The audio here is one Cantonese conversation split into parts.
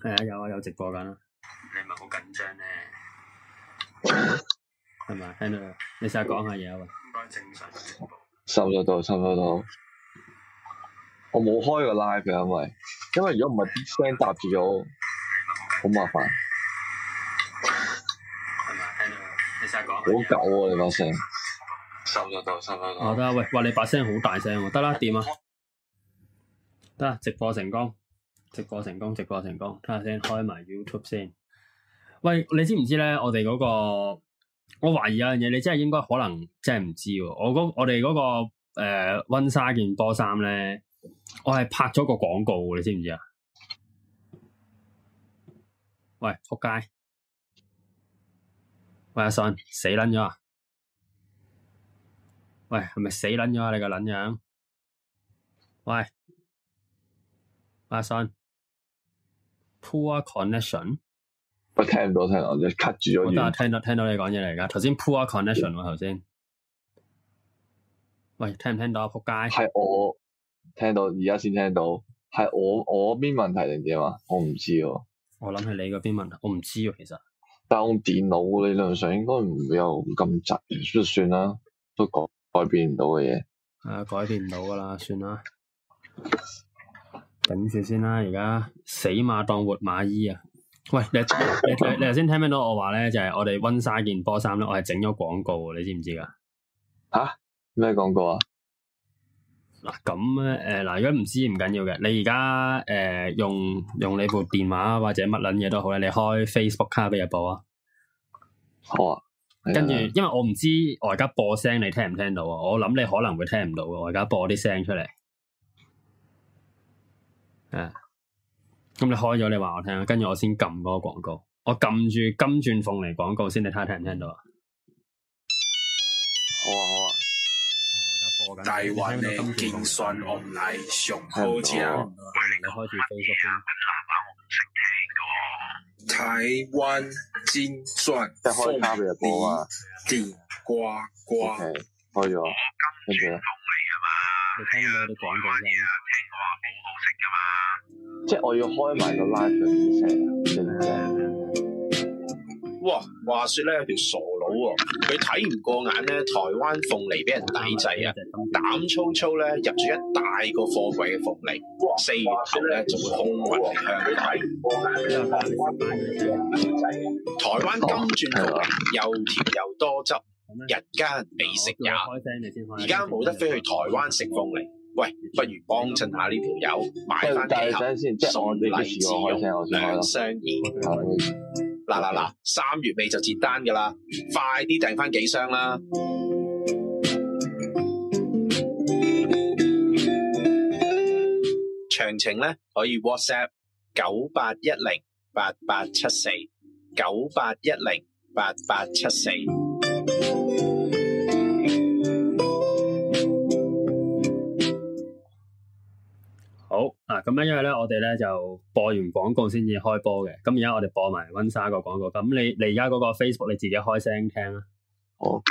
係啊，有啊，有直播緊啊！你咪好緊張咩？係咪？聽到你成日講下嘢啊。喎。應該正常。收咗到？收咗到？我冇開個 live 嘅，因為因為如果唔係啲聲搭住咗，好 麻煩。係咪？聽到你成日講。好狗啊，你把聲。收咗到？收咗到？哦，得啊！喂，哇你把聲好大聲喎，得啦，點啊？得啊！直播成功。直播成功，直播成功。睇下先，開埋 YouTube 先。喂，你知唔知咧？我哋嗰個，我懷疑有樣嘢，你真係應該可能真係唔知。我我哋嗰個誒溫莎件波衫咧，我係拍咗個廣告，你知唔知啊？喂，撲街！喂阿信，死撚咗啊！喂，係咪死撚咗啊？你個撚樣！喂，阿信。Poor connection，我聽唔到聽到，即係 cut 住咗。我聽聽到聽到你講嘢嚟噶，頭先 poor connection 喎，啊，頭先。喂，聽唔聽到啊？仆街。係我聽到，而家先聽到，係我我邊問題定點啊？我唔知哦。我諗係你嗰邊問題，我唔知啊。其實。但係我電腦理論上應該唔會有咁窒，都算啦，都改改變唔到嘅嘢。係啊，改變唔到噶啦，算啦。等住先啦，而家死馬當活馬醫啊！喂，你 你你頭先聽唔聽到我話咧？就係、是、我哋溫沙件波衫咧，我係整咗廣告，你知唔知噶？吓？咩廣告啊？嗱咁咧，誒、呃、嗱，如果唔知唔緊要嘅，你而家誒用用你部電話或者乜撚嘢都好咧，你開 Facebook 卡俾我播啊。好啊，跟住因為我唔知我而家播聲你聽唔聽到啊？我諗你可能會聽唔到，我而家播啲聲出嚟。誒，咁你開咗你話我聽，跟住我先撳嗰個廣告，我撳住金鑽鳳梨廣告先，你睇下聽唔聽到啊？好啊好啊，得播緊。台灣的金鑽鳳梨上好食。係我而家開始飛速變喇叭，我識聽過。台灣金鑽鳳梨頂呱呱。地瓜瓜，啊，開始啦。你聽過你講過啫，聽過話好好食噶嘛？即係我要開埋個 live 去試食。展示。哇！話說咧，有條傻佬，佢睇唔過眼咧，台灣鳳梨俾人抵制啊！膽粗粗咧，入咗一大個貨櫃嘅鳳梨，四月頭咧就會空運嚟香港賣。台灣金鑽啊，又甜又多汁。日間美食也，而家冇得飛去台灣食鳳梨，嗯、喂，嗯、不如幫襯下呢條友買翻幾盒兩箱耳，嗱嗱嗱，三月尾就接單噶啦，快啲訂翻幾箱啦，詳 情咧可以 WhatsApp 九八一零八八七四九八一零八八七四。啊，咁咧，因為咧，我哋咧就播完廣告先至開波嘅。咁而家我哋播埋溫莎個廣告。咁你你而家嗰個 Facebook 你自己開聲聽啦。好。Oh.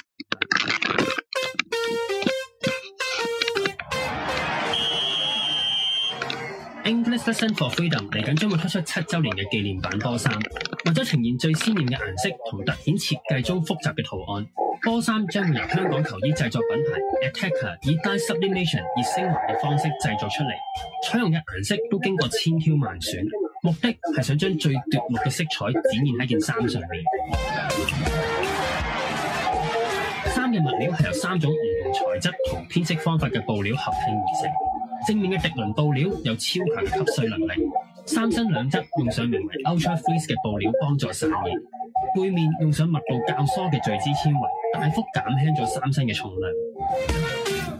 English Lesson for Freedom 嚟緊將會推出七周年嘅紀念版波衫，為咗呈現最鮮艷嘅顏色同特顯設計中複雜嘅圖案，波衫將會由香港球衣製作品牌 Attacker 以 dye sublimation 熱升華嘅方式製作出嚟。採用嘅顏色都經過千挑萬選，目的係想將最奪目嘅色彩展現喺件衫上面。衫嘅 物料係由三種唔同材質同編織方法嘅布料合拼而成。正面嘅滌綸布料有超強嘅吸水能力，衫身兩側用上名為 Ultra Freeze 嘅布料幫助散熱，背面用上密度較疏嘅聚酯纖維，大幅減輕咗衫身嘅重量。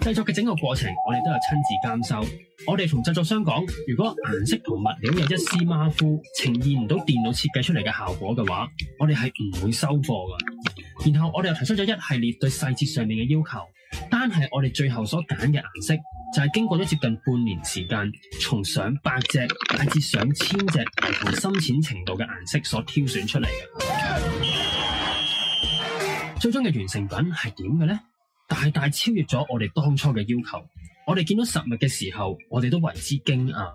製作嘅整個過程，我哋都有親自監收。我哋同製作商講，如果顏色同物料有一絲馬虎，呈現唔到電腦設計出嚟嘅效果嘅話，我哋係唔會收貨噶。然後我哋又提出咗一系列對細節上面嘅要求。單係我哋最後所揀嘅顏色，就係經過咗接近半年時間，從上百隻乃至上千隻唔同深淺程度嘅顏色所挑選出嚟嘅。最終嘅完成品係點嘅呢？大大超越咗我哋當初嘅要求，我哋見到實物嘅時候，我哋都為之驚訝。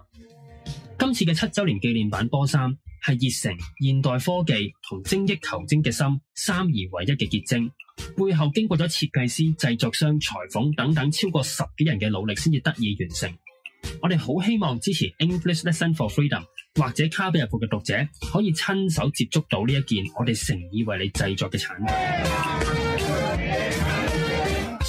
今次嘅七周年紀念版波衫係熱誠、現代科技同精益求精嘅心三而為一嘅結晶，背後經過咗設計師、製作商、裁縫等等超過十幾人嘅努力先至得以完成。我哋好希望支持《English Lesson for Freedom》或者《卡比日報》嘅讀者可以親手接觸到呢一件我哋誠意為你製作嘅產品。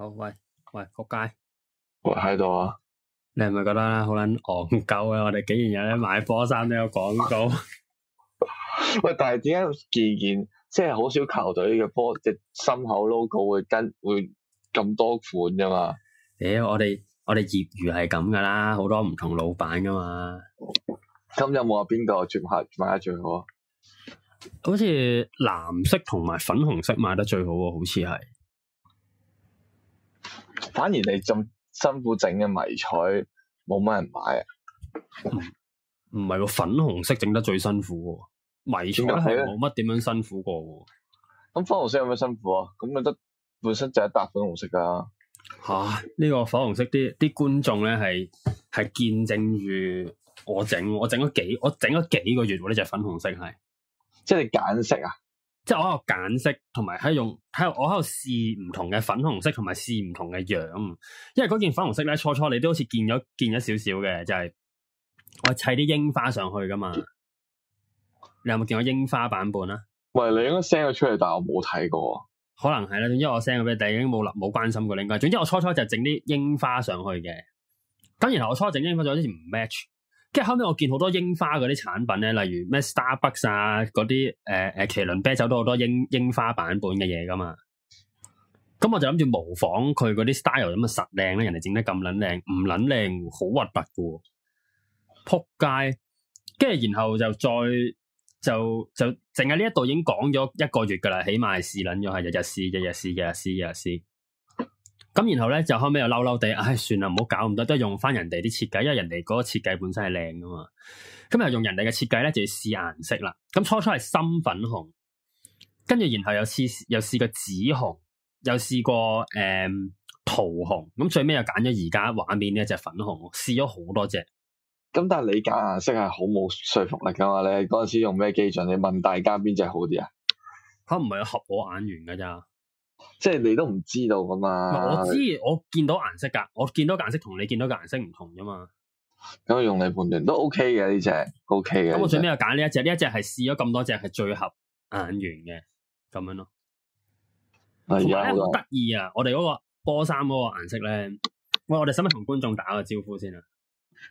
好喂、哦、喂，仆街，我喺度啊！你係咪覺得好捻戇鳩啊？我哋竟然有啲買波衫都有廣告。 喂，但係點解自然即係好少球隊嘅波即心口 logo 會跟會咁多款噶、啊欸、嘛？誒，我哋我哋業餘係咁噶啦，好多唔同老闆噶嘛。有冇話邊個轉客賣得最好？好最好啊？好似藍色同埋粉紅色賣得最好，好似係。反而你咁辛苦整嘅迷彩冇乜人買、嗯嗯、啊？唔係、啊啊個粉紅色整得最辛苦，迷彩冇乜點樣辛苦過。咁粉紅色有咩辛苦啊？咁咪得本身就一笪粉紅色噶。吓，呢個粉紅色啲啲觀眾咧係係見證住我整，我整咗幾我整咗幾個月喎，呢隻粉紅色係。即係你揀色啊？即係我喺度揀色，同埋喺用，喺我喺度試唔同嘅粉紅色，試同埋試唔同嘅樣。因為嗰件粉紅色咧，初初你都好似見咗，見咗少少嘅，就係、是、我砌啲櫻花上去噶嘛。你有冇見過櫻花版本啊？喂，你應該 send 咗出嚟，但係我冇睇過。可能係啦，因為我 send 咗俾你，但你已經冇冇關心過你。應該，總之我初初就整啲櫻花上去嘅。咁然後我初初整櫻花上去之前唔 match。跟住後尾我見好多櫻花嗰啲產品咧，例如咩 Starbucks 啊，嗰啲誒誒麒麟啤酒都好多櫻櫻花版本嘅嘢噶嘛。咁、嗯、我就諗住模仿佢嗰啲 style 有乜實靚咧，人哋整得咁卵靚，唔卵靚，好核突噶。撲街！跟住然後就再就就淨係呢一度已經講咗一個月噶啦，起碼試撚咗，係日日試，日日試，日日試，日日試。咁然後咧就後尾又嬲嬲地，唉、哎，算啦，唔好搞咁多，都係用翻人哋啲設計，因為人哋嗰個設計本身係靚噶嘛。咁又用人哋嘅設計咧，就要試顏色啦。咁初初係深粉紅，跟住然後又試又試過紫紅，又試過誒、嗯、桃紅，咁最尾又揀咗而家畫面呢一隻粉紅，試咗好多隻。咁但係你揀顏色係好冇說服力噶嘛？你嗰陣時用咩機場？你問大家邊隻好啲啊？吓，唔係啊，合我眼緣噶咋？即係你都唔知道噶嘛？我知，我見到顏色噶，我見到顏色同你見到嘅顏色唔同啫嘛。咁我用你判斷都 OK 嘅呢隻，OK 嘅。咁我最尾又揀呢一隻，呢一隻係試咗咁多隻係、這個、最合眼緣嘅，咁樣咯。係啊，好得意啊！我哋嗰個波衫嗰個顏色咧，喂，我哋使唔使同觀眾打個招呼先啊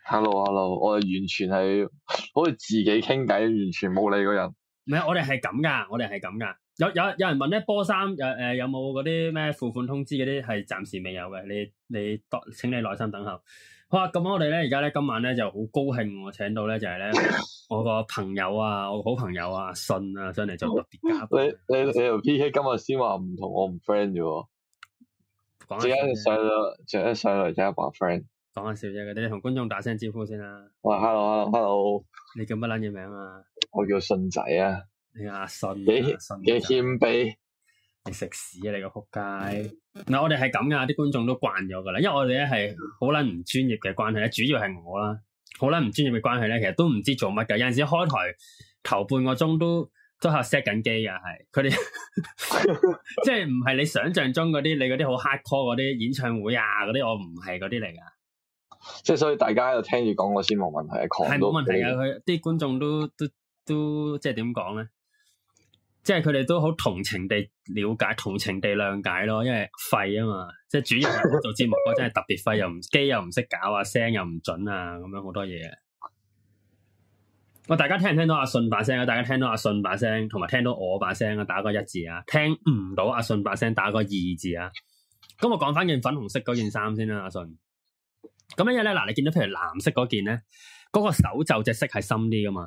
？Hello，Hello，Hello，我完全係好似自己傾偈，完全冇理個人。唔係，我哋係咁噶，我哋係咁噶。有有有人問咧，波衫誒誒有冇嗰啲咩付款通知嗰啲，係暫時未有嘅？你你，多請你耐心等候。好啊，咁我哋咧而家咧今晚咧就好高興，我請到咧就係、是、咧我個朋友啊，我好朋友啊信啊上嚟做特別嘉賓。你你你條 P K 今日先話唔同我唔 friend 啫喎，而家上上嚟真係一 friend。講下笑啫，嗰啲同觀眾打聲招呼先啦。喂，hello，hello，hello。Hello, Hello, 你叫乜撚嘢名啊？我叫信仔啊。你阿信？你幾謙卑？你食屎啊！你個扑街。嗱、 呃，我哋係咁噶，啲觀眾都慣咗噶啦。因為我哋咧係好撚唔專業嘅關係咧，主要係我啦，好撚唔專業嘅關係咧，其實都唔知做乜噶。有陣時開台頭半個鐘都都係 set 緊機噶，係佢哋，即係唔係你想象中嗰啲，你嗰啲好 hard core 嗰啲演唱會啊，嗰啲我唔係嗰啲嚟噶。即係所以，大家又聽住講，我先冇問題啊！係冇問題啊！佢啲觀眾都都都即係點講咧？即係佢哋都好同情地了解，同情地諒解咯，因為廢啊嘛！即係主要做節目， 真係特別廢，又唔機，機又唔識搞啊，聲又唔準啊，咁樣好多嘢。喂，大家聽唔聽到阿信把聲啊？大家聽到阿信把聲，同埋聽到我把聲啊！打個一字啊！聽唔到阿信把聲，打個二字啊！咁我講翻件粉紅色嗰件衫先啦，阿信。咁樣樣咧，嗱，你見到譬如藍色嗰件咧，嗰、嗰個手袖隻色係深啲噶嘛？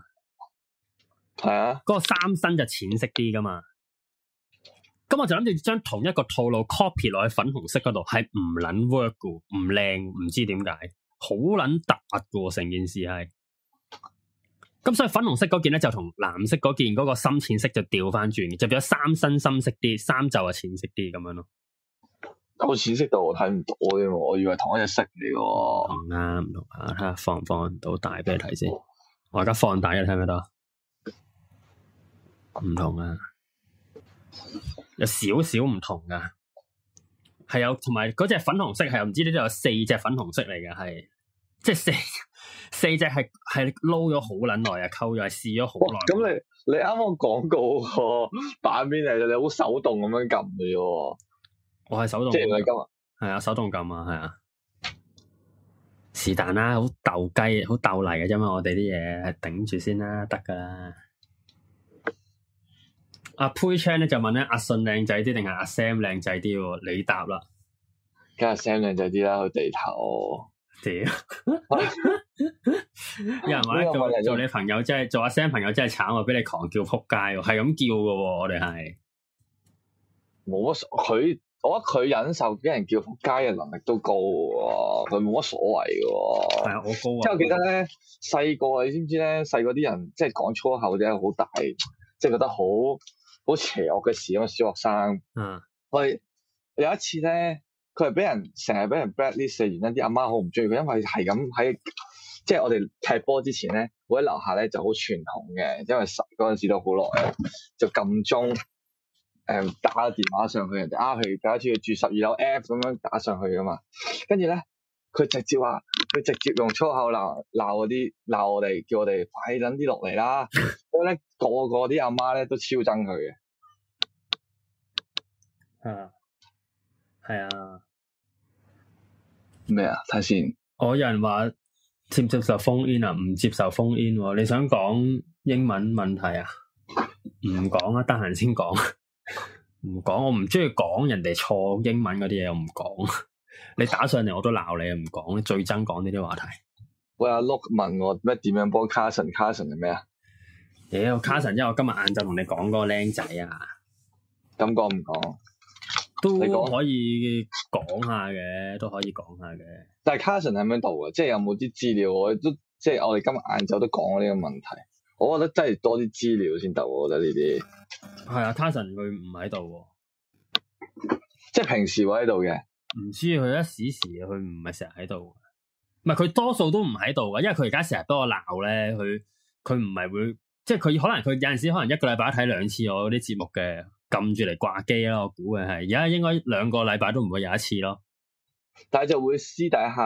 係啊看，嗰個衫身就淺色啲噶嘛。咁我就諗住將同一個套路 copy 落去粉紅色嗰度，係唔撚 work 嘅，唔靚，唔知點解，好撚突嘅成件事係、啊。咁所以粉紅色嗰件咧就同藍色嗰件嗰個深淺色就調翻轉就變咗衫身深色啲，衫袖啊淺色啲咁樣咯。個淺色度我睇唔到嘅，我以為同一隻色嚟嘅。唔啱唔同吓，睇下放唔放到大俾你睇先。我而家放大啊，睇唔睇到？唔、哦、同啊，有少少唔同噶，係有同埋嗰隻粉紅色係，唔知呢度有四隻粉紅色嚟嘅，係即係四四隻係係撈咗好撚耐啊，扣又係試咗好耐。咁你你啱個廣告個版面嚟嘅，你好手動咁樣撳嘅啫。我係、哦、手動，即係唔係撳啊？手動撳啊，係啊。而已而已是但啦，好鬥雞，好鬥嚟嘅啫嘛。我哋啲嘢係頂住先啦，得噶。阿 Push 昌咧就問咧，阿信靚仔啲定係阿 Sam 靚仔啲？你答啦。梗阿 Sam 靚仔啲啦，佢地頭。屌！有人話做做你朋友真係，做阿 Sam 朋友真係慘啊！俾你狂叫扑街，係咁叫噶。我哋係冇啊，佢。我覺得佢忍受俾人叫仆街嘅能力都高喎、啊，佢冇乜所謂喎。係啊，我高啊。即 係我記得咧，細個你知唔知咧？細個啲人即係講粗口啲咧，好大，即係覺得好好邪惡嘅事咁啊！小學生嗯，佢有一次咧，佢係俾人成日俾人 blacklist 嘅原因，啲阿媽好唔中意佢，因為係咁喺即係我哋踢波之前咧，我喺樓下咧就好傳統嘅，因為十嗰陣時都好耐啊，就撳鐘。誒、嗯，打個電話上去，人哋啊，佢，如第一次住十二樓 app 咁樣打上去噶嘛，跟住咧，佢直接話，佢直接用粗口鬧鬧啲，鬧我哋，叫我哋快等啲落嚟啦。因為咧， 個個啲阿媽咧都超憎佢嘅。啊，係啊。咩啊？睇先。我有人話接唔接受 phone in 啊？唔接受 phone in，啊。你想講英文問題啊？唔講啊，得閒先講。 唔講，我唔中意講人哋錯英文嗰啲嘢，我唔講。 你打上嚟，我都鬧你，唔講，你最憎講呢啲話題。喂，阿 Luke 問我咩點樣幫 Carson？Carson 係咩啊？妖 Carson，因為我今日晏晝同你講嗰個靚仔啊，咁講唔講？都可以講下嘅，都可以講下嘅。但係 Carson 喺邊度啊？即係有冇啲資料？我都即係我哋今日晏晝都講過呢個問題。我覺得真係多啲資料先得，我覺得呢啲係啊他神佢唔喺度，即係平時我喺度嘅。唔知佢一時時，佢唔係成日喺度。唔係佢多數都唔喺度嘅，因為佢而家成日俾我鬧咧。佢佢唔係會，即係佢可能佢有陣時可能一個禮拜睇兩次我啲節目嘅，撳住嚟掛機咯。我估嘅係而家應該兩個禮拜都唔會有一次咯。但係就會私底下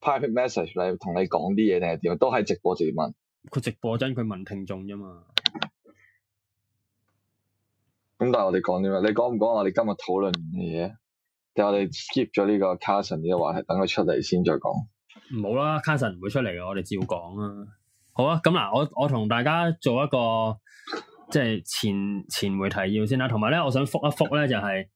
private message 咧，同你講啲嘢定係點？都係直播自問。佢直播真，佢問聽眾啫嘛。咁但係我哋講啲咩？你講唔講我哋今日討論嘅嘢？就我哋 skip 咗呢個 Carson 呢個話題，等佢出嚟先再講。唔好啦，Carson 唔會出嚟嘅，我哋照講啦。好啊，咁嗱，我我同大家做一個即係、就是、前前回提要先啦，啊。同埋咧，我想復一復咧，就係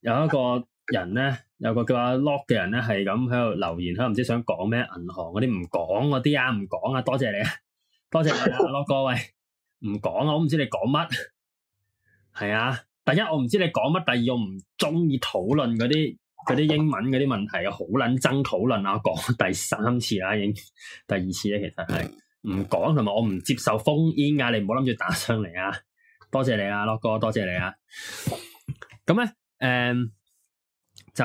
有一個人咧，有個叫阿 Lock 嘅人咧，係咁喺度留言，喺唔知想講咩銀行嗰啲唔講嗰啲啊，唔講啊，多謝你、啊。多謝你啊，樂哥，喂，唔講啦，我唔知你講乜，係啊，第一我唔知你講乜，第二我唔中意討論嗰啲啲英文嗰啲問題啊，好撚憎討論啊，講第三次啦，已經第二次咧，其實係唔講，同埋我唔接受烽煙噶、啊，你唔好諗住打上嚟啊！多謝你啊，樂哥，多謝你啊！咁咧，誒、嗯，就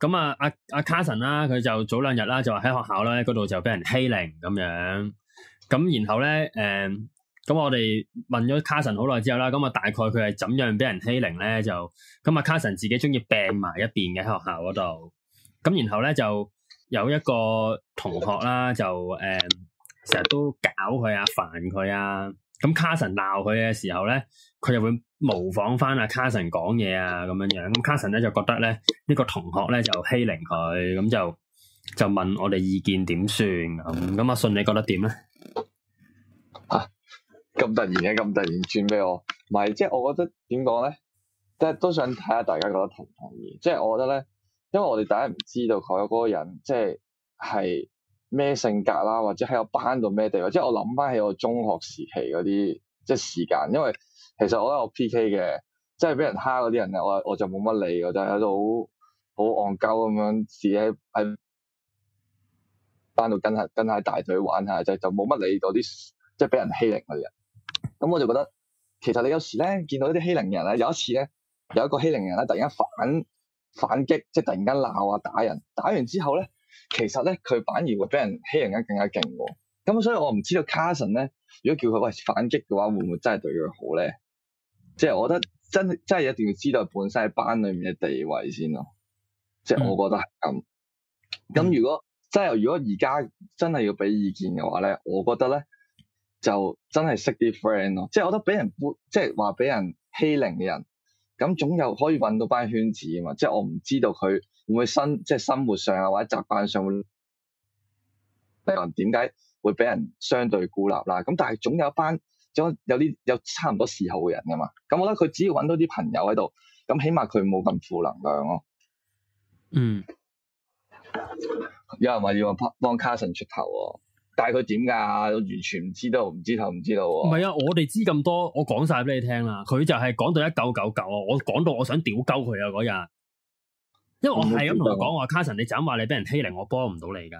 咁啊，阿、啊、阿、啊啊、卡森啦、啊，佢就早兩日啦，就話喺學校咧嗰度就俾人欺凌咁樣。咁然後咧，誒、嗯，咁我哋問咗卡森好耐之後啦，咁啊大概佢係怎樣俾人欺凌咧？就咁、嗯、啊，卡森自己鍾意病埋一邊嘅喺學校嗰度。咁然後咧就有一個同學啦，就誒成日都搞佢啊、煩佢啊。咁卡森鬧佢嘅時候咧，佢就會模仿翻阿卡森講嘢啊，咁樣樣。咁卡森咧就覺得咧呢、這個同學咧就欺凌佢，咁、嗯、就。就問我哋意見點算咁咁啊？嗯、阿信你覺得點咧？嚇咁、啊、突然嘅、啊、咁突然轉俾我，唔係即係我覺得點講咧？即係都想睇下大家覺得同唔同意？即係我覺得咧，因為我哋大家唔知道佢嗰個人即係係咩性格啦、啊，或者喺我班到咩地方？即係我諗翻起我中學時期嗰啲即係時間，因為其實我有 PK 嘅，即係俾人蝦嗰啲人啊，我我就冇乜理，我就喺度好好戇鳩咁樣自己喺。班度跟下跟下大隊玩下，就就冇乜理嗰啲即係俾人欺凌嗰啲人。咁我就覺得，其實你有時咧見到啲欺凌人咧，有一次咧有一個欺凌人咧，突然間反反擊，即係突然間鬧啊打人，打完之後咧，其實咧佢反而會俾人欺凌得更加勁喎。咁所以我唔知道 Carson 咧，如果叫佢喂反擊嘅話，會唔會真係對佢好咧？即係我覺得真真係一定要知道佢本身喺班裏面嘅地位先咯。即係我覺得係咁。咁、嗯、如果即係如果而家真係要俾意見嘅話咧，我覺得咧就真係識啲 friend 咯。即係我覺得俾人即係話俾人欺凌嘅人，咁總有可以揾到班圈子嘅嘛。即係我唔知道佢會唔會生即係生活上啊或者習慣上會，例如點解會俾人相對孤立啦。咁但係總有一班總有啲有差唔多嗜好嘅人嘅嘛。咁我覺得佢只要揾到啲朋友喺度，咁起碼佢冇咁負能量咯、啊。嗯。有人話要話幫 o n 出頭，但係佢點噶？都完全唔知道，唔知頭，唔知道。唔係啊，我哋知咁多，我講晒俾你聽啦。佢就係講到一九九九啊，我講到我想屌鳩佢啊嗰日。因為我係咁同佢講話， 卡森，你就咁話你俾人欺凌，我幫唔到你噶。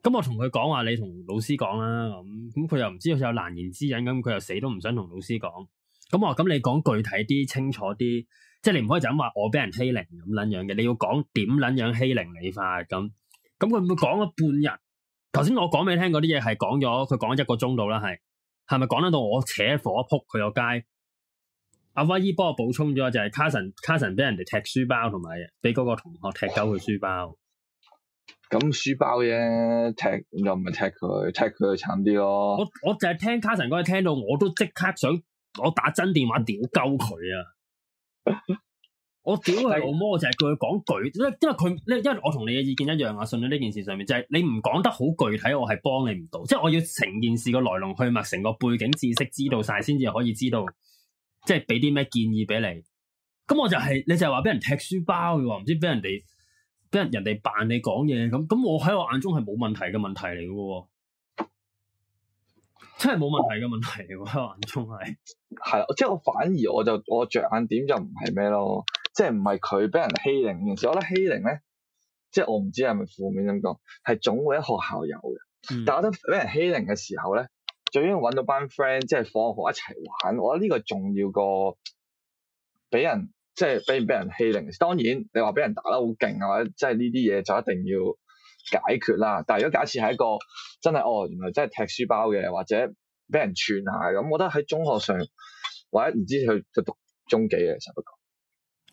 咁我同佢講話，你同老師講啦。咁咁佢又唔知佢有難言之隱，咁佢又死都唔想同老師講。咁我咁你講具體啲，清楚啲。即係你唔可以就咁話我俾人欺凌咁捻樣嘅，你要講點捻樣欺凌你快咁。咁佢唔會講咗半日。頭先我講俾你聽嗰啲嘢係講咗，佢講一個鐘度啦。係係咪講得到我扯火撲佢個街？阿威姨幫我補充咗就係卡神，卡神俾人哋踢書包同埋，俾嗰個同學踢鳩佢書包。咁書包啫，踢又唔係踢佢，踢佢就慘啲咯。我我淨係聽卡神嗰日聽到我都即刻想我打真電話屌鳩佢啊！ 我屌佢老母，就係叫佢講具體，因為佢，因為我同你嘅意見一樣啊，阿信喺呢件事上面，就係、是、你唔講得好具體，我係幫你唔到，即係我要成件事個來龍去脈，成個背景知識知道晒，先至可以知道，即係俾啲咩建議俾你。咁我就係、是，你就係話俾人踢書包，話唔知俾人哋，俾人人哋扮你講嘢咁，咁我喺我眼中係冇問題嘅問題嚟嘅。真係冇問題嘅問題，我眼中係係啦，即係我反而我就我着眼點就唔係咩咯，即係唔係佢俾人欺凌嘅時候，我覺得欺凌咧，即係我唔知係咪負面咁講，係總會喺學校有嘅。嗯、但係我覺得俾人欺凌嘅時候咧，最緊要揾到班 friend 即係放學一齊玩，我覺得呢個重要過俾人即係俾唔俾人欺凌。當然你話俾人打得好勁嘅話，即係呢啲嘢就一定要。解決啦，但係如果假設係一個真係哦，原來真係踢書包嘅，或者俾人串下咁，我覺得喺中學上或者唔知佢就讀中幾嘅，實不過。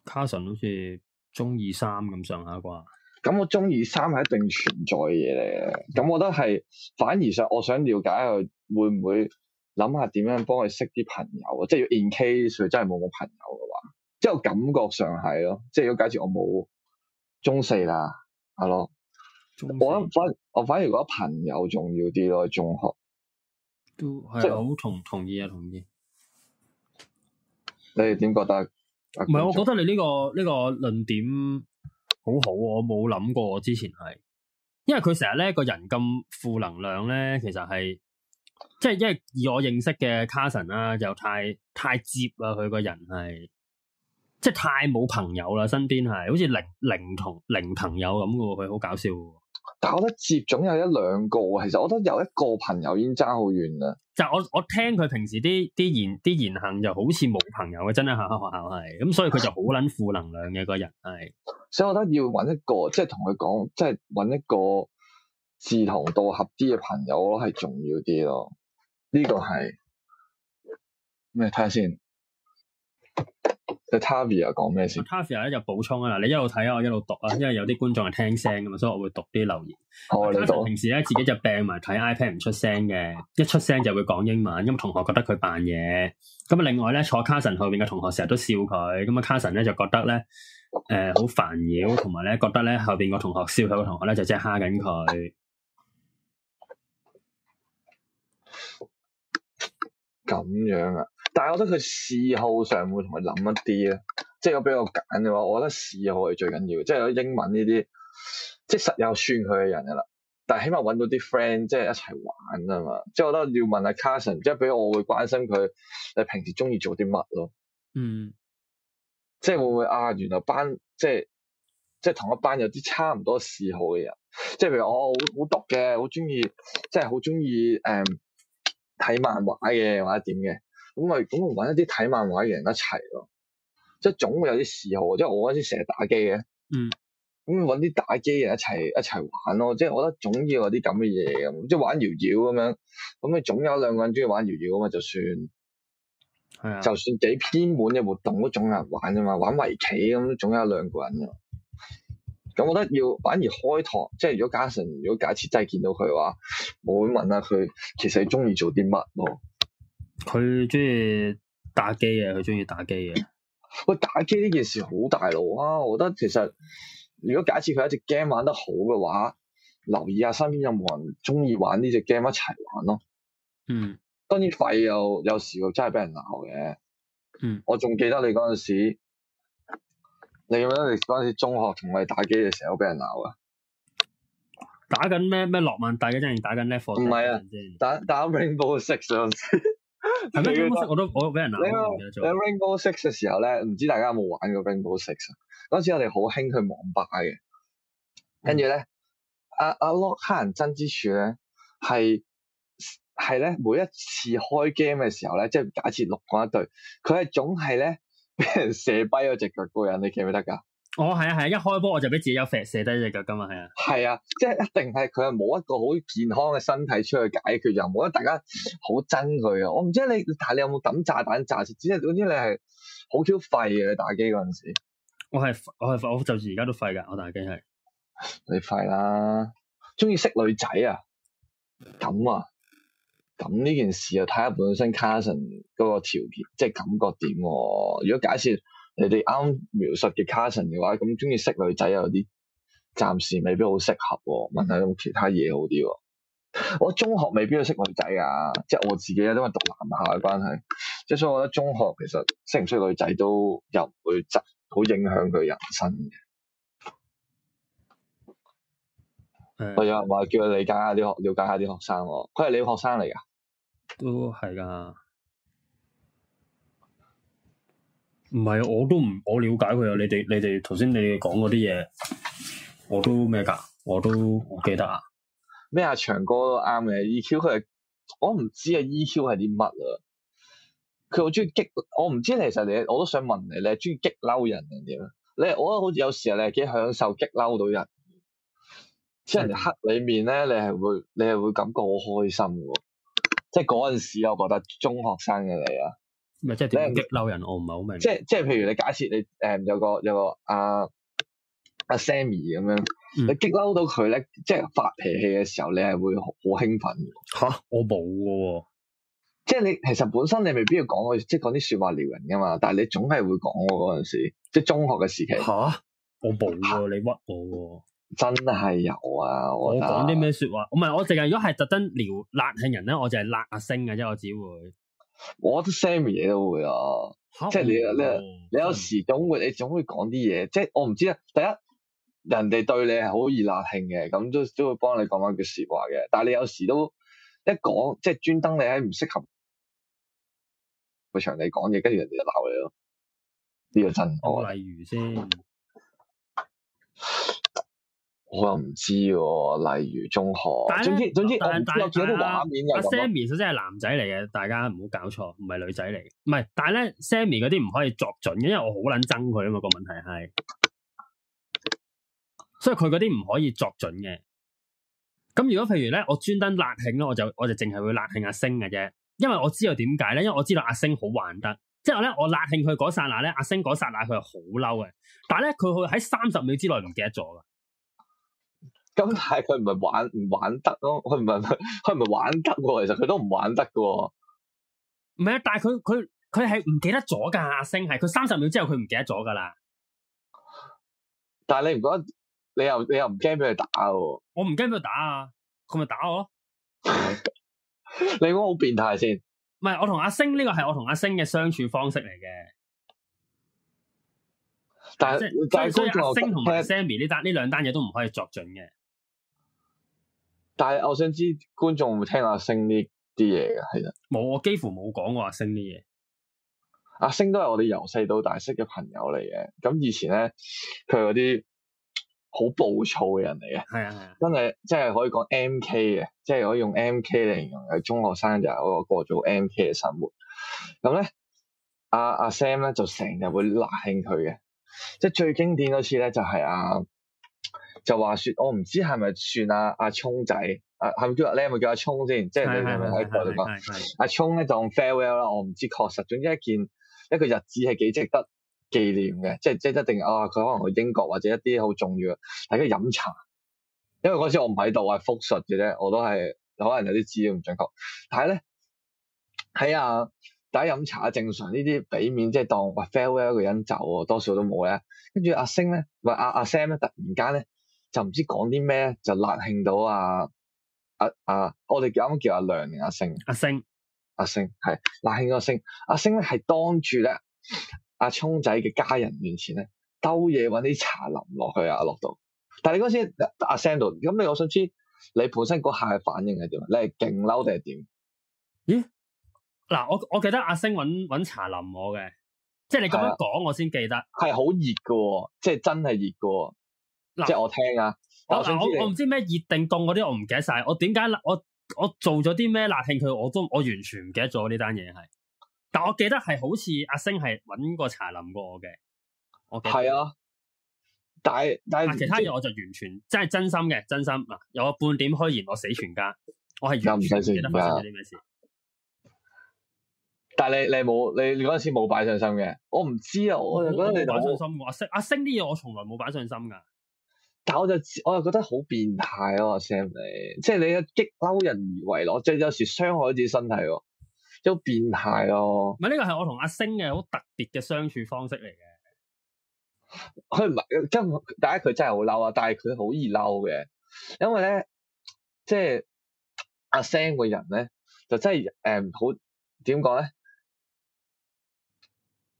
卡神好似中二三咁上下啩？咁我中二三係一定存在嘅嘢嚟嘅。咁我覺得係反而上，我想了解佢會唔會諗下點樣幫佢識啲朋友啊？即係要 in case 佢真係冇冇朋友嘅話，即係我感覺上係咯。即係如果假設我冇中四啦，係咯。我反我反而覺得朋友重要啲咯，中學都係好，同唔同意啊？同意。你哋點覺得？唔係，我覺得你呢、這個呢、這個論點好好，我冇諗過。我之前係，因為佢成日咧個人咁負能量咧，其實係即係因為以我認識嘅卡神啊，又太太接啊，佢個人係即係太冇朋友啦，身邊係好似零零同零朋友咁噶喎，佢好搞笑。但我覺得接總有一兩個，其實我覺得有一個朋友已經爭好遠啦。就我我聽佢平時啲啲言啲言行，就好似冇朋友嘅，真係響學校係，咁所以佢就好捻負能量嘅 個人係。所以我覺得要揾一個，即係同佢講，即係揾一個志同道合啲嘅朋友我覺得係重要啲咯。呢、呢個係咩？睇下先。Tavia 啊，講咩先？Tavia 啊，就補充啊，嗱，你一路睇啊，我一路讀啊，因為有啲觀眾係聽聲噶嘛，所以我會讀啲留言。我嚟、oh, K 平時咧自己就病埋睇 iPad 唔出聲嘅，一出聲就會講英文，因為同學覺得佢扮嘢。咁另外咧坐 Carson 後邊嘅同學成日都笑佢，咁啊 Carson 咧就覺得咧，誒、呃，好煩擾，同埋咧覺得咧後邊個同學笑佢個同學咧就即係蝦緊佢。咁樣啊？但係我覺得佢嗜好上會同佢諗一啲咧，即係我比較揀嘅話，我覺得嗜好係最緊要。即係有英文呢啲，即係實有算佢嘅人噶啦。但係起碼揾到啲 friend 即係一齊玩啊嘛。即係我覺得要問下 Carson，即係比我會關心佢，你平時中意做啲乜咯？嗯，即係會唔會啊？原來班即係即係同一班有啲差唔多嗜好嘅人。即係譬如我好好毒嘅，好中意即係好中意誒睇漫畫嘅，或者點嘅。咁咪咁搵一啲睇漫畫嘅人一齊咯，即係總會有啲嗜好。即係我嗰啲成日打機嘅，咁搵啲打機人一齊一齊玩咯。即係我覺得總要有啲咁嘅嘢咁，即係玩搖搖咁樣，咁你總有兩個人中意玩搖搖啊嘛，就算，的就算幾偏門嘅活動都總有人玩啫嘛。玩圍棋咁，總有兩個人㗎。咁我覺得要反而開拓，即係如果嘉 u 如果假設真係見到佢嘅話，我會問下佢其實中意做啲乜咯。佢中意打機嘅，佢中意打機嘅。喂，打機呢件事好大路啊！我覺得其實如果假設佢一隻 game 玩得好嘅話，留意下身邊有冇人中意玩呢隻 game 一齊玩咯。嗯，當然費又有，有時又真係俾人鬧嘅。嗯，我仲記得你嗰陣時，你有冇得？你嗰陣時中學同我哋打機嘅時候都俾人鬧啊？打緊咩咩諾曼第？大家真定打緊咩課？唔係啊，打打《Rainbow Six》喺《r a i 我都我俾人打。你記 Rainbow Six》嘅的時候咧，唔知大家有冇玩過，啊《Rainbow Six》？嗰陣時我哋好興去網吧嘅，跟住咧，阿阿 Lock 黑人憎之處咧，係係咧每一次開 game 嘅時候咧，即係假設六個人一隊，佢係總係咧俾人射跛咗隻腳嗰個人，你記唔記得噶？我係、哦、啊，係、啊、一開波我就俾自己有肥射低隻腳，㗎嘛。係啊，係啊，即係一定係佢係冇一個好健康嘅身體出去解決，又冇得大家好憎佢啊！我唔知你，但係你有冇抌炸彈炸彈？即係總之你係好 Q 廢嘅，你打機嗰陣時我，我係我係我就算而家都廢噶，我打機係你廢啦，中意識女仔啊？咁啊？咁呢件事又睇下本身卡神嗰個條件，即係感覺點、啊？如果假設。你哋啱描述嘅卡森嘅話，咁中意識女仔有啲暫時未必好適合，問下有冇其他嘢好啲。我中學未必要識女仔啊，即係我自己咧，因為讀男校嘅關係，即係所以我覺得中學其實識唔識女仔都唔會好影響佢人生嘅。我有人話叫佢理解下啲學，了解下啲學生。佢係你學生嚟噶？都係噶。唔係啊，我都唔我了解佢啊。你哋你哋頭先你哋講嗰啲嘢，我都咩噶？我都我記得啊。咩啊，長哥都啱嘅。EQ 佢係我唔知啊。EQ 係啲乜啊？佢好中意激，我唔知其實你我都想問你，你係中意激嬲人定點啊？你我覺得好似有時候你係幾享受激嬲到人，即係人哋黑、嗯、你面咧，你係會你係會感覺好開心噶喎。即係嗰陣時，我覺得中學生嘅你啊。即係即係點樣激嬲人，是我唔係好明即。即係即係，譬如你假設你誒、呃、有個有個阿阿、啊啊、Sammy 咁樣，嗯、你激嬲到佢咧，即係發脾氣嘅時候你，你係會好興奮吓、啊，我冇嘅、啊，即係你其實本身你未必要講，我即係講啲說話撩人噶嘛。但係你總係會講我嗰陣時，即係中學嘅時期。吓、啊，我冇，你屈我，真係有啊！我講啲咩說話？唔係我淨係，如果係特登撩辣興人咧，我就係辣阿星嘅啫，我只會。我覺得 Sam 嘢都會啊嗯、即係你你你有時總會你總會講啲嘢，的即係我唔知啊。第一人哋對你係好易辣㷫嘅，咁都都會幫你講翻句說話嘅。但係你有時都一講，即係專登你喺唔適合嘅場地講嘢，跟住人哋就鬧你咯。呢個真我例如先。我唔、哦、知喎、哦，例如中學，但呢總之但總之我,但我有見畫面阿 Sammy 首先係男仔嚟嘅，大家唔好搞錯，唔係女仔嚟嘅。唔係，但係咧，Sammy 嗰啲唔可以作準嘅，因為我好捻憎佢啊嘛。個問題係，所以佢嗰啲唔可以作準嘅。咁如果譬如咧，我專登勒慶咯，我就我就淨係會辣慶阿星嘅啫，因為我知道點解咧，因為我知道阿星好玩得，即係咧我勒慶佢嗰剎那咧，阿星嗰剎那佢係好嬲嘅，但係咧佢會喺三十秒之內唔記得咗。咁但係佢唔係玩唔玩得咯？佢唔係佢唔係玩得喎。其實佢都唔玩得嘅。唔係啊，但係佢佢佢係唔記得咗噶阿星係，佢三十秒之後佢唔記得咗噶啦。但係你唔覺得你又你又唔驚俾佢打喎、啊？我唔驚俾佢打啊！佢咪打我咯？ 你以為我好變態先？唔係，我同阿星呢個係我同阿星嘅相處方式嚟嘅是。但係即係阿星同埋 Sammy 呢單呢兩它單嘢都唔可以作準嘅。但係我想知觀眾會聽阿星呢啲嘢嘅，其實冇我幾乎冇講過阿星啲嘢。阿星，阿星都係我哋由細到大識嘅朋友嚟嘅。咁以前咧，佢係嗰啲好暴躁嘅人嚟嘅。係啊係啊，真係即係可以講 M K 嘅，即係可以用 M K 嚟形容，係中學生就係嗰個過咗 M K 嘅生活。咁咧，阿、啊、阿、啊、Sam 咧就成日會辣興佢嘅，即係最經典嗰次咧就係阿、啊。就話説，我唔知係咪算啊啊聰仔？啊係咪叫你係咪叫阿聰先？即係你你有冇睇過阿聰咧當 farewell 啦，我唔知確實。總之一件一個日子係幾值得紀念嘅，即係即係一定啊！佢可能去英國或者一啲好重要大家飲茶。因為嗰時我唔喺度，我係複述嘅啫，我都係可能有啲資料唔準確。但係咧喺啊大家飲茶正常呢啲俾面，即係當話 farewell 一個人走，多數都冇咧。跟住阿星咧，喂、啊，阿、啊、阿、啊、Sam 咧，突然間咧。啊就唔知講啲咩，就辣興到啊啊啊！我哋啱啱叫阿梁定阿、啊、星，阿星阿星係辣興個星，阿、啊、星咧係、啊啊、當住咧阿聰仔嘅家人面前咧，兜嘢揾啲茶林落去啊落到。但係你嗰時阿、啊、Sam 咁你我想知你本身嗰下嘅反應係點？你係勁嬲定係點？咦、欸？嗱，我我記得阿、啊、星揾揾茶林我嘅，即係你咁樣講我先記得。係好、啊、熱嘅，即係真係熱嘅。即係我聽啊！嗱，我我唔知咩熱定凍嗰啲，我唔記得晒。我點解我我做咗啲咩辣慶佢？我都我完全唔記得咗呢單嘢係。但我記得係好似阿星係搵個茶林過我嘅，我記得係啊。但係但係其他嘢我就完全真係真心嘅，真心嗱，有半點虛言，我死全家。我係完全唔記得發生咗啲咩事。但係你你冇你你嗰陣時冇擺信心嘅，我唔知啊。我覺得你冇信心。阿星阿星啲嘢我從來冇擺信心噶。但我就我又覺得好變態咯，阿 Sam 你，即係你嘅激嬲人而為咯，即係有時傷害自己身體喎，都變態咯、啊。唔係呢個係我同阿信嘅好特別嘅相處方式嚟嘅。佢唔係，因為第一佢真係好嬲啊，但係佢好易嬲嘅，因為咧，即係阿 Sam 個人咧，就真係誒，好點講咧？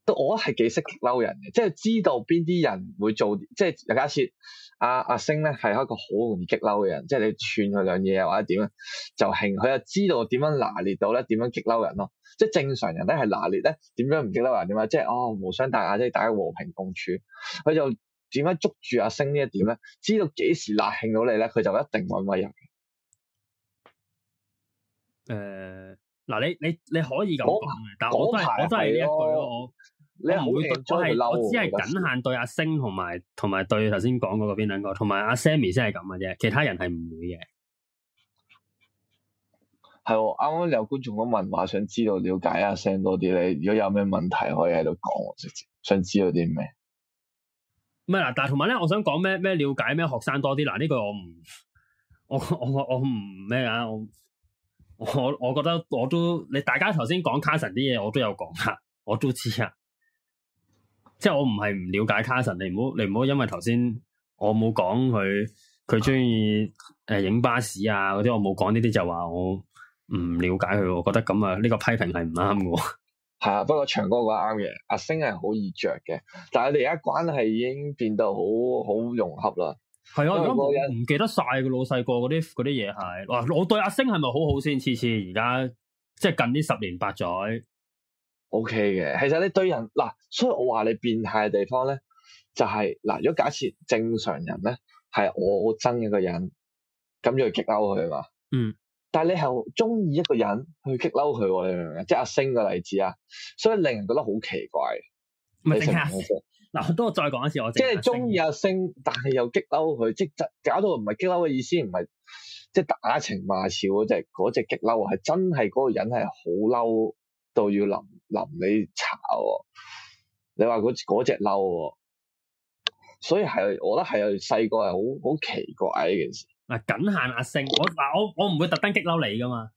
都我覺得係幾識激嬲人嘅，即係知道邊啲人會做，即係假設阿阿星咧係一個好容易激嬲嘅人，即係你串佢兩嘢啊或者點啊就興，佢又知道點樣拿捏到咧，點樣激嬲人咯？即係正常人咧係拿捏咧點樣唔激嬲人？點啊？即係哦無傷大雅即啫，大家和平共處。佢就點樣捉住阿、啊、星呢一點咧？知道幾時辣興到你咧，佢就一定揾威人嘅。嗱、呃，你你你可以咁講我但係我真係排我真係呢是、啊、一句咯。你唔會對我係是我只係僅限對阿信同埋同埋對頭先講嗰個邊兩個，同埋阿 Sammy 先係咁嘅啫，其他人係唔會嘅。係、哦，啱啱有觀眾都問，話想知道了解阿信多啲咧。如果有咩問題可以喺度講，你想知道啲咩？咩嗱？但係同埋咧，我想講咩咩了解咩學生多啲嗱？呢個我唔，我我我唔咩啊？我我我，我，我，我，我覺得我都你大家頭先講 Carson 啲嘢，我都有講吓，我都知啊。即係我唔係唔了解卡神，你唔好你唔好因為頭先我冇講佢，佢中意誒影巴士啊嗰啲，我冇講呢啲就話我唔了解佢，我覺得咁啊呢個批評係唔啱嘅。係啊，不過長哥話啱嘅，阿星係好易着嘅，但係你而家關係已經變到好好融洽啦。係啊，如果冇人唔記得晒個老細個嗰啲啲嘢係。哇，我對阿星係咪好好先？次次而家即係近呢十年八載。O K 嘅，其實你對人嗱，所以我話你變態嘅地方咧，就係、是、嗱，如果假設正常人咧，係我憎一個人，咁就要激嬲佢啊嘛。嗯。但係你係好中意一個人去激嬲佢，你明唔明啊？即係阿星個例子啊，所以令人覺得好奇怪。咪正嗱，下我再講一次，我即係中意阿星，啊、但係又激嬲佢是，即搞到唔係激嬲嘅意思，唔係即係打情罵俏嗰隻，嗰、就、隻、是、激嬲係真係嗰個人係好嬲到要諗。嗱你炒，你話嗰嗰隻嬲，所以係我覺得係細個係好好奇怪嘅件事。嗱，僅限阿信，我嗱我我唔會特登激嬲你噶嘛，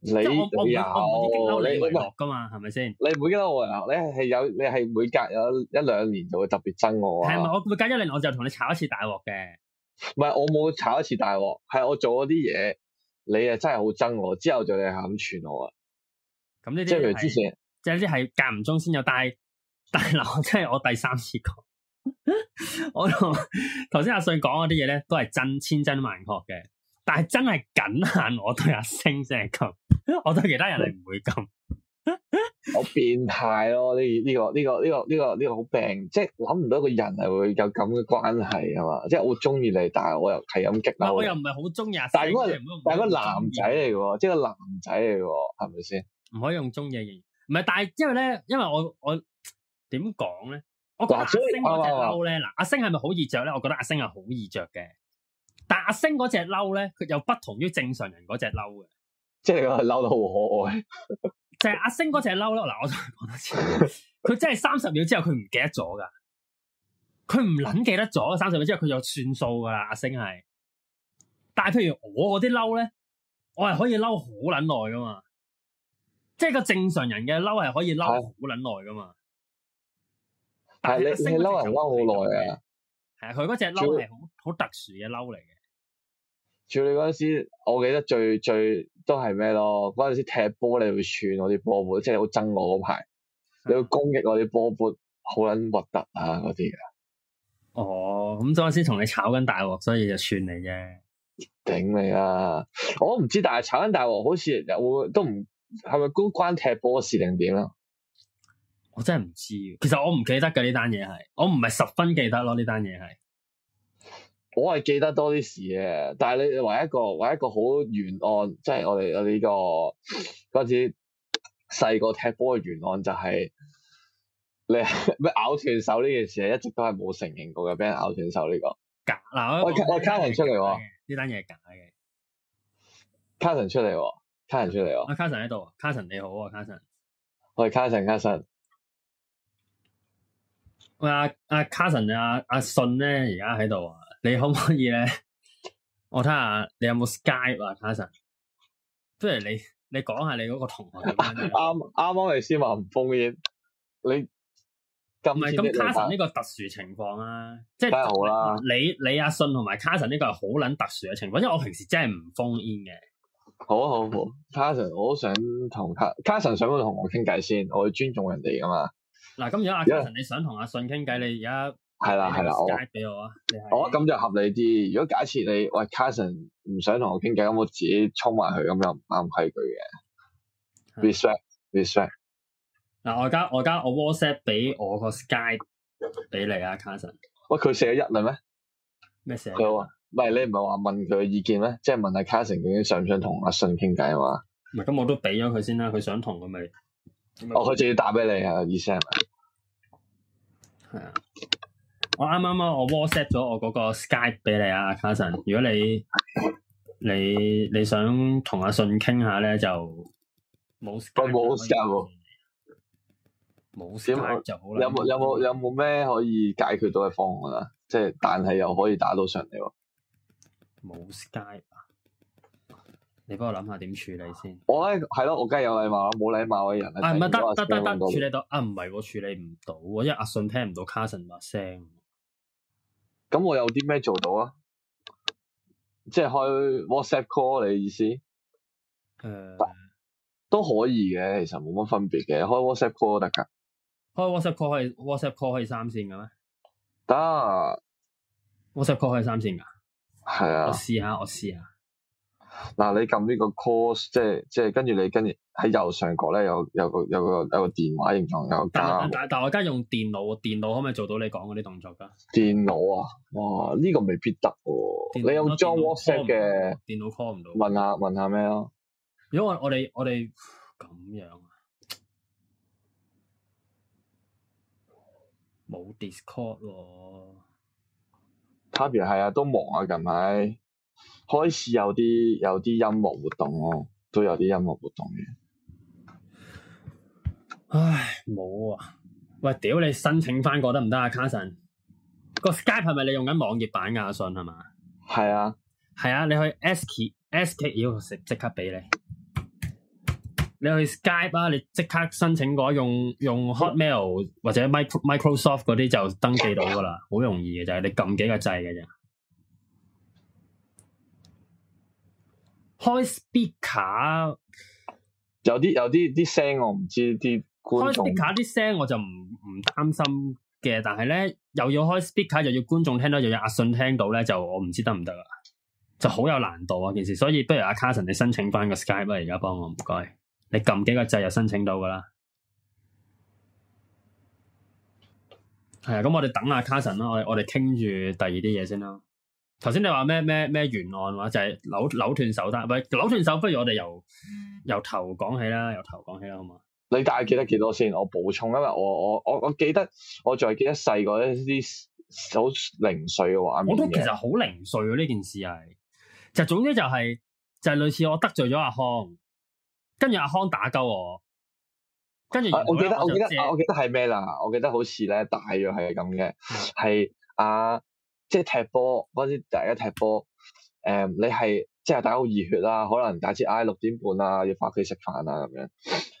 你係有我激嬲你為樂噶嘛，係咪先？你唔會激嬲我呀？你係有你係每隔有一兩年就會特別憎我啊？係咪？我每隔一年我就同你炒一次大鑊嘅，唔係我冇炒一次大鑊，係我做咗啲嘢，你啊真係好憎我，之後就你係咁串我啊。咁呢啲係即係之前，即係啲係間唔中先有，但係大佬即係我第三次講， 我同頭先阿信講嗰啲嘢咧，都係真千真萬確嘅。但係真係僅限我對阿星先係咁，我對其他人係唔會咁。我變態咯，呢呢、 這個呢、這個呢、這個呢、這個呢、這個好病，即係諗唔到一個人係會有咁嘅關係係嘛？即係我中意你，但係我又係咁激嬲，但我又唔係好中意阿星，但係我個男仔嚟嘅，即係個男仔嚟嘅，係咪先？唔可以用中嘢形容，唔係，但係因為咧，因為我我點講咧？我覺得阿星嗰隻嬲咧，嗱，阿、啊啊、星係咪好易着咧？我覺得阿星係好易着嘅，但阿星嗰隻嬲咧，佢又不同於正常人嗰隻嬲嘅，即係嬲到好可愛。就係阿星嗰隻嬲咯，嗱、 啊，我講多次，佢真係三十秒之後佢唔記，記得咗噶，佢唔捻記得咗，三十秒之後佢又算數噶啦。阿星係，但係譬如我嗰啲嬲咧，我係可以嬲好捻耐噶嘛。即係個正常人嘅嬲係可以嬲好捻耐噶嘛？但係你你嬲又嬲好耐啊！係啊，佢嗰隻嬲係好特殊嘅嬲嚟嘅。仲有你嗰陣時，我記得最最都係咩咯？嗰陣時踢波你會串我啲波波，即係你好憎我嗰排，的你會攻擊我啲波波，好捻核突啊嗰啲嘅。哦，咁嗰陣時同你炒緊大鑊，所以就串你啫。頂你啦、啊！我唔知，但係炒緊大鑊，好似又會都唔。都係咪高關踢波事定點啊？我真係唔知，其實我唔記得嘅呢單嘢係，我唔係十分記得咯。呢單嘢係，我係記得多啲事嘅。但係你為一個為一個好懸案，即、就、係、是、我哋我哋個陣時細個踢波嘅懸案就係、是、你咩 咬斷手呢件事，係一直都係冇承認過嘅，俾人咬斷手呢、這個假嗱、啊，我、哎、我卡文出嚟，呢單嘢係假嘅，假卡文出嚟。卡神出嚟哦！阿卡神喺度啊，卡神，卡神你好啊，卡神。我係、哎、卡神，卡神。喂阿阿卡神啊阿信咧，而家喺度啊，啊在在你可唔可以咧？我睇下你有冇 Skype 啊，卡神。即係你你講下你嗰個同學點啊？啱啱我哋先話唔封煙，你咁唔係咁卡神呢個特殊情況啊？即係好啦，你你阿、啊、信同埋卡神呢個係好捻特殊嘅情況，因為我平時真係唔封煙嘅。好啊好好，Carson，我都想同 Car s o n 想唔想同我傾偈先，我要尊重人哋噶嘛。嗱、啊，咁、嗯、如果阿、啊、Carson 你想同阿信傾偈，你而家係啦係啦，解 俾楽 Sky 我啊。我咁、嗯、就合理啲。如果假設你喂 Carson 唔想同我傾偈，咁我自己衝埋去，咁又唔啱規矩嘅。Respect，respect。嗱，我而家，我而家，我 WhatsApp 俾我個 sky 俾你啊，Carson。喂，佢寫咗一輪咩？咩寫？佢話。喂，你唔係話問佢意見咩？即係問阿卡神，究竟想唔想同阿信傾偈啊？嘛，唔係咁，我都俾咗佢先啦。佢想同，佢咪哦，佢仲要打俾你啊！Eason，係啊，我啱啱、啊、我 WhatsApp 咗我嗰個 Skype 俾你啊，卡神。如果你 你你想同阿信傾下咧，就冇冇 Skype 冇點有冇有冇有冇咩可以解決到嘅方案啦？即係但係又可以打到上嚟喎。冇 Skype，、啊、 你幫我諗下點處理先。我咧係咯，我梗係有禮貌啦，冇禮貌嘅人咧、哎啊。啊唔係得得得得處理到啊，唔係我處理唔到，因為阿信聽唔到 Carson 把聲。咁我有啲咩做到啊？即係開 WhatsApp call 你意思？誒、呃，都可以嘅，其實冇乜分別嘅，開 WhatsApp call 得噶。開 WhatsApp call 可以 WhatsApp call 可以三線嘅咩？得。WhatsApp call 可以三線噶？係啊！我試下，我試下。嗱、啊，你撳呢個 call，即係即係，跟住你跟住喺右上角咧，有有個有個有個電話形狀有加但。但但我而家用電腦，電腦可唔可以做到你講嗰啲動作噶？電腦啊，哇，呢、呢個未必得喎。腦你有，有裝腦 WhatsApp 嘅的電腦 call 唔到。到問下問下咩咯？如果我我哋我哋咁樣啊，冇 Discord 喎。哈比係啊，都忙啊近排，開始有啲有啲音樂活動咯、啊，都有啲音樂活動嘅。唉，冇啊！喂，屌你申請翻個得唔得啊，卡神。個 Skype 係咪你用緊網頁版信啊？阿信係嘛？係啊，係啊，你去 s k a s k 我即即刻畀你。你去 Skype 啊！你即刻申請個用用 Hotmail 或者 Microsoft 嗰啲就登記到噶啦，好容易嘅就係你撳幾個掣嘅啫。開 speaker 有啲有啲啲聲我唔知啲觀眾開 speaker 啲聲我就唔唔擔心嘅，但係咧又要開 speaker 又要觀眾聽到，又要阿信聽到咧，就我唔知得唔得啦，就好有難度啊件事。所以不如阿 Carson 你申請翻個 Skype 啊，而家幫我唔該。你撳幾個掣又申請到噶啦，係啊，咁我哋等下卡神啦，我我哋傾住第二啲嘢先啦。頭先你話咩咩咩懸案話就係、是、扭扭斷手帶，唔係扭斷手，不如我哋由由頭講起啦，由頭講起啦，好嘛？你大概記得幾多先？我補充，因為我我我我記得我仲係記得細個一啲好零碎嘅畫面。我覺得其實好零碎啊，呢件事係，就總之就係、是、就係、是、類似我得罪咗阿康。跟住阿康打鳩我，跟住我，我記得我，我記得我記得係咩啦？我記得好似咧大約係咁嘅，係、嗯、啊，即、就、係、是、踢波嗰陣時大家踢波，誒、嗯，你係即係打好熱血啦，可能假設嗌六點半啊，要翻屋企食飯啊，咁樣，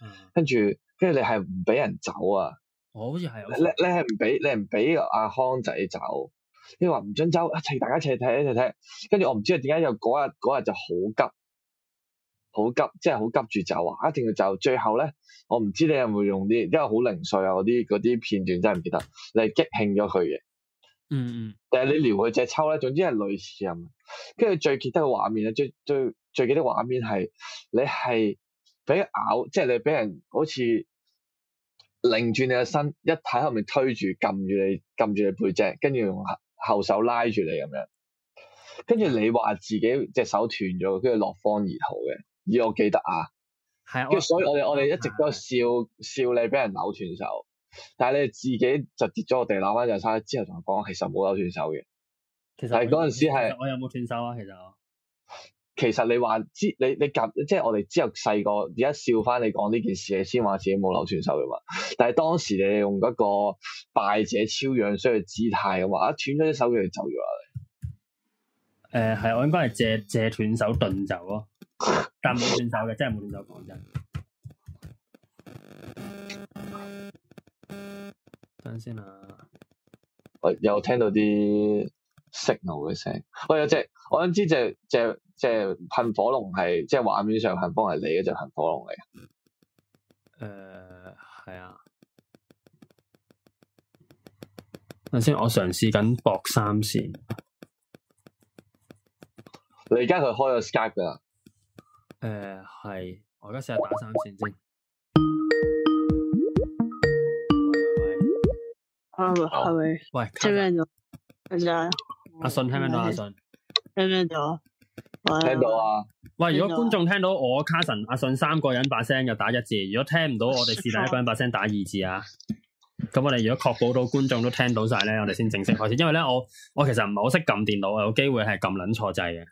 嗯、跟住跟住你係唔俾人走啊？我、哦、好似係，你你係唔俾你唔俾阿康仔走，你話唔准走，一齊大家一齊睇一齊踢，踢。跟住我唔知係點解又嗰日嗰日就好急。好急，即係好急住走啊！一定要走。最後咧，我唔知你有冇用啲，因為好零碎啊，嗰啲啲片段真係唔記得。你係激興咗佢嘅，嗯，但係你撩佢隻抽咧，總之係類似咁。跟住最記得嘅畫面咧，最最最記得畫面係你係俾咬，即係你俾人好似擰住你嘅身，一睇後面推住撳住你撳住你背脊，跟住用後手拉住你咁樣。跟住你話自己隻手斷咗，跟住落荒而逃嘅。依我記得啊，跟住、啊、所以我，我哋我哋一直都笑、啊、笑你俾人扭斷手，但係你哋自己就跌咗個地攤，翻就差之後同我講，其實冇扭斷手嘅。其實係嗰陣時係我有冇斷手啊？其實，其實你話之你你隔即係我哋之後細個而家笑翻你講呢件事，你先話自己冇扭斷手嘅嘛？但係當時你用一個敗者超樣衰嘅姿態咁話啊，斷咗啲手佢就走咗啦。誒、呃，係我應該係借借斷手遁走咯、啊。 但冇轉手嘅，真係冇轉手講真。等先啊，我、 哎、有聽到啲 signal 嘅聲。我、哎、有隻，我想知隻隻隻噴火龍係即係畫面上噴火係你嘅，隻噴火龍嚟。誒，係啊。等先，我嘗試緊搏三線。你而家佢開咗 Skype 啦。誒，係、呃，我而家試下打三線先。喂喂喂，係咪？喂，喂神聽唔聽到？阿信聽唔聽到？阿信，聽唔喂喂聽到？喂聽到啊！喂，如果觀眾聽到我卡神阿信三個人把聲就打一字，如果聽唔到我哋是第一個人把聲打二字啊，咁我哋如果確保到觀眾都聽到晒咧，我哋先正式開始。因為咧，我我其實唔係好識撳電腦，有機會係撳捻錯掣嘅。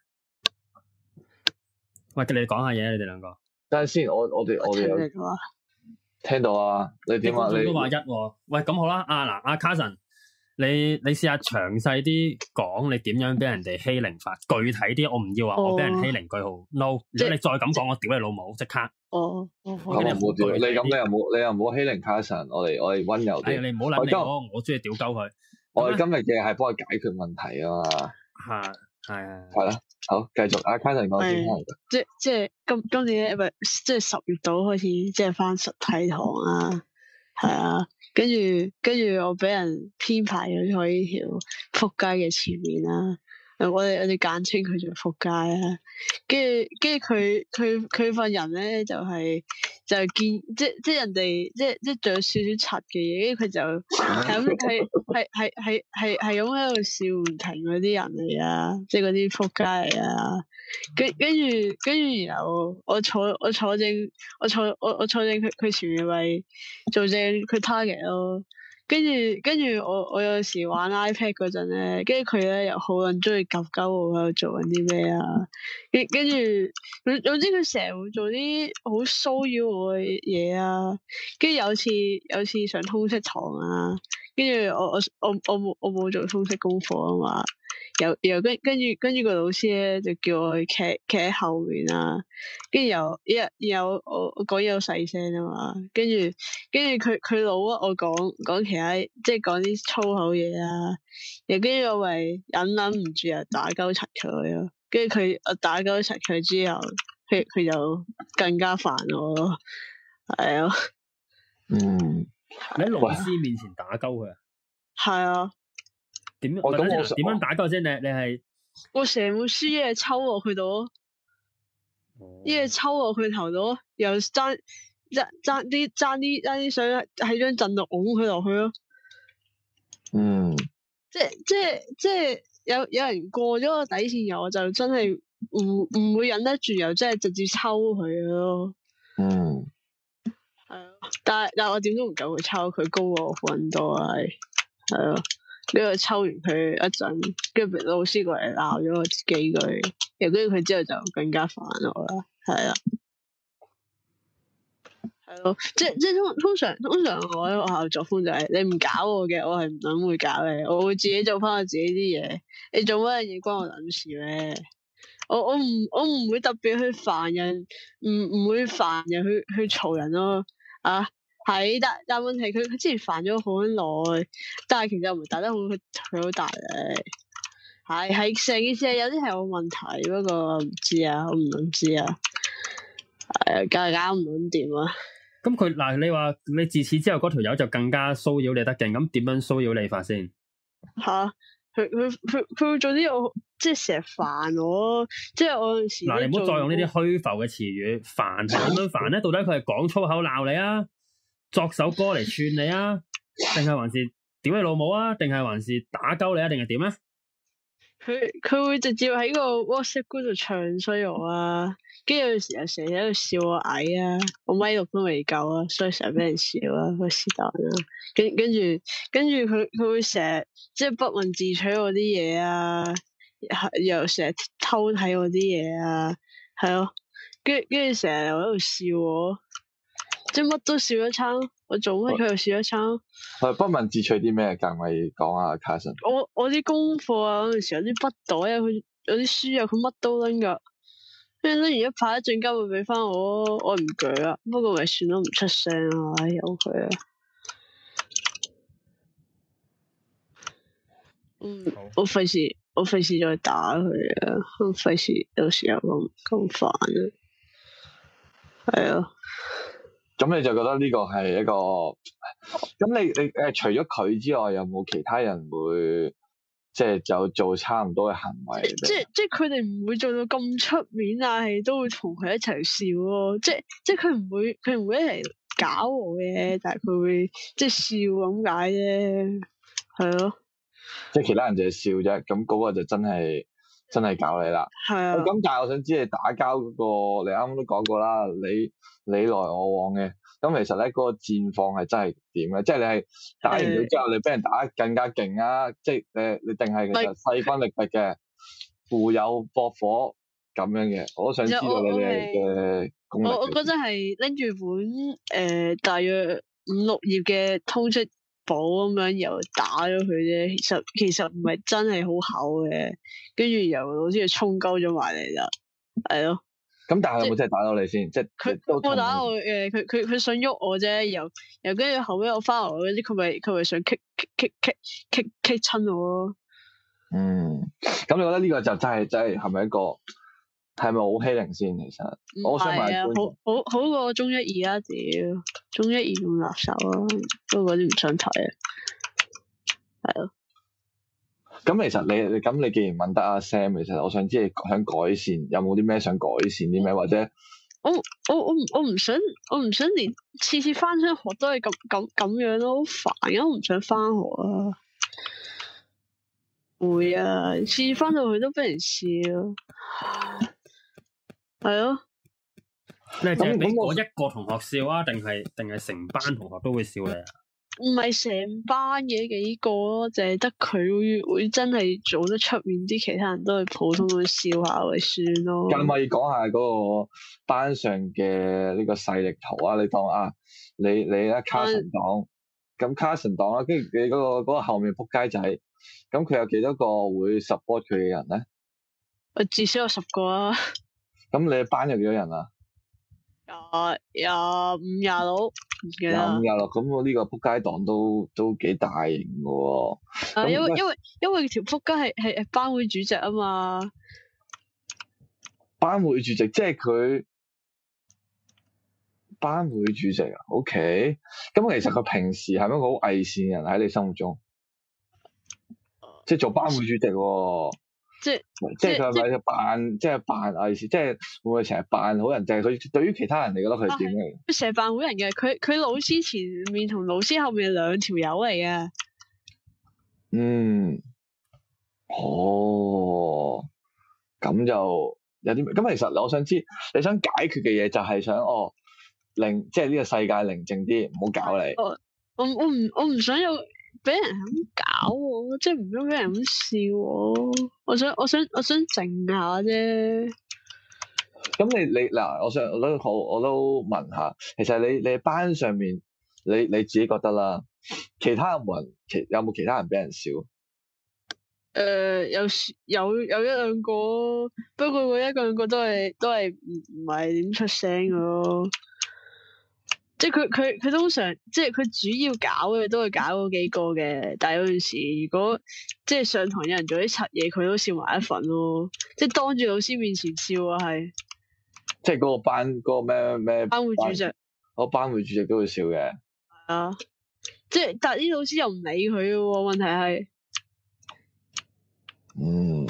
喂，你哋講下嘢，你哋兩個。等下先，我我哋我哋有聽到啊？你點啊？你都話一。喂，咁好啦。啊嗱、阿、啊啊、卡神，你你試下詳細啲講，你點樣俾人哋欺凌法？具體啲，我唔要話、哦、我俾人欺凌。句號。No，如果你再咁講，我屌你老母，即刻哦。哦。咁又冇屌你，咁你，你又冇你又冇欺凌卡神。我哋我哋溫柔啲。你唔好諗你我，我中意屌鳩佢。我哋今日嘅係幫佢解決問題啊嘛。係啊。係啦。的好，繼續啊，阿信講先啦，即即今今年咧，唔係即十月度開始，即係翻實體堂啊，係啊，跟住跟住我俾人編排咗去呢條撲街嘅前面啦啊。我我哋簡稱佢做仆街啦，跟住跟住佢佢佢份人咧就係、是、就係見即即人哋即即着少少柒嘅嘢，跟住佢就係咁係係係係係係咁喺度笑唔停嗰啲人嚟啊，即嗰啲仆街嚟啊，跟跟住跟住然後我坐我坐正我坐我我坐正佢佢前面位做正佢 target 咯。跟住跟住我我有時玩 iPad 嗰陣咧，跟住佢咧又好撚鍾意及鳩我喺度做緊啲咩啊？跟跟住總之佢成日會做啲好騷擾我嘅嘢啊！跟住有次有次上通識堂啊，跟住我我我我冇我冇做通識功課啊嘛。又又跟跟住跟住個老師咧就叫我去企企喺後面啦，跟住又一又，又我我講嘢好細聲啊嘛，跟住跟住佢佢老屈我講講其他即係講啲粗口嘢啊，又跟住我咪忍忍唔住啊，打鳩柒佢咯，跟住佢我打鳩柒佢之後，佢佢就更加煩我咯，係啊，嗯，喺老師面前打鳩佢 啊，係啊。點點樣打多啫？你你係我成部書一係抽落去到，一係抽落去頭到，又賺賺啲賺啲賺啲水喺張陣度拱佢落去咯。嗯，即係即係即係有有人過咗個底線我就真係唔唔會忍得住，又即係直接抽佢咯。嗯，係咯，但係但係我點都唔夠佢抽，佢高我好多係係咯。跟住我抽完佢一陣，跟住老師過嚟鬧咗我幾句，然後跟住佢之後就更加煩我啦。係啦，係咯，即係即係通通常通常我喺學校作風就係，是，你唔搞我嘅，我係唔撚會搞你，我會自己做翻我自己啲嘢。你做乜嘢關我撚事咩？我我唔我唔會特別去煩人，唔唔會煩人去去嘈人咯，啊！係，但但問題佢佢之前煩咗好耐，但係其實唔係打得好，佢好大力。係係成件事有啲係我問題，我不過唔知,我知啊，我唔諗知啊。係啊，梗係搞搞唔掂啊。咁佢嗱，你話你自此之後嗰條友就更加騷擾你得勁，咁點樣騷擾你法先？吓、啊，佢佢佢佢會做啲我即係成日煩我，即係我嗱、啊，你唔好再用虛呢啲虛浮嘅詞語煩係咁樣煩咧？ 到底佢係講粗口鬧你啊？作首歌嚟串你啊？定係還是屌你老母啊？定係還是打鳩你啊？定係點咧？佢佢會直接喺個 WhatsApp group 度唱衰我啊！跟住有時又成日喺度笑我矮啊，我米六都未夠啊，所以成日俾人笑啦、啊，個師弟啊！跟跟住跟住佢佢會成日即係不問自取我啲嘢啊，又成日偷睇我啲嘢啊，係咯、啊，跟跟住成日喺度笑我、啊。即乜都笑一餐，我做乜佢又笑一餐。我不問自取啲咩？咁咪講啊，卡神。我我啲功課啊，有陣時有啲筆袋啊，佢有啲書啊，佢乜都拎噶。跟住拎完一排，一陣間會俾翻我，我唔舉啊。不過咪算咯，唔出聲啊，唉，由佢啊。嗯，我費事，我費事再打佢啊！我費事有時又咁咁煩啊。係啊。咁你就覺得呢個係一個咁你你誒，除咗佢之外，有冇其他人會即係就做差唔多嘅行為咧？即即佢哋唔會做到咁出面，但係都會同佢一齊笑咯。即即佢唔會佢唔會一齊搞我嘅，但係佢會即係笑咁解啫，係咯。即其他人就係笑啫，咁嗰個就真係。真係搞你啦，咁但係我想知你打交嗰個，你啱啱都講過啦，你你來我往嘅，咁其實咧嗰個戰況係真係點咧？即係你係打完佢之後，你俾人打得更加勁啊！即係誒，你定係就勢均力敵嘅互有搏火咁樣嘅？我想知道你哋嘅功力。我我嗰陣係拎住本誒、呃，大約五六頁嘅通知。補咁樣又打咗佢啫，其實其實唔係真係好厚嘅，跟住又老師又沖鳩咗埋嚟啦，係咯。咁但係有冇真係打到你先？即係佢冇打我，我，誒，佢佢佢想喐我啫，又又跟住後尾我返嚟，啲，佢咪佢咪想激激親我。嗯，咁你覺得呢個就真係真係係咪一個？係咪好欺凌先？其實唔係，我想啊，好好好過中一二啊！屌，中一二咁垃圾咯，不過啲唔想睇啊，係咯、啊。咁、啊嗯、其實你，咁你既然問得阿 Sam，其實我想知你想改善有冇啲咩想改善啲咩或者？嗯、我我我我唔想我唔想連次次翻出學都係咁咁咁樣咯，好煩，啊我唔想翻學啊。會啊，次次翻到去都俾人笑。係咯，啊、那你係整邊個一個同學笑啊？定係定係成班同學都會笑你咧、啊？唔係成班嘅幾個咯，淨係得佢會真係做得出面啲，其他人都係普通咁笑下咪算咯。咁咪講下嗰個班上嘅呢個勢力圖啊？你當啊，你你咧卡神黨，咁卡神黨啦，跟住你嗰個嗰個後面扑街仔，咁佢有幾多個會 support 佢嘅人咧？我至少有十個啊！咁你班入幾多人啊？廿廿五廿六，廿五廿六。咁我呢個仆街黨都都幾大型嘅喎、哦。啊、uh，因為因為因為條仆街係係班會主席啊嘛班席。班會主席，即係佢班會主席啊。OK，咁其實佢平時係咪一個好偽善嘅人喺你心目中？即係做班會主席喎、哦。即係即係佢係咪就扮即係扮啊意思，即係會唔會成日扮好人？就係佢對於其他人，你覺得佢係點嘅？成日扮好人嘅，佢佢老師前面同老師後面兩條友嚟嘅。嗯，哦，咁就有啲咁。其實我想知你想解決嘅嘢，就係想哦，令即係呢個世界寧靜啲，唔好搞你。我我唔我唔想有。俾人咁搞我，即係唔中俾人咁笑我。我想，我想，我想靜下啫。咁你你嗱，我想我都好，我都問下。其實你你班上面，你你自己覺得啦。其他有冇人，其有冇其他人俾人笑？誒、呃，有有有一兩個，不過嗰一個兩個都係都係唔唔係點出聲咯。即係佢佢佢通常，即係佢主要搞嘅都會搞嗰幾個嘅。但係有陣時，如果即係上堂有人做啲柒嘢，佢都笑埋一份咯。即係當住老師面前笑啊，係。即係嗰個班嗰、嗰個咩咩班，班會主席，個班會主席都會笑嘅。啊，即係但係啲老師又唔理佢嘅喎。問題係，嗯，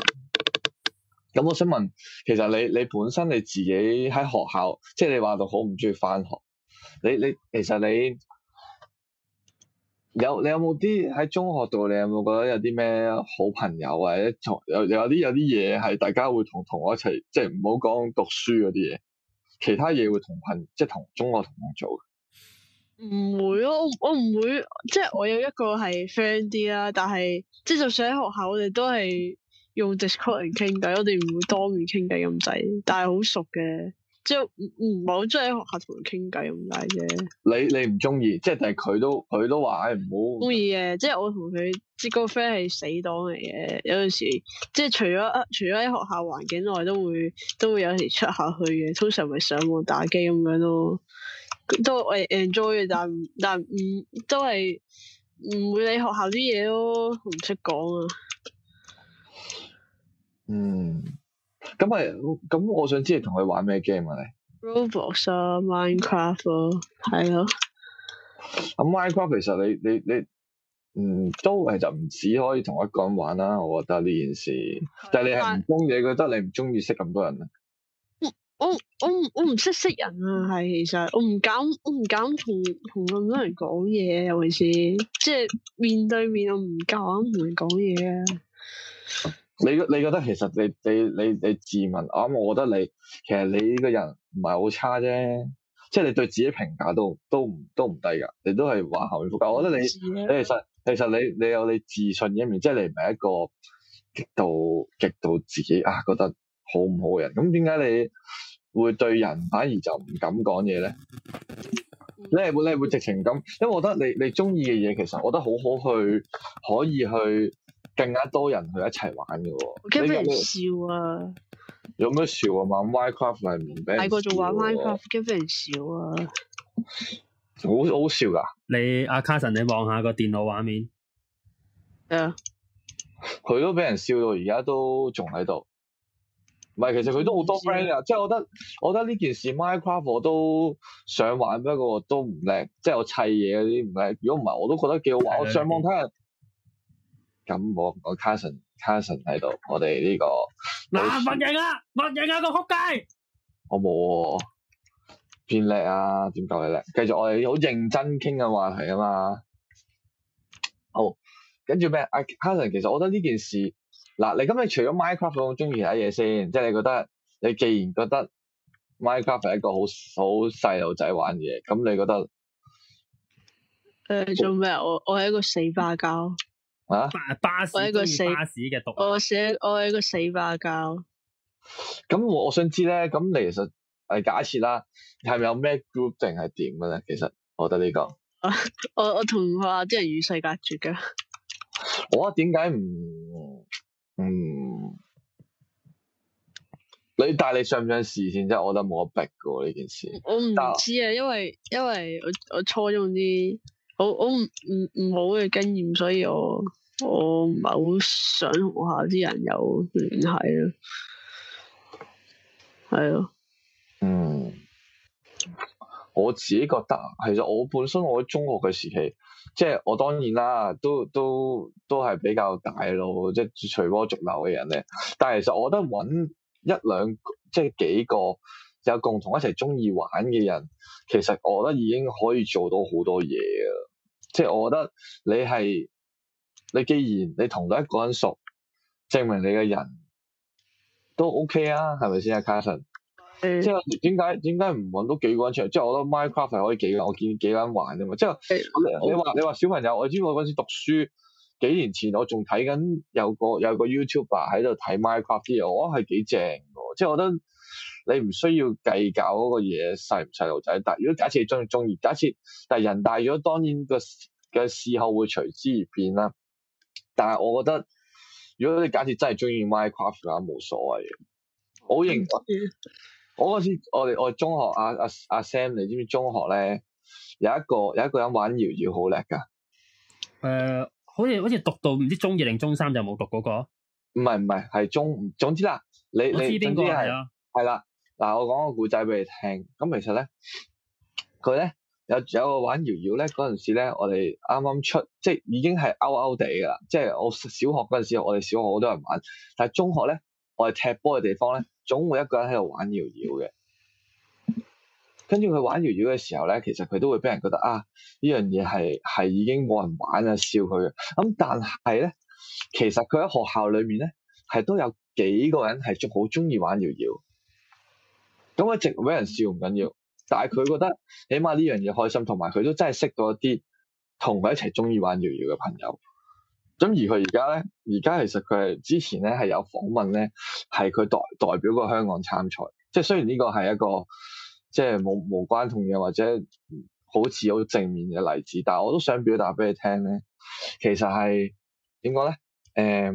咁我想問，其實你你本身你自己喺學校，即係你話到好唔中意翻學。你你其實你有你有冇啲喺中學度，你有冇覺得有啲咩好朋友啊？或者有有啲有啲嘢係大家會同同學一齊，即係唔好講讀書嗰啲嘢，其他嘢會同朋即係同中學同學做。唔會咯，我唔會，即係我有一個係 friend 啲啦，但係即係就算喺學校，我哋都係用 Discord 嚟傾偈，我哋唔會當面傾偈咁滯，但係好熟嘅。即係唔唔係好中意喺學校同人傾偈咁解啫。你你唔中意，即係但係佢都佢都話唉唔好。中意嘅，即係我同佢即個 friend 係死黨嚟嘅。有陣時即係除咗除咗喺學校環境內，都會都會有時出下去嘅。通常咪上網打機咁樣咯，都誒 enjoy，但係但唔都係唔會理學校啲嘢咯，唔識講啊。嗯。咁係，咁我想知你同佢玩咩 game 啊？你 Roblox 啊，Minecraft 咯，啊，係咯，啊。咁 Minecraft 其實你你你，嗯，都係就唔止可以同一個人玩啦，啊。我覺得呢件事，對但係你係唔中嘢，我覺得你唔中意識咁多人，啊我。我我我唔我唔識識人啊，係其實我唔敢我唔敢同同咁多人講嘢，尤其是即係，就是，面對面我唔敢同人講嘢啊。你你覺得其實你你你你自問，我諗我覺得你其實你呢個人唔係好差啫，即係你對自己評價都都唔都唔低噶，你都係話厚面福。我覺得你你其實其實你你有你自信一面，即係你唔係一個極度極度自己啊覺得好唔好嘅人。咁點解你會對人反而就唔敢講嘢咧？你係會你係會直情咁，因為我覺得你你中意嘅嘢，其實我覺得好好去可以去。更加多人去一齊玩嘅，驚俾人笑啊！有咩笑啊？玩《Minecraft》係唔俾。細個仲玩《Minecraft》，驚俾人笑啊？好好笑噶！你阿 Carson，你望下個電腦畫面啊！佢 Yeah. 都俾人笑到，而家都仲喺度。唔係，其實佢都好多 friend 噶，即係 我覺得，我覺得呢件事《Minecraft》我都想玩，不過都唔叻，即係我砌嘢嗰啲唔叻。如果唔係，我都、就是、我我覺得幾好玩。的我上網睇下。咁我我卡神卡神喺度，我哋呢個嗱，服人啊，服人啊個仆街，我冇喎，變叻啊，點解你叻？繼續我哋好認真傾嘅話題啊嘛，好，跟住咩啊？卡神其實我覺得呢件事，嗱，你咁你除咗 Minecraft，中意睇嘢先，即係你覺得你既然覺得 Minecraft 係一個好好細路仔玩嘅嘢，咁你覺得誒做咩啊？我我係一個死花膠。啊！巴士我係一個死巴士嘅毒我寫，我寫我係個死巴教。咁我想知咧，咁你其實誒假設啦，係咪有咩 group 定係點嘅咧？其實我覺得呢個， 我我同學啲人與世隔絕嘅。我點解唔唔？你但你想唔想試先？即係我覺得冇得逼嘅呢件事。我唔知啊我，因為因為我我初中啲好我唔唔唔好嘅經驗，所以我。我唔係好想同下啲人有聯繫咯，係咯，嗯，我自己覺得，其實我本身我喺中學嘅時期，即係我當然啦，都都都係比較大路，即係隨波逐流嘅人咧。但係其實我覺得揾一兩即係幾個有共同一齊中意玩嘅人，其實我覺得已經可以做到好多嘢啊！即係我覺得你係。你既然你同到一個人熟，證明你嘅人都 OK 啊，係咪先啊，Carson？欸、即係點解點解唔揾到幾個人出嚟？即係我覺得 Minecraft 係可以幾個，我見幾個人玩啊嘛。即係、欸、你話你話小朋友，我知我嗰陣時讀書幾年前我，我仲睇緊有個有個 YouTuber 喺度睇 Minecraft 啲嘢，我覺得係幾正㗎。即係我覺得你唔需要計較嗰個嘢細唔細路仔。但係如果假設你中中意，假設但係人大咗，當然個嘅嗜好會隨之而變啦。但係我覺得，如果你假設真係中意 Minecraft，咁冇所謂嘅。 我認同。我嗰時我哋我哋中學阿阿、啊啊啊、Sam，你知唔知中學咧有一個有一個人玩搖搖好叻噶？誒、呃，好似好似讀到唔知中二定中三就冇讀嗰、嗰個？唔係唔係，係中總之啦，你知你知邊個係？係、啊、啦，嗱，我講個古仔俾你聽。咁其實咧，佢咧。有有個玩搖搖咧，嗰陣時咧，我哋啱啱出，即係已經係勾勾哋噶啦，即係我小學嗰陣時，我哋小學好多人玩，但係中學咧，我哋踢波嘅地方咧，總會一個人喺度玩搖搖嘅。跟住佢玩搖搖嘅時候咧，其實佢都會俾人覺得啊，呢樣嘢係係已經冇人玩啦，笑佢。咁但係咧，其實佢喺學校裏面咧，係都有幾個人係仲好中意玩搖搖。咁一直俾人笑唔緊要。但係佢覺得起碼呢樣嘢開心，同埋佢都真係識到一啲同佢一齊中意玩搖搖嘅朋友。咁而佢而家咧，而家其實佢係之前咧係有訪問咧，係佢代代表過香港參賽。即係雖然呢個係一個即係冇冇關痛癢，或者好似好正面嘅例子，但係我都想表達俾你聽咧，其實係點講咧？誒、呃，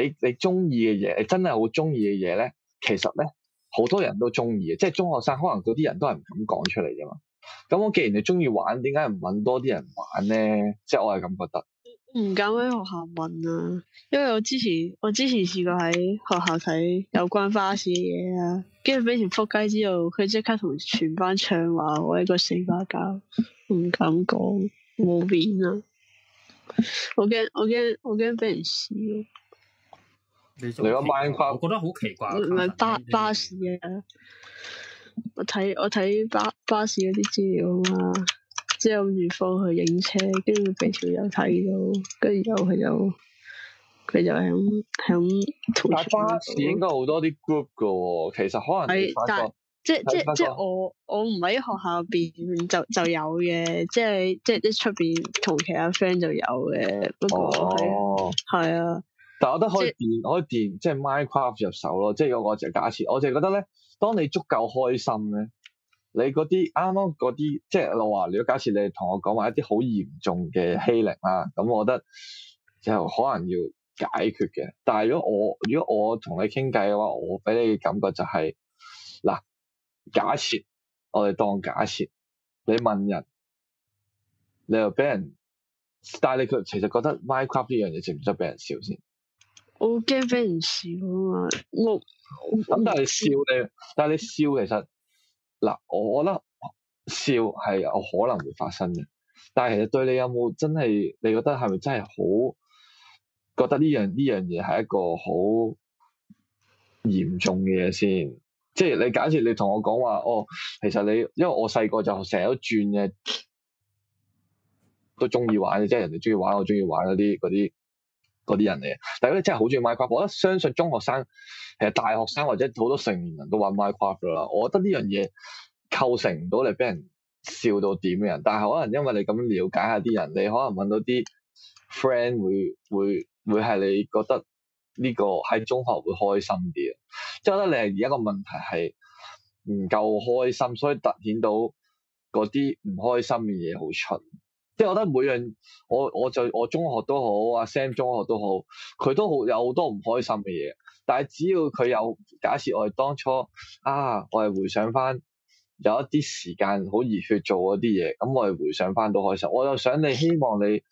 你你中意嘅嘢，你真係好中意嘅嘢咧，其實咧。好多人都中意嘅，即係中學生，可能嗰啲人都係唔敢講出嚟啫嘛。咁我既然你中意玩，點解唔問多啲人玩咧？即係我係咁覺得。唔敢喺學校問啊，因為我之前我之前試過喺學校睇有關花市嘅嘢啊，跟住俾條撲街之後，佢即刻同全班唱話我係個四八九，唔敢講冇面啊！我驚我驚我驚俾人笑。你嗰班，我覺得好奇怪。唔係巴巴士嘅、啊，我睇我睇巴巴士嗰啲資料啊嘛，之後就放去影車，跟住俾條友睇到，跟住又佢就佢就響響圖書巴士應該好多啲 group 噶、哦，其實可能。係，但係即哥即即我我唔喺學校入邊就就有嘅，即係即係一出邊同其他 friend 就有嘅。不過係係、哦、啊。但我覺得可以電，可以電，即係 Minecraft 入手咯。即係我我就假設，我就覺得咧，當你足夠開心咧，你嗰啲啱啱嗰啲，即係我話，如果假設你哋同我講話一啲好嚴重嘅欺凌啦，咁我覺得就可能要解決嘅。但係如果我如果我同你傾偈嘅話，我俾你嘅感覺就係嗱，假設我哋當假設你問人，你又俾人，但係你佢其實覺得 Minecraft 呢樣嘢值唔值得俾人笑先？我驚俾人笑啊！我咁、嗯、但係笑你，但係你笑其實嗱，我我覺得笑係有可能會發生嘅。但係其實對你有冇真係，你覺得係咪真係好覺得呢樣呢樣嘢係一個好嚴重嘅嘢先？即係你假設你同我講話，「哦，其實你因為我細個就成日都轉嘅，都中意玩嘅。」即係人哋中意玩，我中意玩啲嗰啲。嗰啲人嚟嘅，但係佢真係好中意 Minecraft 我覺得相信中學生其實大學生或者好多成年人都玩 Minecraft 啦。我覺得呢樣嘢構成唔到你俾人笑到點嘅人，但係可能因為你咁樣了解下啲人，你可能揾到啲 friend 會會會係你覺得呢個喺中學會開心啲啊。即係覺得你係而家個問題係唔夠開心，所以凸顯到嗰啲唔開心嘅嘢好蠢。即係我覺得每樣，我我就我中學都好，啊 Sam 中學都好，佢都好有好多唔開心嘅嘢。但係只要佢有假設我哋當初啊，我係回想翻有一啲時間好熱血做嗰啲嘢，咁我係回想翻都開心。我又想你希望你，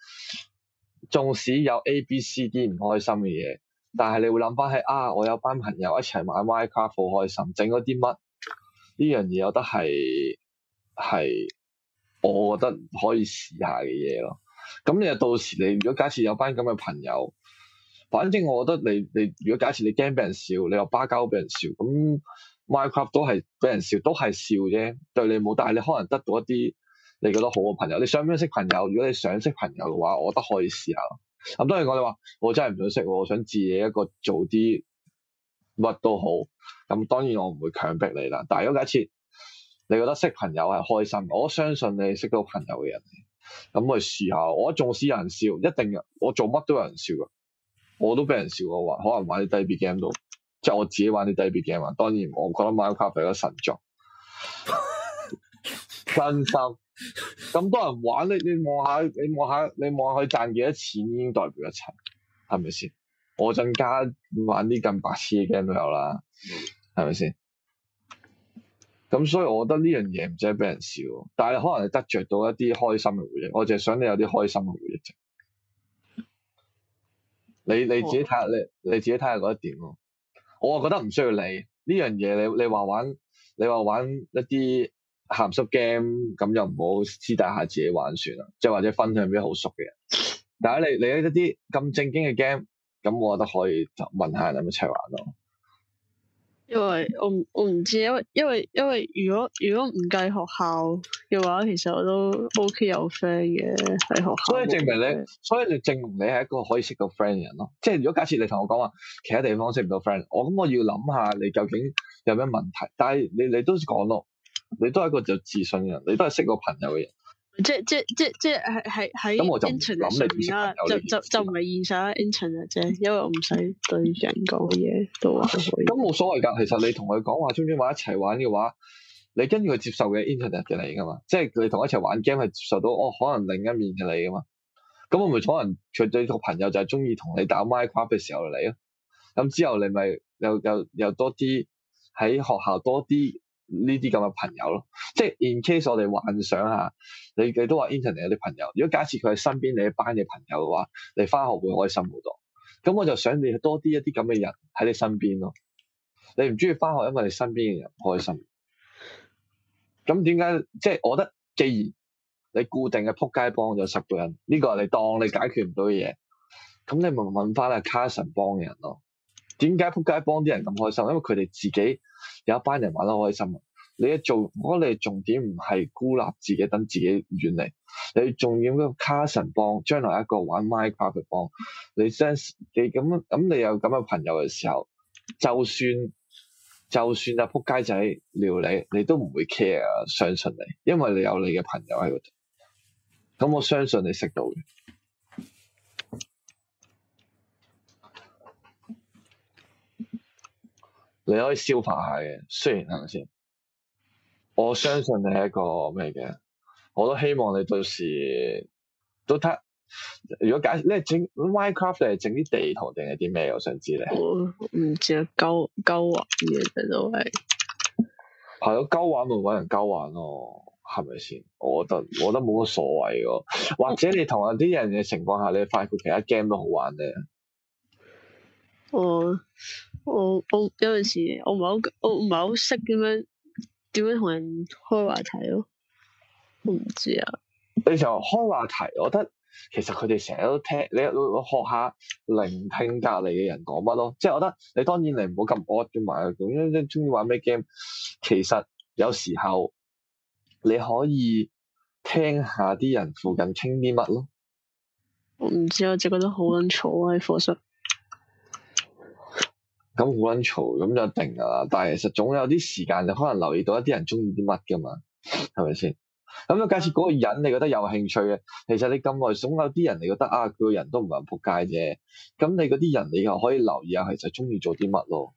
縱使有 A、B、C、D 唔開心嘅嘢，但係你會諗翻係啊，我有班朋友一齊玩 Y c 卡好開心，整咗啲乜？呢樣嘢我覺得係係。我覺得可以試下嘅嘢咯。咁你又到時你，你如果假設有班咁嘅朋友，反正我覺得你你，如果假設你驚俾人笑，你又巴交俾人笑，咁 Minecraft 都係俾人笑，都係笑啫，對你冇。但係你可能得到一啲你覺得好嘅朋友。你想唔想識朋友？如果你想識朋友嘅話，我覺得可以試下。咁當然我哋話我真係唔想識，我想自己一個做啲乜都好。咁當然我唔會強迫你啦。但係如果假設你覺得識朋友係開心？我相信你識到朋友嘅人，咁去試下。我縱使有人笑，一定我做乜都有人笑噶。我都俾人笑嘅話，可能玩啲低 B game 度，即係我自己玩啲低 B game 啊。當然，我覺得 Minecraft 比較神作， 真心咁多人玩，你你望下，你望下，你望下佢賺幾多錢已經代表一切，係咪先？我增加玩啲咁白痴嘅 game 都有啦，係咪先？咁所以，我覺得呢樣嘢唔使係俾人笑，但係可能你得着到一啲開心嘅回憶。我淨係想你有啲開心嘅回憶啫。你你自己睇下，你你自己睇下嗰一點咯。我啊覺得唔需要理呢樣嘢。你你話玩，你話玩一啲鹹濕 game，咁又唔好私底下自己玩算啦。即係或者分享俾好熟嘅人。但係你你一啲咁正經嘅 game，咁我覺得可以問下人咁一齊玩咯。因為我唔我唔知，因為因為因為如果如果唔計學校嘅話，其實我都 OK 有 friend 嘅喺學校。所以證明你，所以你證明你係一個可以識到 friend 嘅人咯。即係如果假設你同我講話其他地方識唔到 friend，我咁我要諗下你究竟有咩問題。但係你你都講咯，你都係一個就自信嘅人，你都係識個朋友嘅人。即即即即係係喺 internet 就你就就唔係現實 internet 啫，因為我唔使對人講嘢都話。咁冇所謂噶，其實你同佢講話中英中一齊玩嘅話，你跟住佢接受嘅 internet 嘅嚟噶嘛，即係你同一齊玩 game 係接受到哦，可能另一面嘅你噶嘛。咁我咪可能佢對個朋友就係中意同你打 Minecraft 嘅時候嚟咯。咁之後你咪又又又多啲喺學校多啲。呢啲咁嘅朋友咯，即係 in case 我哋幻想下，你你都話 internet 有啲朋友，如果假設佢係身邊你一班嘅朋友嘅話，你翻學會開心好多。咁我就想你多啲一啲咁嘅人喺你身邊咯。你唔中意翻學，因為你身邊嘅人唔開心。咁點解？即係我覺得，既然你固定嘅扑街幫咗十個人，呢個係你當你解決唔到嘅嘢，咁你咪問翻阿 Carson 幫嘅人咯。點解撲街幫啲人咁開心？因為佢哋自己有一班人玩得開心。你做，我諗你重點唔係孤立自己，等自己遠嚟遠離。你重點嗰個卡神幫，將來一個玩 Minecraft 幫，你 sense，你咁咁，你有咁嘅朋友嘅時候，就算就算阿撲街仔撩你，你都唔會 care，相信你，因為你有你嘅朋友喺度。咁我相信你識到。你可以消化下嘅，雖然係咪先？我相信你係一個咩嘅？我都希望你到時都得。如果解，你整《Minecraft》係整啲地圖定係啲咩？我想知咧。我唔知啊，交勾畫啲嘢都係。係咯，勾畫咪搵人交玩咯，係咪先？我覺得，我覺得冇乜所謂噶。或者你同啲人嘅情況下，你發覺其他 game 都好玩嘅。哦。我我有陣時我唔係好我唔係好識咁樣點樣同人開話題咯、啊，我唔知啊。你成日開話題，我覺得其實佢哋成日都聽，你學下聆聽隔籬嘅人講乜咯。即係我覺得你當然你唔好咁惡咁埋，咁樣即中意玩咩 game。其實有時候你可以聽下啲人附近傾啲乜咯。我唔知啊，我就覺得好撚嘈啊喺課室。咁好撚嘈，咁就定噶啦。但係其實總有啲時間，你可能留意到一啲人中意啲乜噶嘛，係咪先？咁啊，假設嗰個人你覺得有興趣嘅，其實你咁耐總有啲人你覺得啊，佢個人都唔係仆街啫。咁你嗰啲人，你又可以留意下，其實中意做啲乜咯。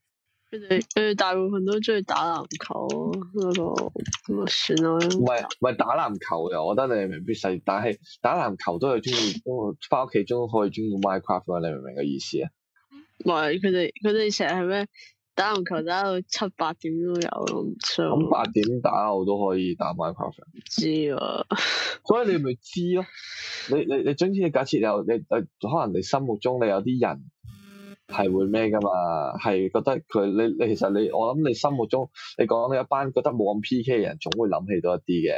佢哋，佢大部分都中意打籃球嗰、嗰個，咁、那、啊、個、嗰個、算啦。唔係唔係打籃球又我覺得你未必細。但係打籃球都係中意，翻屋企中可以中意 Minecraft，你明唔明個意思啊？唔係佢哋，佢哋成日係咩打籃球打到七八點都有，我咁、嗯、八點打我都可以打埋 y profit。唔知啊， 所以你咪知咯。你你你總之你假設有你誒，可能你心目中你有啲人係會咩噶嘛？係覺得佢你你其實你我諗你心目中你講你一班覺得冇咁 P K 嘅人，總會諗起多一啲嘅。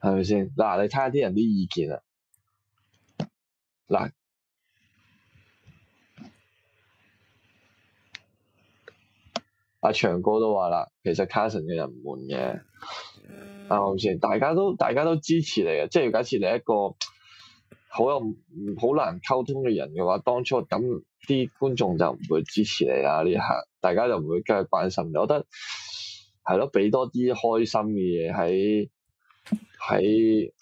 係咪先嗱？你睇下啲人啲意見啊！嗱，阿長哥都話啦，其實卡神嘅人唔悶嘅，係咪先？大家都大家都支持你嘅，即係假設你一個好有好難溝通嘅人嘅話，當初咁啲觀眾就唔會支持你啦。呢下大家就唔會繼續關心。我覺得係咯，俾多啲開心嘅嘢喺喺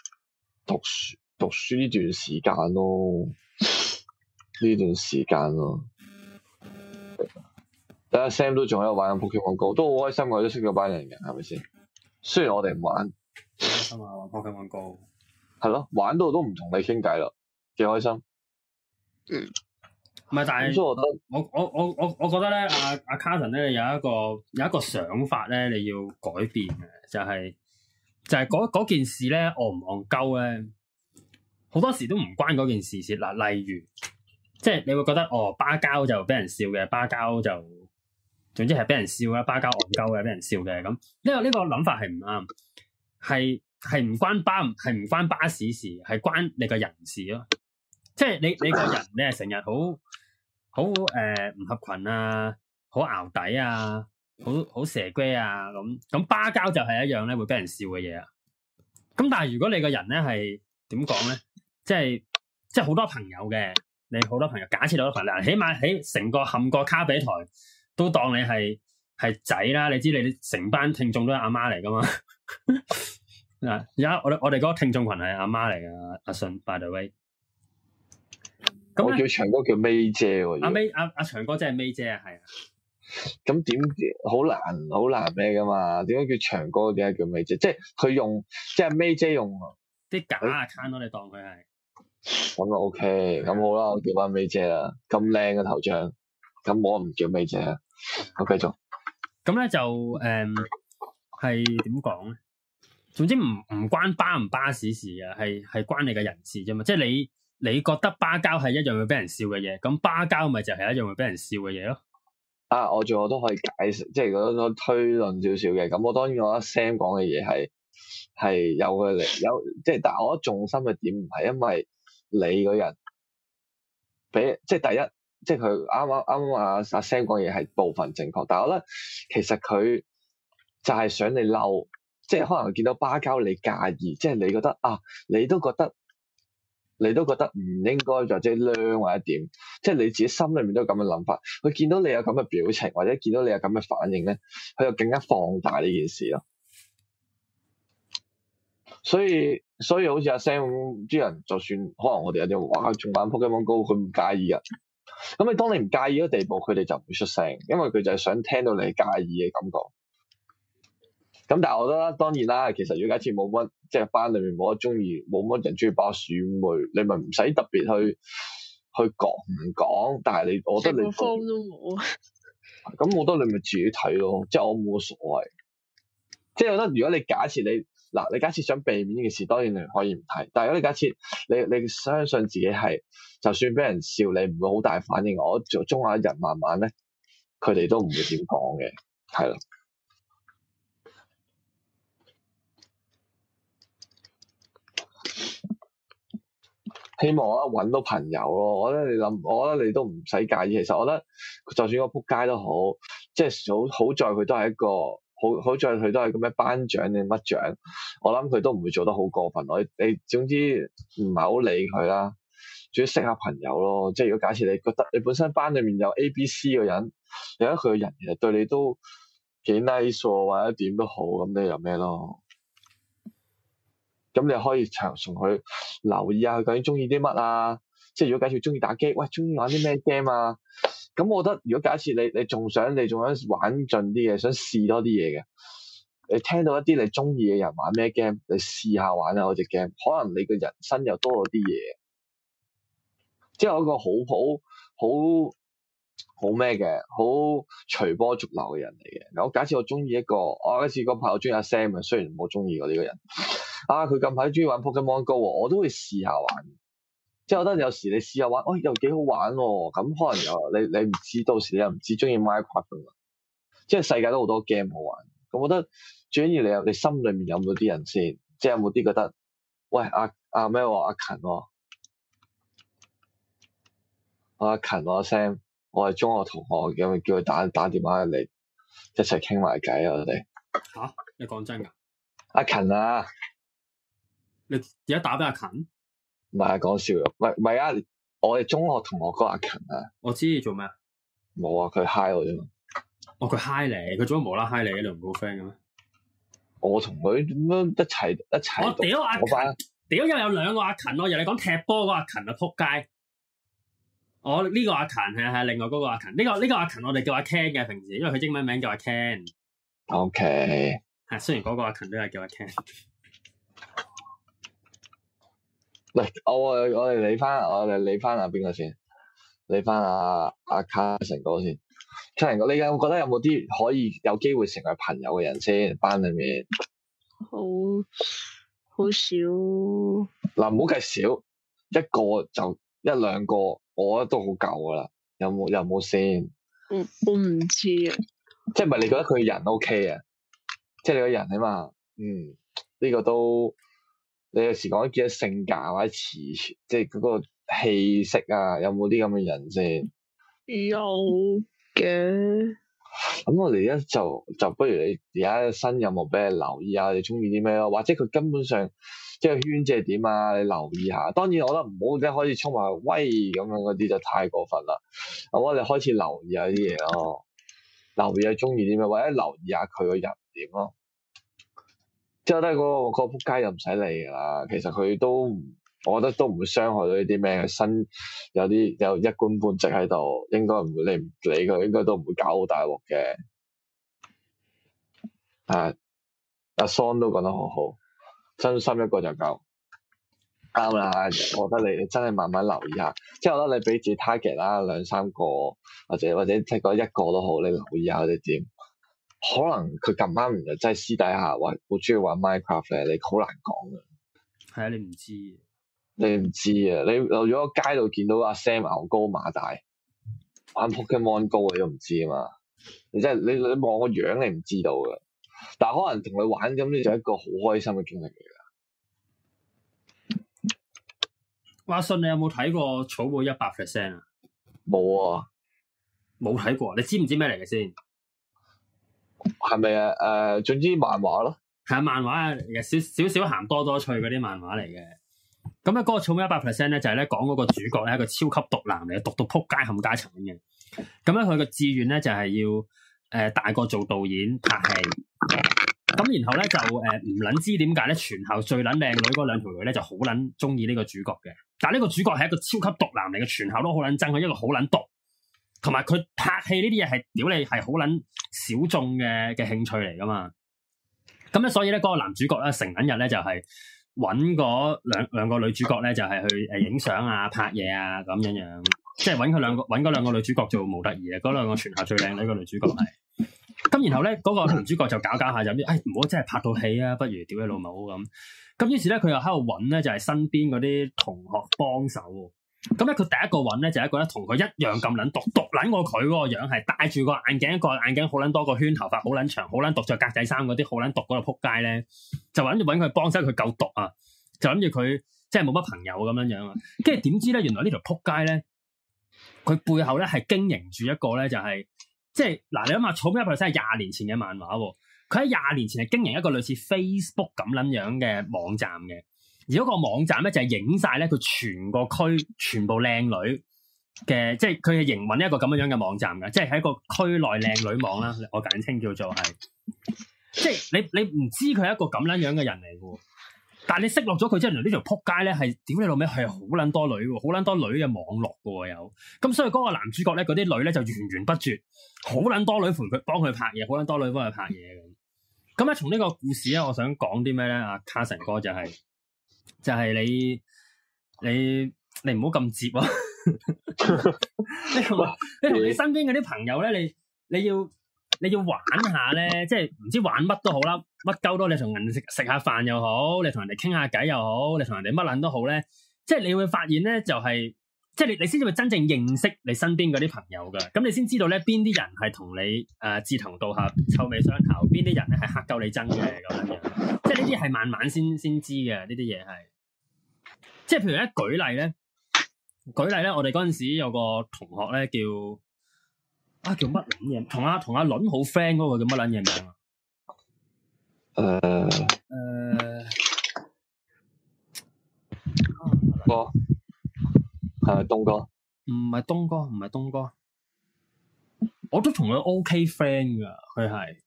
讀書。讀書呢段時間咯，呢段時間咯。睇下 Sam 都仲喺度玩《Pokemon Go》，都好開心嘅，我哋都識咗班人嘅，係咪先？雖然我哋唔玩。開心啊！玩 Pokemon Go。係咯，玩到都唔同你傾偈咯，幾開心。嗯。唔係，但係。所以，我得我我我我我覺得咧，阿阿 Carter 咧有一個有一個想法咧，你要改變嘅，就係就係嗰件事咧，戇唔戇鳩咧。呢好多時都唔關嗰件事事嗱，例如即係你會覺得哦，巴膠就俾人笑嘅，巴膠就總之係俾人笑啦，巴膠憨鳩嘅，俾人笑嘅咁。呢個呢個諗法係唔啱，係係唔關巴，係唔關巴士事，係關你個人事咯。即係你你個人，你係成日好好誒唔合群啊，好淆底啊，好好蛇龜啊咁咁，巴膠就係一樣咧會俾人笑嘅嘢啊。咁但係如果你個人咧係，點講咧？即係即係好多朋友嘅，你好多朋友，假設好多朋友，起碼喺成個冚個卡比台都當你係係仔啦。你知你成班聽眾都係阿媽嚟噶嘛？嗱， 而家我我哋嗰個聽眾群係阿媽嚟噶，阿信 By the way，我叫長哥叫 May 姐，阿 May 阿阿長哥真係 May 姐啊，係啊。咁點好難好難咩噶嘛？點解叫長哥？點解叫 May 姐？即係佢用即係 May 姐用。啲假 account 咯、欸，你當佢係咁啊？OK，咁、嗯、好啦，我叫翻美姐啦，咁靚嘅頭像，咁我唔叫美姐，我繼續。咁咧就誒，係點講咧？總之唔唔關巴唔巴士事嘅、啊，係係關你嘅人事啫嘛。即係你你覺得巴交係一樣會俾人笑嘅嘢，咁巴交咪就係一樣會俾人笑嘅嘢咯。啊，我仲我都可以解釋，即係嗰種推論少少嘅。咁我當然我覺得 Sam 講嘅嘢係。係有嘅，嚟有，即係但係我覺得重心嘅點唔係因為你嗰人俾即係第一，即係佢啱啱啱阿阿 Sam 講嘢係部分正確，但係我覺得其實佢就係想你嬲，即係可能見到巴交你介意，即係你覺得啊，你都覺得你都覺得唔應該，或者晾或者點，即係你自己心裏面都有咁嘅諗法。佢見到你有咁嘅表情，或者見到你有咁嘅反應咧，佢就更加放大呢件事咯。所以所以好似阿 Sam 啲人，就算可能我哋有啲話，重返 Pokemon Go，佢唔介意呀。咁你當你唔介意嗰地步，佢哋就唔會出聲，因為佢就係想聽到你介意嘅感覺。咁但係我覺得當然啦，其實如果假設冇乜即係班裏面冇乜中意冇乜人中意包樹，咁你咪唔使特別去去講唔講。但係你我覺得你都冇。咁我覺得你咪自己睇咯，即係我冇乜所謂。即係我覺得如果你假設你。嗱，你假設想避免呢件事，當然你可以唔睇。但係如果你假設你你相信自己係，就算俾人笑，你唔會好大反應。我做中下人，慢慢咧，佢哋都唔會點講嘅，係啦。希望我揾到朋友咯。我覺得你諗，我覺得你都唔使介意。其實我覺得就，就算個撲街都好，即係好好在佢都係一個。好好在佢都係咁嘅，頒獎定乜獎，我諗佢都唔會做得好過分，我你總之唔係好理佢啦，仲要識下朋友咯。即係如果假設你覺得你本身班裏面有 A、B、C 個人，你覺得佢嘅人其實對你都幾 nice 或者點都好，咁你又咩咯？咁你可以長同佢留意下佢究竟中意啲乜啊？即係如果假設中意打機，喂，中意玩啲咩 game 啊？咁我覺得，如果假設你你仲想你仲想玩盡啲嘢，想試多啲嘢嘅，你聽到一啲你中意嘅人玩咩 game，你試，試玩下玩下嗰隻 game，可能你嘅人生又多咗啲嘢。即係我一個好好好好咩嘅，好隨波逐流嘅人嚟嘅。我假設我中意一個，我假設個朋友中意阿 Sam，啊，雖然冇中意我呢個人，啊，佢近排中意玩 Pokemon Go，我都會試下玩。即係我覺得有時你試下玩，哦、哎、又幾好玩喎，哦，咁可能又你你唔知，到時你又唔知中意 microgame 啦，即係世界都好多 game 好玩。咁我覺得最緊要你有你心裏面有冇啲人先，即係有冇啲覺得，喂阿阿咩喎，阿、啊啊啊啊啊、勤喎，啊，阿勤我 Sam，我係中學同學，有冇叫佢打打電話嚟一齊傾埋偈啊？我哋吓？你講真噶？阿勤啊，你而家、啊、打俾阿勤？唔係講笑，唔係唔係啊！我哋中學同學個阿勤啊！我知做咩？冇啊！佢嗨我啫嘛！哦，佢嗨你，佢做咩無啦啦嗨你你唔好 friend 嘅咩？我同佢點樣一齊一齊？我屌阿勤，屌因為回有兩個阿勤咯、啊！人你講踢波嗰個阿勤啊，撲街！我呢個阿勤係係另外嗰個阿勤，呢個呢、呢個呢個阿勤我哋叫阿 Ken 嘅，平時因為佢英文名叫阿 Ken。OK，係、嗯、雖然嗰個阿勤都係叫阿 Ken。我我哋理翻我哋理翻阿邊個先？理翻啊阿、啊、卡成哥先，成哥你有冇覺得有冇啲可以有機會成為朋友嘅人先？班裏面好，好少。嗱、啊，唔好計少，一個就一兩個，我覺得都好夠㗎喇。有冇有冇先、OK？嗯，我唔知啊。即係唔係你覺得佢人 O K 啊？即係你個人啊嘛。嗯，呢個都。你有時講見得性格或者詞，即係嗰個氣息啊，有冇啲咁嘅人先？有嘅。咁我哋咧，就就不如你而家新任務俾你留意下，啊，你中意啲咩咯？或者佢根本上即係圈子係點啊？你留意下。當然，我覺得唔好即係開始充埋威咁樣嗰啲就太過分啦。咁我哋開始留意下啲嘢咯，留意下中意啲咩，或者留意下佢個人點咯。之後咧，嗰個嗰個撲街、那個、又唔使理噶啦，其實佢都，我覺得都唔會傷害到呢啲咩新有啲有一官半職喺度，應該唔會，你唔理佢，應該都唔會搞好大鑊嘅。啊啊，阿信都講得好好，真心一個就夠，啱啦。我覺得你，你真係慢慢留意下。之後咧，你俾住 target 啦，兩三個或者或者即係講一個都好，你留意下或者點。可能佢咁啱，就真係私底下玩 craft，好中意玩 Minecraft 咧，你好難講噶。係啊，你唔知，你知，你唔知啊！你落咗個街度見到阿 Sam 牛高馬大玩 Pokemon Go，你都唔知啊嘛！你真係你你望個樣，你唔知道噶。但係可能同你玩咁，你就一個好開心嘅經歷嚟噶。阿信，你有冇睇過草莓《草莓一百 percent》啊？冇啊，冇睇過。你知唔知咩嚟嘅先？係咪啊？誒、呃，總之漫畫咯，係啊，漫畫啊，有少少少鹹多多趣嗰啲漫畫嚟嘅。咁、那、啊、個，嗰個《草莓一百 percent》咧，就係咧講嗰個主角咧，一個超級毒男嚟嘅，毒到撲街冚家鏟嘅。咁、就、咧、是，佢個志願咧就係要誒大個做導演拍戲。咁然後咧就誒唔捻知點解咧全校最捻靚女嗰兩條女咧就好捻中意呢個主角嘅。但係呢個主角係一個超級毒男嚟嘅，全校都好捻憎佢，因為好捻毒。同埋佢拍戲呢啲嘢，係屌你係好撚小眾嘅嘅興趣嚟㗎嘛？咁咧，所以咧嗰、那個男主角咧成撚日咧就係揾嗰兩兩個女主角咧就係、是、去誒影相啊拍嘢啊咁樣樣，即係揾佢兩個揾嗰兩個女主角做模特兒啊，嗰兩個全校最靚女嘅女主角係。咁然後咧嗰、那個男主角就搞搞，搞下就誒唔好真係拍套戲啊，不如屌你老母咁。咁於是咧佢又喺度揾咧就係、就是、身邊嗰啲同學幫手。咁咧，佢第一個揾咧就係、一個咧，同佢一樣咁撚毒。毒撚過佢嗰個樣，係戴住個眼鏡，一個眼鏡好撚多個圈，頭髮好撚長，好撚毒着格仔衫嗰啲好撚毒嗰個撲街咧，就諗住揾佢幫手，佢夠毒啊，就諗住佢即係冇乜朋友咁樣樣啊。跟住點知咧，原來條呢條撲街咧，佢背後咧係經營住一個咧、就係，就係即係嗱，你諗下草莓100%真係廿年前嘅漫畫，佢喺廿年前係經營一個類似 Facebook 咁撚樣嘅網站嘅。而嗰個網站咧就係、是、影晒咧佢全個區全部靚女嘅，即係佢係營運一個咁樣樣嘅網站嘅，即係喺一個區內靚女網啦，我簡稱叫做係，即係你你唔知佢係一個咁樣樣嘅人嚟嘅，但係你識落咗佢之後，呢條撲街咧係屌你老尾，係好撚多女，好撚多女嘅網絡嘅有咁，所以嗰個男主角咧，嗰啲女咧就源源不絕，好撚多女陪佢幫佢拍嘢，好撚多女幫佢拍嘢咁。咁啊，從呢個故事咧，我想講啲咩咧？啊，卡神哥就係、是。就係你，你你唔好咁接啊！你同、啊、 你，你，你身邊嗰啲朋友咧，你你要你要玩下咧，即係唔知玩乜都好啦，乜鳩多你同人食食下飯又好，你同人哋傾下偈又好，你同人哋乜捻都好咧，即係你會發現咧就係、是。即係你，你先至會真正認識你身邊嗰啲朋友噶。咁你先知道咧，邊啲人係同你誒志、呃、同道合、臭味相投，邊啲人咧係吓鳩你憎嘅咁樣嘅。即係呢啲係慢慢先先知嘅呢啲嘢係。即係譬如咧，舉例咧，舉例咧，我哋嗰陣時有個同學咧叫啊叫乜捻嘢，同阿同阿倫好 friend 嗰個叫乜捻嘢名啊？誒誒，係東哥，唔係東哥，唔係東哥，我都同佢 OK friend 噶，佢係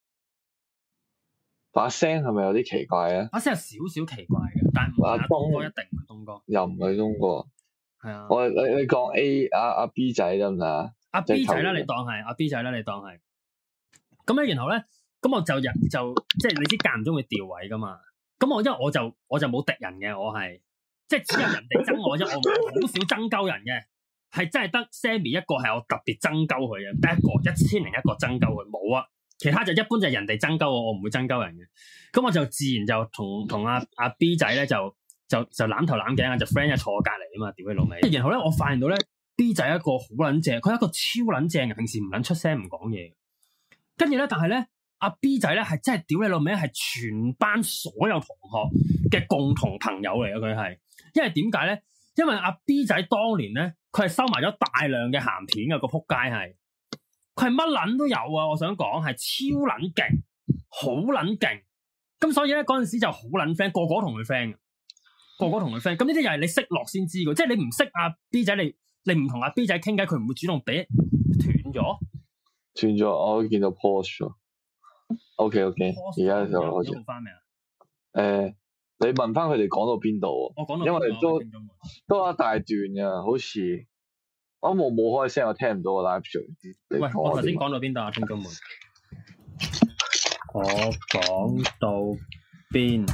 把聲係咪有啲奇怪咧？把聲有少少奇怪嘅，但係唔係東哥一定，唔係東哥又唔係東哥，係啊，我你你講 A 阿、阿 B 仔得唔得啊？阿 A B 仔啦，你當係阿 B 仔啦，你當係咁咧，然後咧，咁我就入就即係、就是、你啲間唔中會掉位噶嘛，咁我因為我就我就冇敵人嘅，我係。即係只有人哋憎我啫，我好少憎鳩人嘅，係真係得 Sammy 一個係我特別憎鳩佢嘅，第一個一千零一個憎鳩佢冇啊，其他就一般就係人哋憎鳩我，我唔會憎鳩人嘅。咁我就自然就同同阿阿 B 仔咧就就就攬頭攬頸啊，就 friend 啊坐我隔籬啊嘛，屌你老味。然後咧我發現到咧 B 仔一個好撚正，佢係一個超撚正嘅，平時唔撚出聲唔講嘢。跟住咧，但係咧阿 B 仔咧係真係屌你老味，係 全班所有同學嘅共同朋友嚟啊！佢係。因為點解咧？因為阿 B 仔當年咧，佢係收埋咗大量嘅鹹片啊！個仆街係，佢係乜捻都有啊！我想講係超捻勁，好捻勁。咁所以咧嗰陣時就好捻 friend，個個同佢 friend，個個同佢 friend。咁呢啲又係你識落先知嘅，即係你唔識阿 B 仔，你你唔同阿 B 仔傾偈，佢唔會主動俾斷咗。斷咗，我見到 post 咗。OK，OK，而家就開始。誒、okay.。欸你問翻佢哋講到邊度、啊？哦、到因為都都一大段噶、啊，好似我冇冇開聲，我聽唔到個 live、 啊。喂，我頭先講到邊度啊？聽眾們，我講到邊？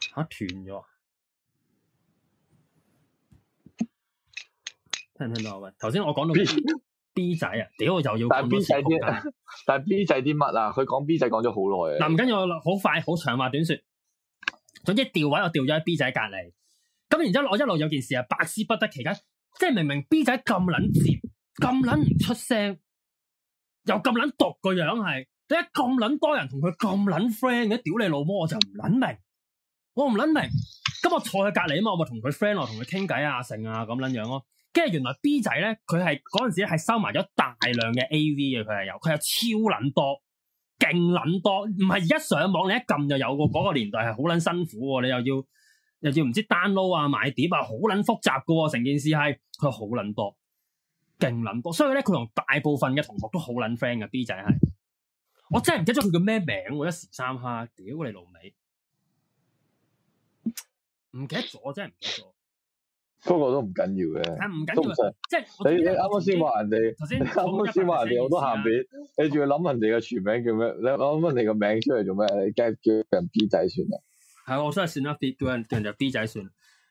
吓斷咗？聽唔聽到？喂，頭先我講到邊。B 仔啊，屌！我又要講 B 仔啲，但 B 仔啲乜啊？佢講 B 仔講咗好耐啊！嗱，唔緊要，好快，好長話短說。總之，調位，我調咗喺 B 仔隔籬。咁然之後，我一路有件事啊，百思不得其解。即係明明 B 仔咁撚接，咁撚唔出聲，又咁撚毒個樣係。點解咁撚多人同佢咁撚 friend 嘅？屌你老母，我就唔撚明。我唔撚明。咁我坐喺隔籬啊嘛，我咪同佢 friend 落，同佢傾偈啊，成啊咁撚樣咯。即係原來 B 仔咧，佢係嗰陣時係收埋咗大量嘅 A.V. 嘅。佢係有，佢係超捻多，勁捻多，唔係而家上網你一撳就有個。嗰個年代係好捻辛苦，你又要又要唔知 download 啊、買碟啊，好捻複雜噶喎，成件事係佢好捻多，勁捻多。所以咧，佢同大部分嘅同學都好捻 friend 嘅。B 仔係，我真係唔記得咗佢叫咩名，一時三下，屌你老味，唔記得咗，真係唔記得咗。不過都唔緊要嘅，係唔緊要。即係你你啱啱先話人哋，頭先啱啱先話人哋好多鹹片，你仲要諗人哋嘅全名叫咩？你諗人哋個名出嚟做咩？你梗係叫人 B 仔算啦。係，我先係算啦，叫人叫人就 B 仔算。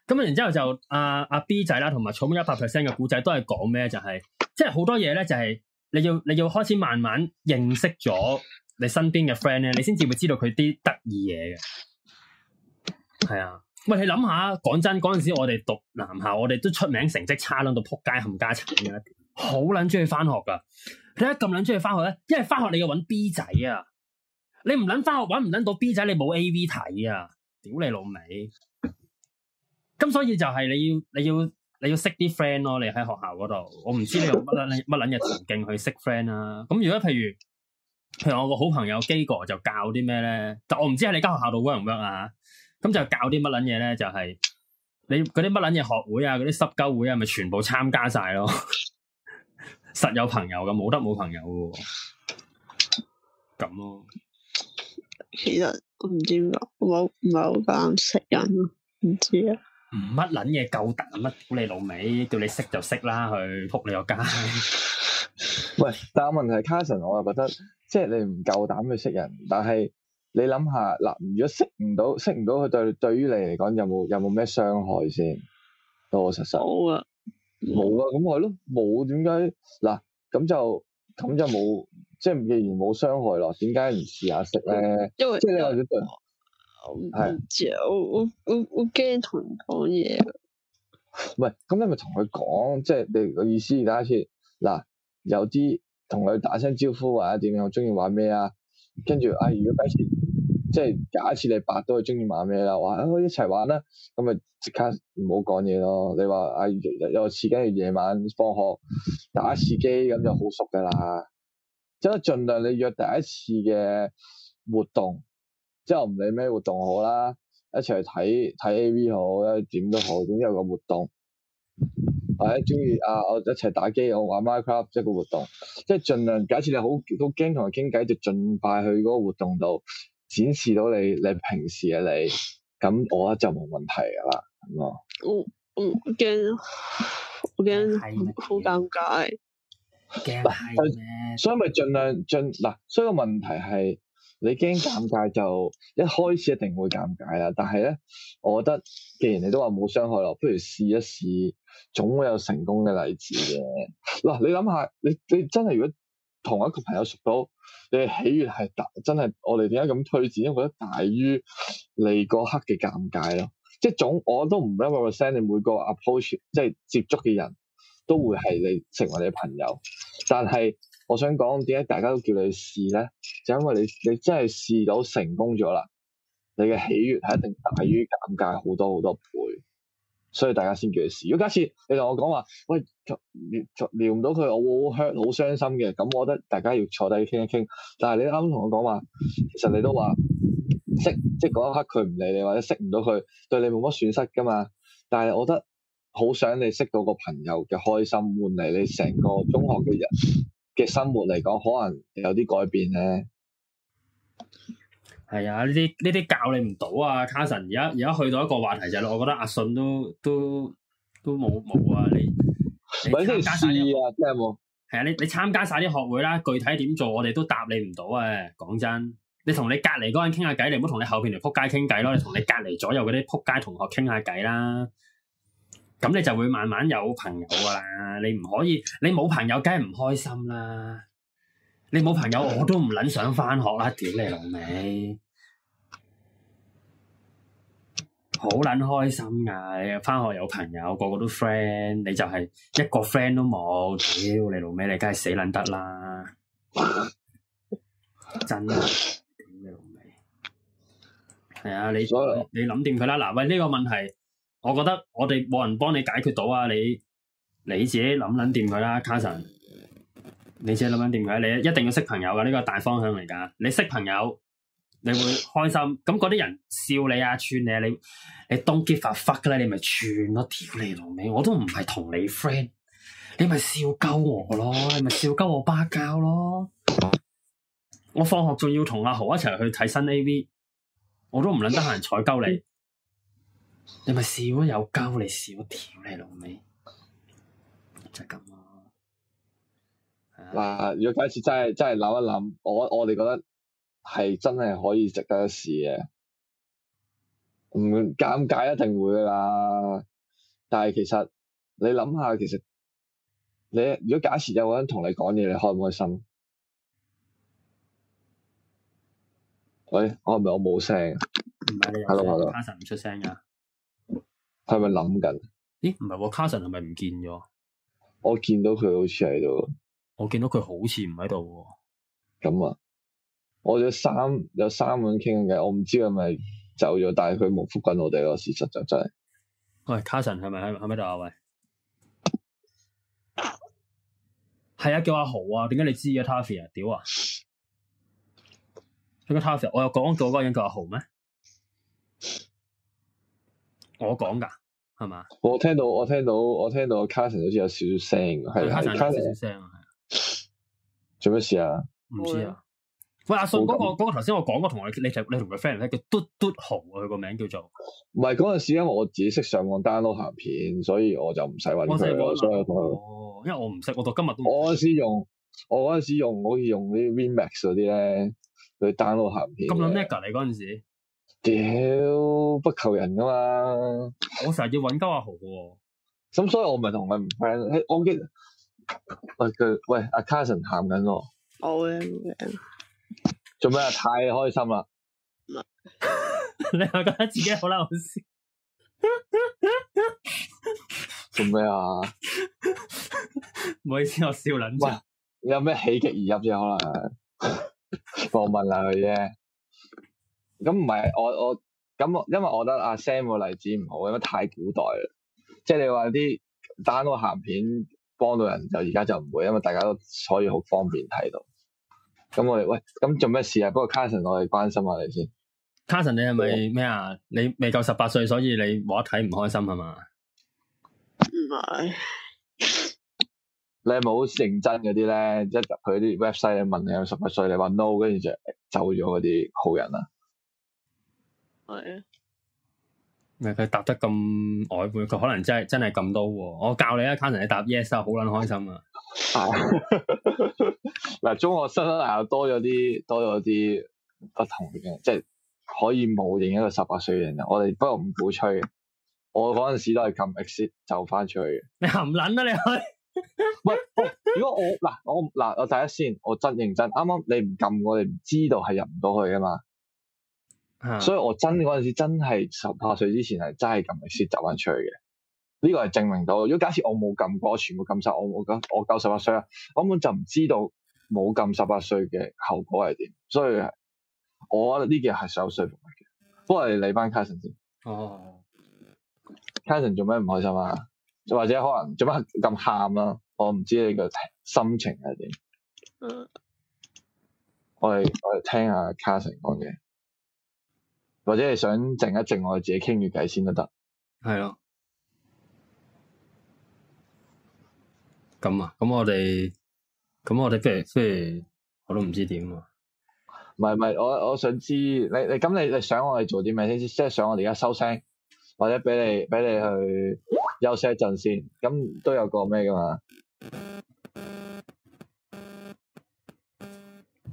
咁啊，然之後就阿阿 B 仔啦，同埋咗一百 percent 嘅古仔都係講咩？就係即係好多嘢咧，就係你要你要開始慢慢認識咗你身邊嘅 friend 咧，你先至會知道佢啲得意嘢嘅。係啊。喂，你諗下，講真，嗰陣時我哋讀男校，我哋都出名成績差捻到仆街冚家鏟嘅，好捻中意翻學噶。點解咁捻中意翻學咧？因為翻學你要搵 B 仔啊，你唔捻翻學搵唔捻到 B 仔，你冇 A V 睇啊，屌你老味。咁所以就係你要你要你要識啲 friend 咯，你喺學校嗰度，我唔知你用乜捻乜捻嘅途徑去識 friend 啊！咁如果譬如，譬如我個好朋友基哥就教啲咩咧？就我唔知喺你間學校度 work 唔 work 啊。咁就教啲乜捻嘢咧？就係、是、你嗰啲乜捻嘢學會啊，嗰啲濕鳩會啊，咪、啊、全部參加晒咯？ 實有朋友嘅，冇得冇朋友嘅，咁咯、啊。其實我唔知點解，我唔係好夠膽識人，唔知啊。唔乜捻嘢，夠膽乜估你老味，叫你識就識啦，去扑你個街。 喂，但係問題係，Carson，我又覺得，即、就、係、是、你唔夠膽去識人，但係。你諗下嗱，如果識唔到識唔到佢對對於你嚟講有冇有冇咩傷害先？老實實冇啊，冇啊，咁係咯，冇點解嗱？咁就咁就冇，即係既然冇傷害咯。點解唔試下識咧？因為即係你話要對我係，我我我我驚同人講嘢喂，咁你咪同佢講，即係你個意思，第一次嗱，有啲同佢打聲招呼或者點樣？我中意玩咩啊？跟住啊，如果第一次。即係假設你爸都係中意玩咩啦，玩，一齊玩啦，咁咪即刻唔好講嘢咯。你話啊，有次跟住夜晚放學打一次機，咁就好熟噶啦。即係儘量你約第一次嘅活動，之後唔理咩活動好啦，一齊睇睇 A.V. 好，點都好，總之有個活動。或者中意啊，我一齊打機，我玩 Minecraft 一個活動，即係儘量假設你好，好驚同佢傾偈，就儘快去嗰個活動度。展示到你，你平時嘅你，咁我就冇問題噶啦，咁咯。我我驚，我驚好尷尬，驚。 所以咪盡量盡嗱，所以個問題係你驚尷尬就一開始一定會尷尬啦。但係咧，我覺得既然你都話冇傷害咯，不如試一試，總會有成功嘅例子嘅。嗱，你諗下，你你真係如果。同一個朋友熟到，你嘅喜悅係大，真係我哋點解咁推薦，因為覺得大於你嗰刻嘅尷尬咯。即係總我都唔係一個 percent，你每個 approach 即係接觸嘅人都會係你成為你嘅朋友。但係我想講點解大家都叫你去試咧，就因為你你真係試到成功咗啦，你嘅喜悅係一定大於尷尬好多好多倍。所以大家先嘅事，如果假設你同我講話，喂，就就撩唔到佢，我會好 hurt，好傷心嘅。咁我覺得大家要坐低傾一傾。但係你啱啱同我講話，其實你都話識，即係嗰一刻佢唔理你，或者識唔到佢，對你冇乜損失噶嘛。但係我覺得好想你識到個朋友嘅開心，換嚟你成個中學嘅人嘅生活嚟講，可能有啲改變咧。係、哎、啊，呢啲呢啲教你唔到啊，卡神。而家而家去到一個話題就係，我覺得阿信都都都冇冇啊，你你參加晒，即係冇。係啊，你你參加晒啲學會啦，具體點做我哋都答你唔到啊。講真，你同你隔籬嗰個人傾下偈，你唔好同你後邊條撲街傾偈咯。你同你隔籬左右嗰啲撲街同學傾下偈啦，咁你就會慢慢有朋友噶啦。你唔可以，你冇朋友，梗係唔開心啦。你冇朋友我都唔撚想翻學啦！屌 你老味，好撚開心㗎！翻學有朋友個個都 friend，你就係一個 friend 都冇，屌你老味，你梗係死撚得啦！ 真係！屌你老味！係啊！你 你諗掂佢啦嗱，喂呢個問題，我覺得我哋冇人幫你解決到啊！你你自己諗諗掂佢啦，卡神。你自己諗緊點解？你一定要識朋友噶，呢個大方向嚟噶。你識朋友，你會開心。咁嗰啲人笑你啊，串你啊，你你當揭發 fuck 啦，你咪串咯，屌你老味，我都唔係同你 friend，你咪笑鳩我咯，你咪笑鳩我，我巴交咯。我放學仲要同阿豪一齊去睇新 A V，我都唔捻得閒睬鳩你。你咪笑有鳩你笑，我屌你老味。就係咁嗱、啊，如果假設真係真係諗一諗，我我哋覺得係真係可以值得一試嘅。唔尷尬一定會㗎，但係其實你諗下，其實你如果假設有個人同你講嘢，你開唔開心？喂，我係咪我冇聲，係咯係咯 Casson 唔出聲㗎，佢係咪諗緊？咦，唔係喎，Casson 係咪唔見咗？我見到佢好似喺度。我見到佢好似唔喺度喎，咁啊，我有三有三個人傾緊偈，我唔知佢咪走咗，但係佢冇復緊我哋咯，事實就真係。喂，Carson 係咪喺喺咪度啊？喂，係啊，叫阿豪啊，點解你知啊 Taffy 啊？屌啊！佢個 Taffy，我有講過嗰個人叫阿豪咩？我講噶，係嘛？我聽到，我聽到，我聽到，Carson 好似有，係，有少少聲，係係 Carson 少少聲啊。做咩事啊？唔知啊！喂，阿宋，嗰個嗰個頭先我講個同學，你你同佢 friend 咧，叫嘟嘟豪啊，佢個名叫做。唔係嗰陣時，因為我自己識上網 download 鹹片，所以我就唔使話。我識上哦，因為我唔識，我到今日都冇。我嗰陣時用，我嗰陣時用，可以用啲 WinMax 嗰啲咧去 download 鹹片。咁你叻 a 你嗰陣時？屌不求人噶嘛！我成日要搵周阿豪喎，咁 所以我咪同佢唔 f 我記。喂，佢喂，阿 Carson 喊緊我，好嘅，做咩啊？太開心啦！ 你覺得自己好啦，我笑做。做咩啊？唔好意思，我笑撚啊！你有咩喜極而泣啫？可能 訪問我問下佢啫。咁唔係我我咁，因為我覺得阿 Sam 個例子唔好，因為太古代啦。即係你話啲單個咸片。幫到人就而家就唔會，因為大家都可以好方便睇到。咁我哋喂，咁做咩事啊？不過 Carson 我哋關心下你先。Carson 你係咪咩啊？Oh. 你未夠十八歲，所以你冇得睇唔開心係嘛？唔係。不是 你係咪好認真嗰啲咧，即係佢啲 website 咧，問你有十八歲，你話 no，跟住就走咗嗰啲好人啦。係啊。咪佢答得咁呆背，佢可能真係真係咁多喎。我教你一、啊、卡你答 yes 啦、啊，好撚開心啊！嗱， 中學生啊又多咗啲，多咗啲不同嘅，即、就、係、是、可以模擬一個十八歲嘅人啊。我哋不過唔鼓吹，我嗰陣時都係撳 x 走翻出去嘅。你含撚啊！你去 喂，喂，如果我嗱我嗱我第一先，我真認真。啱啱你唔撳，我哋唔知道係入唔到去㗎嘛。啊、所以，我真嗰陣、嗯、時真係十八歲之前係真係咁先走翻出去嘅。呢個係證明到，如果假設我冇撳過，全部撳晒。我我我夠十八歲啦，我根本就唔知道冇撳十八歲嘅後果係點。所以，我覺得呢件係有說服力嘅。不過你班卡神先。哦。卡神做咩唔開心啊？嗯、或者可能做咩咁喊啊？我唔知你個心情係點、嗯。我哋我哋聽下卡神講嘢。或者係想靜一靜我我我我，我哋自己傾住偈先都得。係咯。咁啊，咁我哋，咁我哋即係即係，我都唔知點啊。唔係唔係，我我想知，你你咁你你想我哋做啲咩先？即係想我哋而家收聲，或者俾你俾你去休息一陣先。咁都有個咩㗎嘛？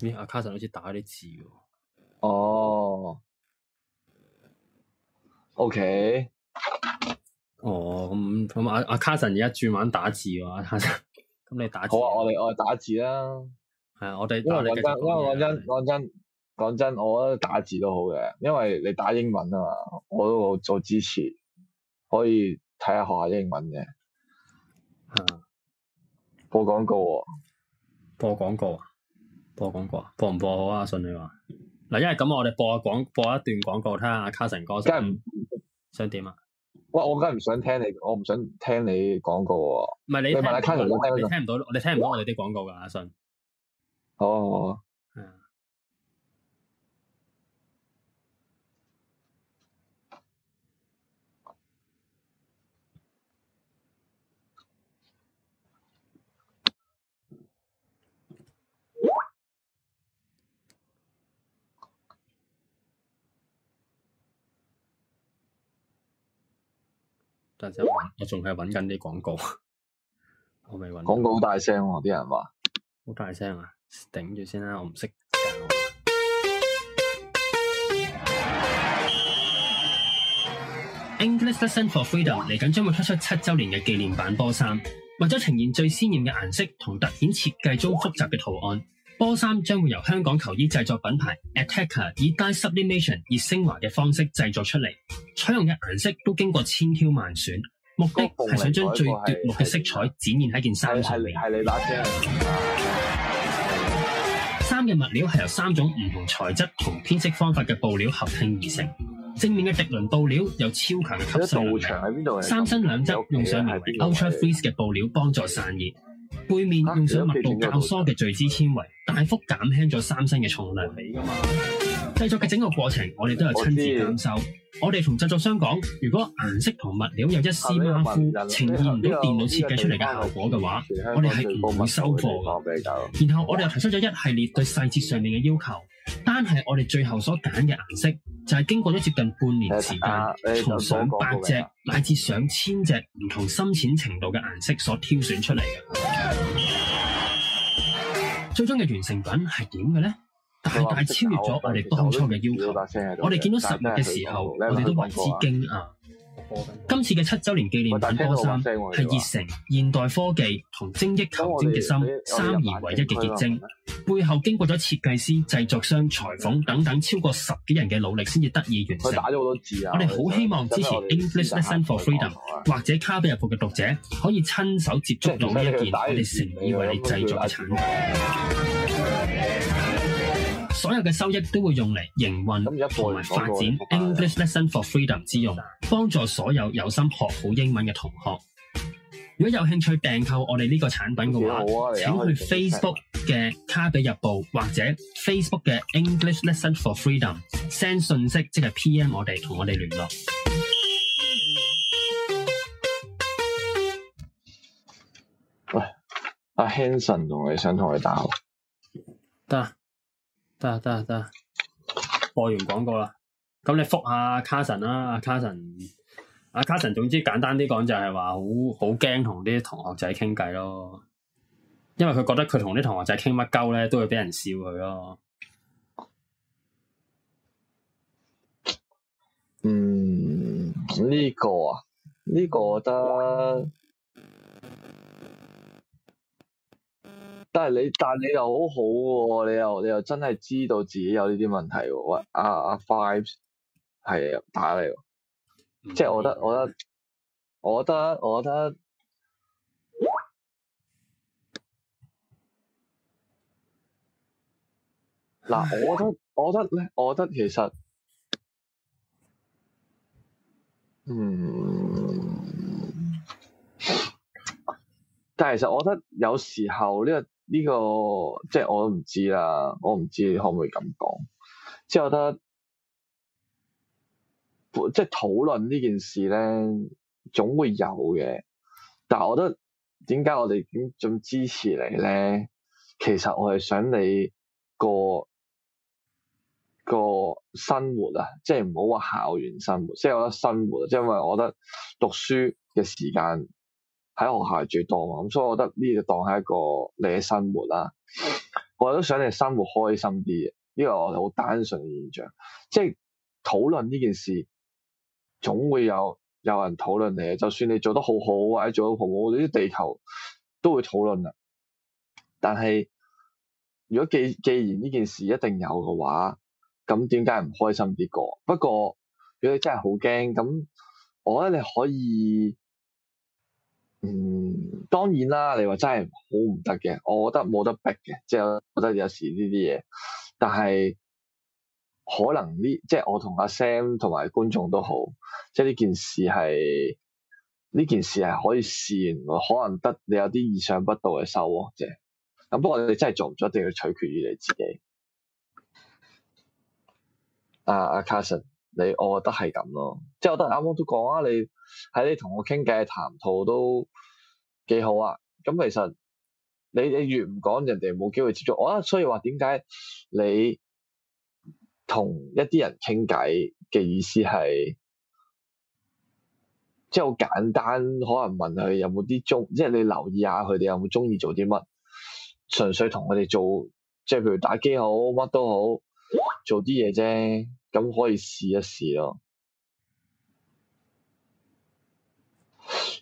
咦、哎，阿卡神好似打咗啲字喎。哦。哦。OK，哦咁咁阿阿 Casson 而家轉玩打字喎，咁、啊啊啊啊、你打字？好啊，我哋我哋打字啦，係啊，我哋。因為講真，講因為我講真、啊、講真，講真，講真，我覺得打字都好嘅，因為你打英文啊嘛，我都好，做支持，可以睇下學下英文嘅。啊！播廣告啊播廣告啊！播廣告啊！播廣告，播唔播好啊？信你話。嗱，因為咁我哋播廣播一段廣告啦，阿卡神哥想點啊？哇，我梗係唔想聽你，我唔想聽你廣告喎。唔係你聽，你問，卡神我聽唔到，你聽唔到，到我哋啲廣告噶阿，哇、啊、信。哦、啊。我仲係揾緊啲廣告，哈哈我未揾。廣告好大聲啊，啲人話好大聲啊！頂住先啦，我唔識。English Lesson for Freedom 嚟緊將會推出七周年嘅紀念版波衫，為咗呈現最鮮艷嘅顏色同特顯設計中複雜嘅圖案。波衫將會由香港球衣製作品牌 Attacker 以 Dye Sublimation 以昇華嘅方式製作出嚟，採用嘅顏色都經過千挑萬選，目的係想將最奪目嘅色彩展現喺件衫上面。衫嘅物料係由三種唔同材質同編織方法嘅布料合拼而成，正面嘅滌綸布料有超強吸濕力，場三身兩側用上名為 Ultra Freeze 嘅布料幫助散熱。背面用上密度較疏嘅聚酯纖維，大幅減輕咗三星嘅重量。製作嘅整個過程，我哋都有親自感受。我哋同製作商講，如果顏色同物料有一絲馬虎，呈現唔到電腦設計出嚟嘅效果嘅話，我哋係唔會收貨。然後我哋又提出咗一系列對細節上面嘅要求。單係我哋最後所揀嘅顏色，就係經過咗接近半年時間，從上百隻乃至上千隻唔同深淺程度嘅顏色所挑選出嚟嘅。最終嘅完成品係點嘅呢？大大超越咗我哋當初嘅要求。 我哋見到實物嘅時候， 我哋都為之驚訝。今次嘅七周年紀念款波衫係熱誠、現代科技同精益求精嘅心三而唯一嘅結晶，背後經過咗設計師、製作商、裁縫等等超過十幾人嘅努力先至得以完成。啊、我哋好希望支持 English Lesson for Freedom 或者卡比日報嘅讀者可以親手接觸到呢一件我哋誠意爲你製作嘅產品。所有嘅收益都會用嚟營運同埋發展 English Lesson for Freedom 之用，幫助所有有心學好英文嘅同學。如果有興趣訂購我哋呢個產品嘅話，請去 Facebook 嘅卡比日報或者 Facebook 嘅 English Lesson for Freedom send 信息，即係 PM 我哋同我哋聯絡。喂、哎，阿、啊、Hanson 同你想同佢打。得、啊。得啊得啊得啊！播完廣告啦，咁你覆下卡神啦，阿卡神，阿卡神，總之簡單啲講就係話，好好驚同啲同學仔傾偈咯，因為佢覺得佢同啲同學仔傾乜鳩咧，都會俾人笑佢咯。嗯，呢、這個啊，呢、這個得。但係你，但係你又好好喎，你又你又真係知道自己有呢啲問題喎。喂，阿阿 Five 係打嚟，即係我覺得我覺得我覺得我覺得嗱，我覺得我覺得我覺得，我覺得其實，嗯，但係其實我覺得有時候呢個。呢個即係我都唔知啦，我唔知你可唔可以咁講。即係我覺得，即係討論呢件事咧，總會有嘅。但係我覺得，點解我哋仲咁支持你咧？其實我係想你個個生活啊，即係唔好話校園生活，即係我覺得生活，即係因為我覺得讀書嘅時間。喺學校最多嘛，咁所以我覺得呢個當係一個你嘅生活啦。我都想你生活開心啲，呢個我哋好單純嘅現象。即係討論呢件事，總會有有人討論你。就算你做得好好或者做得好好，我哋啲地球都會討論嘅。但係如果既既然呢件事一定有嘅話，咁點解唔開心啲過？不過如果你真係好驚，咁我覺得你可以。嗯，當然啦，你話真係好唔得嘅，我覺得冇得逼嘅，即係我覺得有時呢啲嘢，但係可能呢，即係我同阿 Sam 同埋觀眾都好，即係呢件事係呢件事係可以試，可能得你有啲意想不到嘅收穫，即係咁。不過你真係做唔做，一定要取決於你自己。啊，阿 Carson 你，我覺得係咁咯，即係我覺得啱啱都講啊。你喺你同我傾偈嘅談吐都幾好啊。咁其實你你越唔講，人哋冇機會接觸。我覺得所以話點解你同一啲人傾偈嘅意思係即係好簡單，可能問佢有冇啲鍾，即係你留意下佢哋有冇鍾意做啲乜，純粹同佢哋做，即係譬如打機好，乜都好，做啲嘢啫。咁可以試一試咯。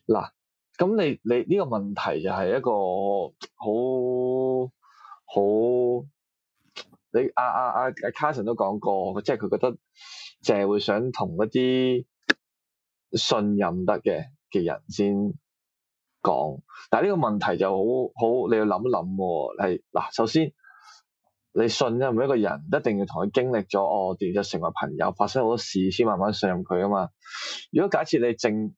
嗱，咁你你呢個問題就係一個好好，你阿 Carson、啊啊、都講過，即係佢覺得淨係會想同一啲信任得嘅嘅人先講。但係呢個問題就好好，你要諗一諗喎、啊。嗱，首先。你信任每一個人，一定要同佢經歷咗，哦，然後成為朋友，發生好多事先慢慢信任佢啊嘛。如果假設你正，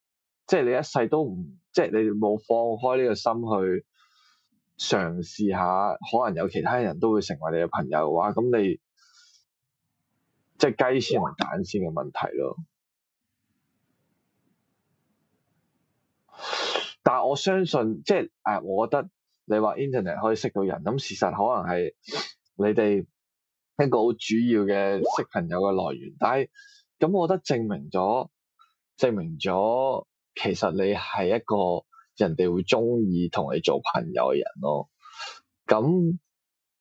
即係，你一世都唔，即係你冇放開呢個心去嘗試下，可能有其他人都會成為你嘅朋友嘅話，咁你即係雞先同蛋先嘅問題咯。但係我相信，即係誒，我覺得你話 internet 可以識到人，咁事實可能係。你哋一個好主要嘅識朋友嘅來源，但係咁，我覺得證明咗，證明咗，其實你係一個人哋會中意同你做朋友嘅人咯。咁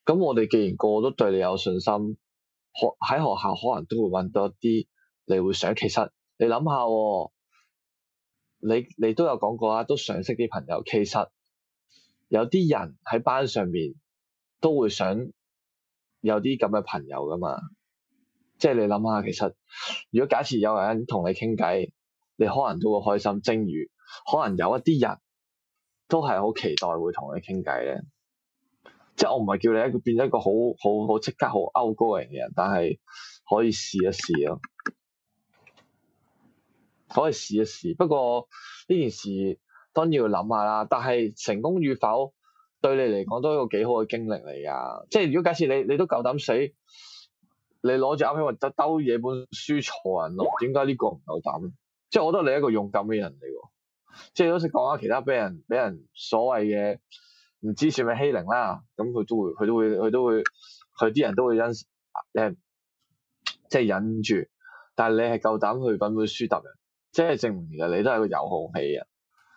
咁，我哋既然個個都對你有信心，學喺學校可能都會揾到一啲，你會想，其實你諗下，你下你，你都有講過啊，都想識啲朋友。其實有啲人喺班上面都會想。有啲咁嘅朋友噶嘛，即係你諗下，其實如果假設有人同你傾偈，你可能都會開心。正如可能有一啲人都係好期待會同你傾偈咧，即係我唔係叫你一個變咗一個好好好即刻好勾高人嘅人，但係可以試一試咯，可以試一試。不過呢件事當然要諗下啦，但係成功與否，對你嚟講都係一個幾好嘅經歷嚟噶，即係如果假設你你都夠膽死，你攞住啱先話兜嘢本書坐人咯，點解呢個唔夠膽？即係我覺得你係一個勇敢嘅人嚟，即係好似講下其他俾人俾人所謂嘅唔知算唔欺凌啦，咁佢都會佢都會佢都會佢啲人都會因誒，即係忍住，但係你係夠膽去揾本書揼人，即係證明其實你都係一個有好氣嘅人。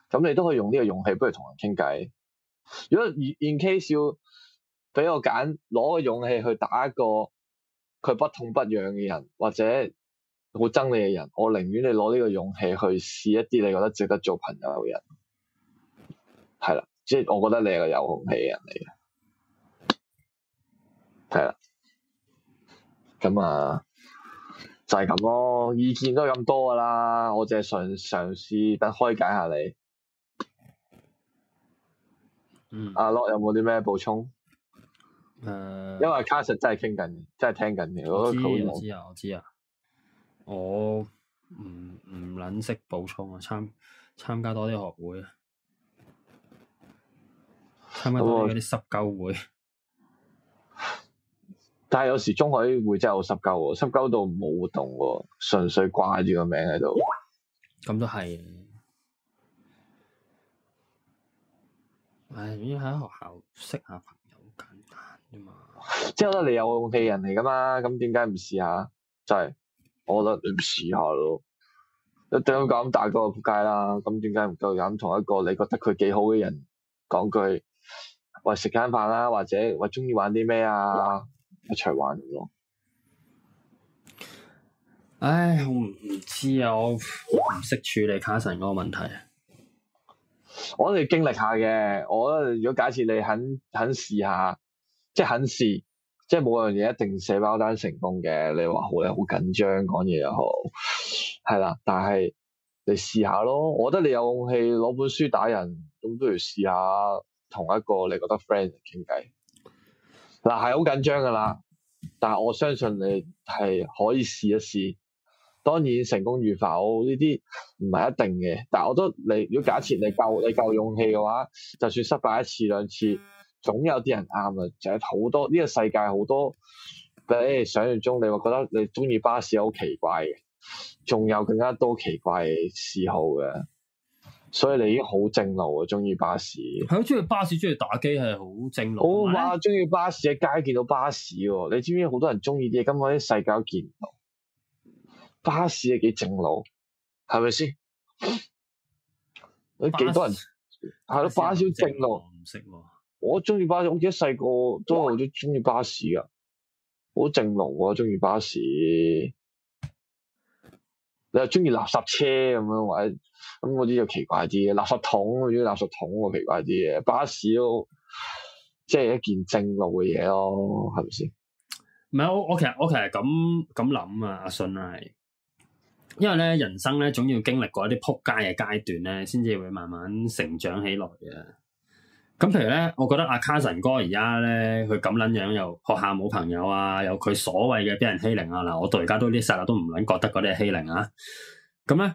咁你都可以用呢個勇氣，不如同人傾偈。如果 in case 要俾我揀，攞個勇氣去打一個佢不痛不癢嘅人，或者好憎你嘅人，我寧願你攞呢個勇氣去試一啲你覺得值得做朋友嘅人，係啦，即係我覺得你係個有勇氣嘅人嚟，嘅。係啦、啊，咁啊就係咁咯，意見都咁多噶啦，我淨係嘗嘗試，等開解下你。嗯、阿洛有冇啲咩補充？誒、嗯，因為卡實真係傾緊，真係聽緊嘅。我知啊，我知啊。我唔唔諗識補充啊，參參加多啲學會，參加多啲嗰啲濕鳩會。我會但係有時中學會真係好濕鳩，濕鳩到冇活動喎，純粹掛住個名喺度。咁都係。唉，總之喺學校識下朋友好簡單啫嘛。即係我覺得你有勇氣人嚟噶嘛，咁點解唔試下？就係我覺得你唔試下咯。一啲咁講大個仆街啦，咁點解唔夠膽同一個你覺得佢幾好嘅人講、嗯、句，喂食間飯啦，或者喂中意玩啲咩啊，嗯、一齊玩咯。唉，我唔知啊，我唔識處理卡神嗰個問題。我哋經歷下嘅，我覺得如果假設你肯肯試下，即係肯試，即係冇樣嘢一定寫包單成功嘅。你話好咧，好緊張講嘢又好，係啦。但係你試下咯，我覺得你有勇氣攞本書打人，咁都要試下同一個你覺得 friend 傾偈。嗱係好緊張噶啦，但係我相信你係可以試一試。當然成功與否呢啲唔係一定嘅，但係我覺得你如果假設你夠你夠勇氣嘅話，就算失敗一次兩次，總有啲人啱啊！就係、是、好多呢、呢個世界好多比、哎、想象中，你會覺得你中意巴士好奇怪嘅，仲有更加多奇怪嘅嗜好嘅，所以你已經好正路啊！中意巴士係咯，中意巴士，中意打機係好正路。我話中意巴士喺街見到巴士喎，你知唔知好多人中意啲嘢，根本啲世界都見唔到。巴士係，幾正路，係咪先？有幾多人係咯？巴士正路，唔識喎。我中意巴士，我記得細個都好中意巴士噶，好正哇路啊！中意巴士，你又中意垃圾車咁樣，或者咁嗰啲就奇怪啲嘅。垃圾桶，我中意垃圾桶，我奇怪啲嘅。巴士都即係一件正路嘅嘢咯，係咪先？唔係，我我其實我其實咁咁諗啊，阿信係。因為咧，人生咧總要經歷過一啲扑街嘅階段咧，先至會慢慢成長起來嘅。咁譬如咧，我覺得阿卡神哥而家咧，佢咁捻樣又學校冇朋友啊，有佢所謂嘅俾人欺凌啊。嗱，我到而家都呢剎那都唔捻覺得嗰啲係欺凌啊。咁咧，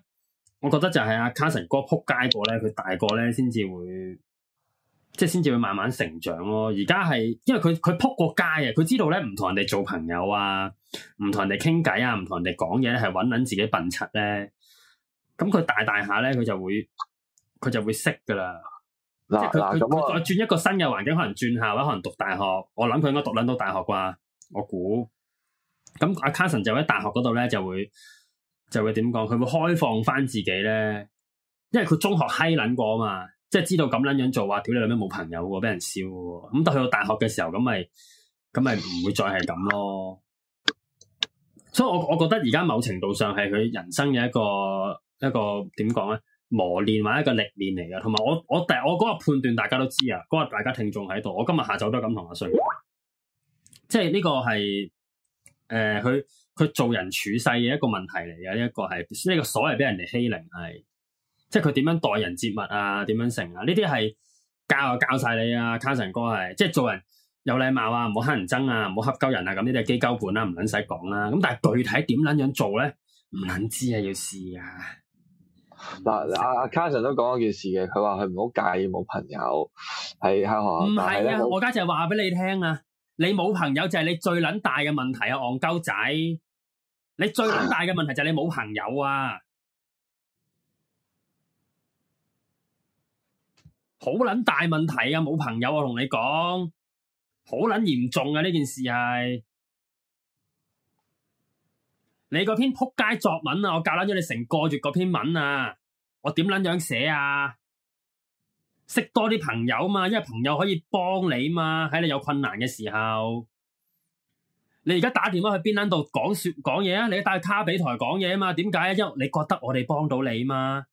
我覺得就係阿卡神哥扑街過咧，佢大個咧先至會。即係先至會慢慢成長咯。啊，而家係因為佢佢扑過街啊，佢知道咧唔同人哋做朋友啊，唔同人哋傾偈啊，唔同人哋講嘢咧係搵緊自己笨柒咧，咁、嗯、佢大，大大下咧佢就會佢就會識噶啦，啊、即係佢佢再轉一個新嘅環境，可能轉校啦，可能讀大學，我諗佢應該讀捻到大學啩，我估，咁、嗯、阿、啊、Carson 就喺大學嗰度咧就會就會點講，佢會開放翻自己咧，因為佢中學嗨捻過啊嘛。即係知道咁捻樣做，話屌你兩咩冇朋友喎，俾人笑喎。咁但去到大學嘅時候，咁咪咁咪唔會再係咁咯。所以我我覺得而家某程度上係佢人生嘅一個一個點講咧，磨練或者一個歷練嚟嘅。同埋我我第我嗰個判斷大家都知啊，嗰日大家聽眾喺度，我今日下晝都咁同阿信，即係呢個係誒，佢、呃、佢做人處世嘅一個問題嚟嘅，一、這個係呢、這個所謂俾人哋欺凌係。即係佢點樣待人接物啊，點樣成啊？呢啲係教啊，教晒你啊，Carson 哥係，即係做人有禮貌啊，唔好乞人憎啊，唔好恰鳩人啊，咁呢啲係基鳩本啦，唔撚使講啦。咁但係具體點撚樣做咧？唔撚知啊，要試啊。嗱、啊，阿阿 Carson 都講一件事嘅，佢話佢唔好介意冇朋友喺喺唔係啊，我家姐話俾你聽啊，你冇朋友就係你最撚大嘅問題啊，戇鳩仔！你最撚大嘅問題就係你冇朋友啊。啊好捻大問題啊！冇朋友啊，我同你講，好捻嚴重啊！呢件事係你嗰篇撲街作文啊！我教捻咗你成個月嗰篇文啊！我點捻樣寫啊？識多啲朋友嘛，因為朋友可以幫你嘛，喺你有困難嘅時候。你而家打電話去邊捻度講說講嘢啊？你帶卡俾台講嘢啊嘛？點解啊？因為你覺得我哋幫到你嘛？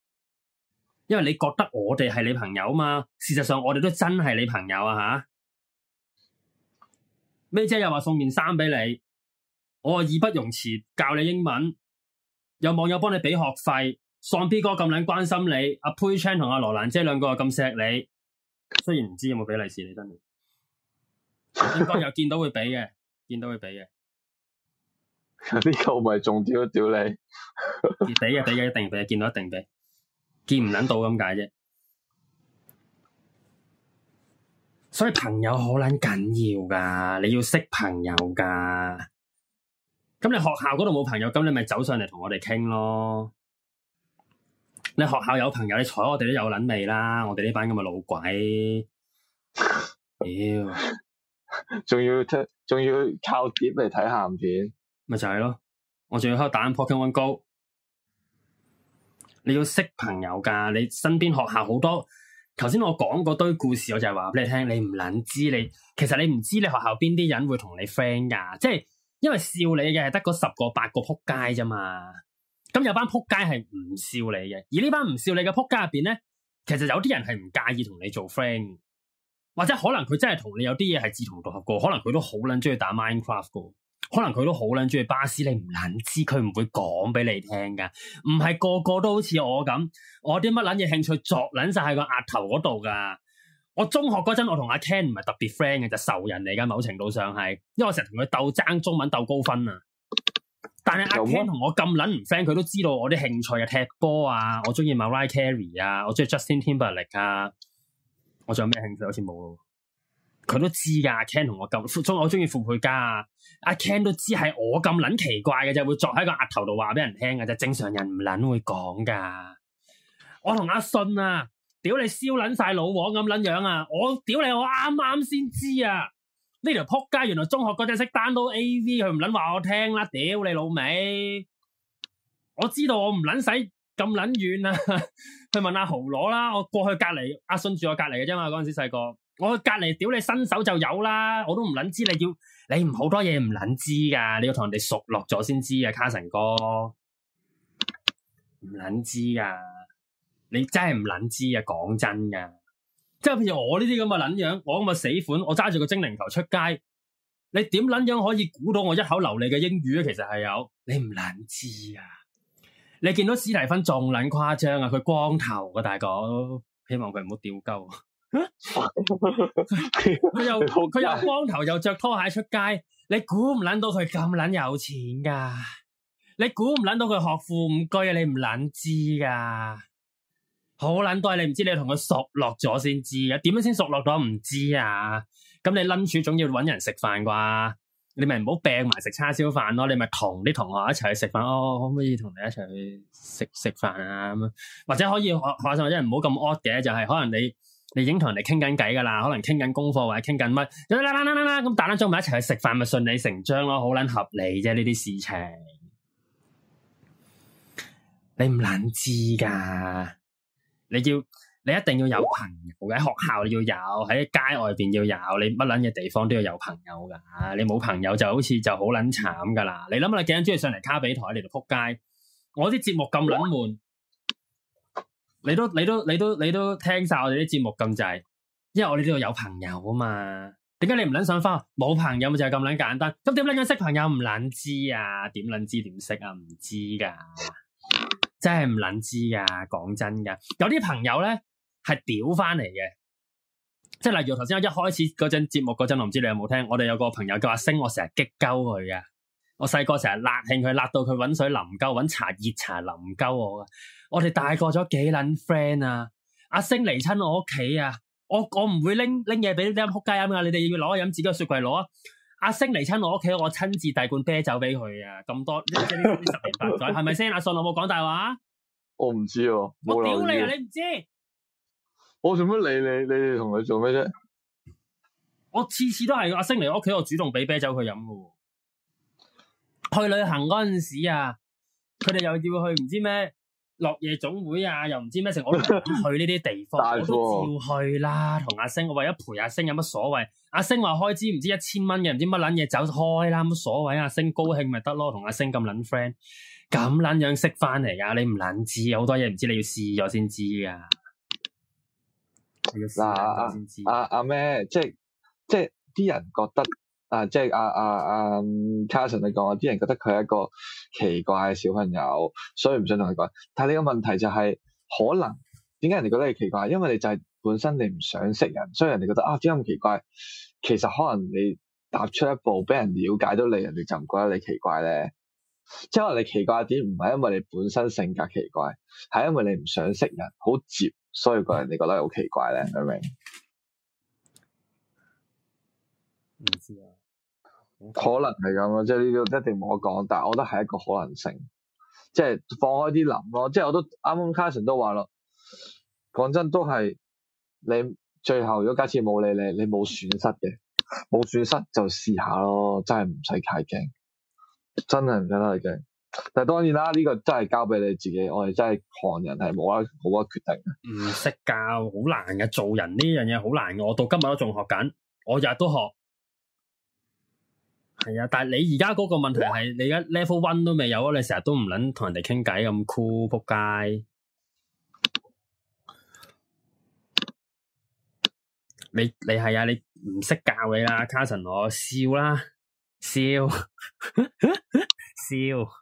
因為你覺得我哋係你朋友嘛，事實上我哋都真係你朋友啊吓！咩姐又話送件衫俾你，我義不容辭教你英文。有網友幫你俾學費，喪 B 哥咁撚關心你，阿、 啊、Pay Chan 同阿、啊、羅蘭姐兩個又咁錫你。雖然唔知有冇俾利是你真係，應該有見到會俾嘅， 見到會俾嘅。呢啲球迷仲屌一屌你，俾啊俾啊一定俾，見到一定俾。見唔捻到咁解啫，所以朋友好捻緊要噶，你要識朋友噶。咁你學校嗰度冇朋友，咁你咪走上嚟同我哋傾咯。你學校有朋友，你睬我哋都有捻味啦。我哋呢班咁咪老鬼，屌， 仲要仲要靠碟嚟睇鹹片，咪就係咯。我仲要打緊 Pokemon Go。你要識朋友噶，你身邊學校好多。頭先我講嗰堆故事，我就係話俾你聽，你唔捻知你，其實你唔知你學校邊啲人會同你 friend 噶，即係因為笑你嘅係得嗰十個八個撲街啫嘛。咁有班撲街係唔笑你嘅，而呢班唔笑你嘅撲街入邊咧，其實有啲人係唔介意同你做 friend，或者可能佢真係同你有啲嘢係志同道合過，可能佢都好捻中意打 Minecraft 過。可能佢都好捻中意巴士，你唔捻知佢唔會講俾你聽噶，唔係個個都好似我咁，我啲乜捻嘢興趣作捻晒喺個額頭嗰度噶。我中學嗰陣，我同阿 Ken 唔係特別 friend 嘅，就仇人嚟噶。某程度上係，因為我成日同佢鬥爭中文鬥高分啊。但係阿 Ken 同我咁捻唔 friend，佢都知道我啲興趣啊，踢波啊，我中意 Mariah Carey 啊，我中意 Justin Timberlake 啊，我仲有咩興趣？好似冇咯。佢都知噶，阿 Ken 同我咁，我中意傅佢嘉，阿 Ken 都知係我咁撚奇怪嘅，就會坐喺個額頭度話俾人聽嘅，就正常人唔撚會講噶。我同阿信啊，屌你燒撚晒老王咁撚樣啊！我屌你，我啱啱先知啊！呢條扑街原來中學嗰陣識單刀 AV，佢唔撚話我聽啦，屌你老味！我知道我唔撚使咁撚遠啊， 去問阿豪攞啦。我過去隔籬，阿信住我隔籬嘅啫嘛，嗰陣時細個。我隔籬屌你，新手就有啦，我都唔捻知你要，你唔好多嘢唔捻知噶，你要同人哋熟落咗先知啊，卡神哥唔捻知噶，你真係唔捻知啊，講真噶，即係譬如我呢啲咁嘅捻樣，我咁嘅死款，我揸住個精靈球出街，你點捻樣可以估到我一口流利嘅英語咧、啊？其實係有，你唔捻知啊！你見到史蒂芬仲捻誇張啊，佢光頭啊，大哥，希望佢唔好掉鳩。佢 又佢又光頭又着拖鞋出街，你估唔捻到佢咁捻有錢噶？你估唔捻到佢學富五居啊？你唔捻知噶？好捻多你唔知，你同佢熟落咗先知啊？點樣先熟落咗唔知啊？咁你諗住總要揾人食飯啩？你咪唔好病埋食叉燒飯咯，你咪同啲同學一齊去食飯。我可唔可以同你一齊去食食飯啊？咁樣或者可以我發上我一唔好咁惡嘅，就係、是、可能你。你已經同人哋傾緊偈噶啦，可能傾緊功課或者傾緊乜，咁打啲裝備一齊去食飯咪順理成章咯，好撚合理啫呢啲事情。你唔撚知噶？你要你一定要有朋友嘅，喺學校你要有，喺街外邊要有，你乜撚嘅地方都要有朋友噶。你冇朋友就好似就好撚慘噶啦。你諗下你幾撚鍾意上嚟卡比台嚟度撲街？我啲節目咁撚悶。 你都你都你都你都聽晒我哋啲節目咁滯，因為我哋呢度有朋友啊嘛。點解你唔捻想翻？冇朋友咪就係咁捻簡單。咁點捻樣識朋友唔捻知啊？點捻知點識啊？唔知噶，真係唔捻知噶。講真噶，有啲朋友咧係屌翻嚟嘅，即係例如頭先我一開始嗰陣節目嗰陣，我唔知你有冇聽。我哋有個朋友叫阿信，我成日激鳩佢嘅。我細個成日辣，㷫佢，辣到佢揾水淋鳩，揾茶熱茶淋鳩我噶。我哋大個咗幾捻 friend 啊！阿星嚟親我屋企啊！我我唔會拎拎嘢俾啲咁仆街飲噶，你哋要攞飲自己嘅雪櫃攞啊！阿星嚟親我屋企，我親自遞罐啤酒俾佢啊！咁多十年八載係咪先？阿信老母講大話？我唔知啊！有有我屌你啊！你唔知我做乜理你？你哋同佢做咩啫？我次次都係阿星嚟我屋企，我主動俾啤酒佢飲噶。去旅行嗰陣時啊，佢哋又要去唔知咩。落夜總會啊，又唔知咩成。我都唔去呢啲地方， 大坨 我都照去啦。同阿星，我為咗陪阿星，有乜所謂？阿星話開支唔知一千蚊嘅，唔知乜捻嘢走開啦，乜所謂？阿星高興咪得咯，同阿星咁捻 friend，咁捻樣識翻嚟啊？你唔捻知，好多嘢唔知，你試知，你要試才知咗先喲知啊。嗱、啊，阿阿阿咩，即係即係啲人覺得。Uh, 即啊，即係阿阿阿 Carson 你講，有、啊、啲、嗯、人覺得佢係一個奇怪嘅小朋友，所以唔想同佢講。但係你個問題就係、是，可能點解人哋覺得你奇怪？因為你就係本身你唔想識人，所以人哋覺得啊點解咁奇怪？其實可能你踏出一步，俾人了解到你，人哋就唔覺得你奇怪咧。即係可能你奇怪點，唔係因為你本身性格奇怪，係因為你唔想識人，好接。所以個人哋覺得你好奇怪咧。明唔明？唔知啊。可能係咁咯，即係呢個一定冇得講，但係我覺得係一個可能性，即係放開啲諗咯。即係我都啱啱 Carson 都話咯，講真都係你最後如果假設冇理你你你冇損失嘅，冇損失就試下咯，真係唔使太驚。真係唔使太驚，但係當然啦，呢個真係交俾你自己，我哋真係行人係冇乜好乜決定嘅。唔識教，好難嘅，做人呢樣嘢好難嘅，我到今日都仲學緊，我日日都學。係啊，但係你而家嗰個問題係，你而家 level one 都未有啊，你成日都唔捻同人哋傾偈咁 cool 仆街。你你係啊，你唔識教你啦 Carson 我笑啦，笑，笑，笑。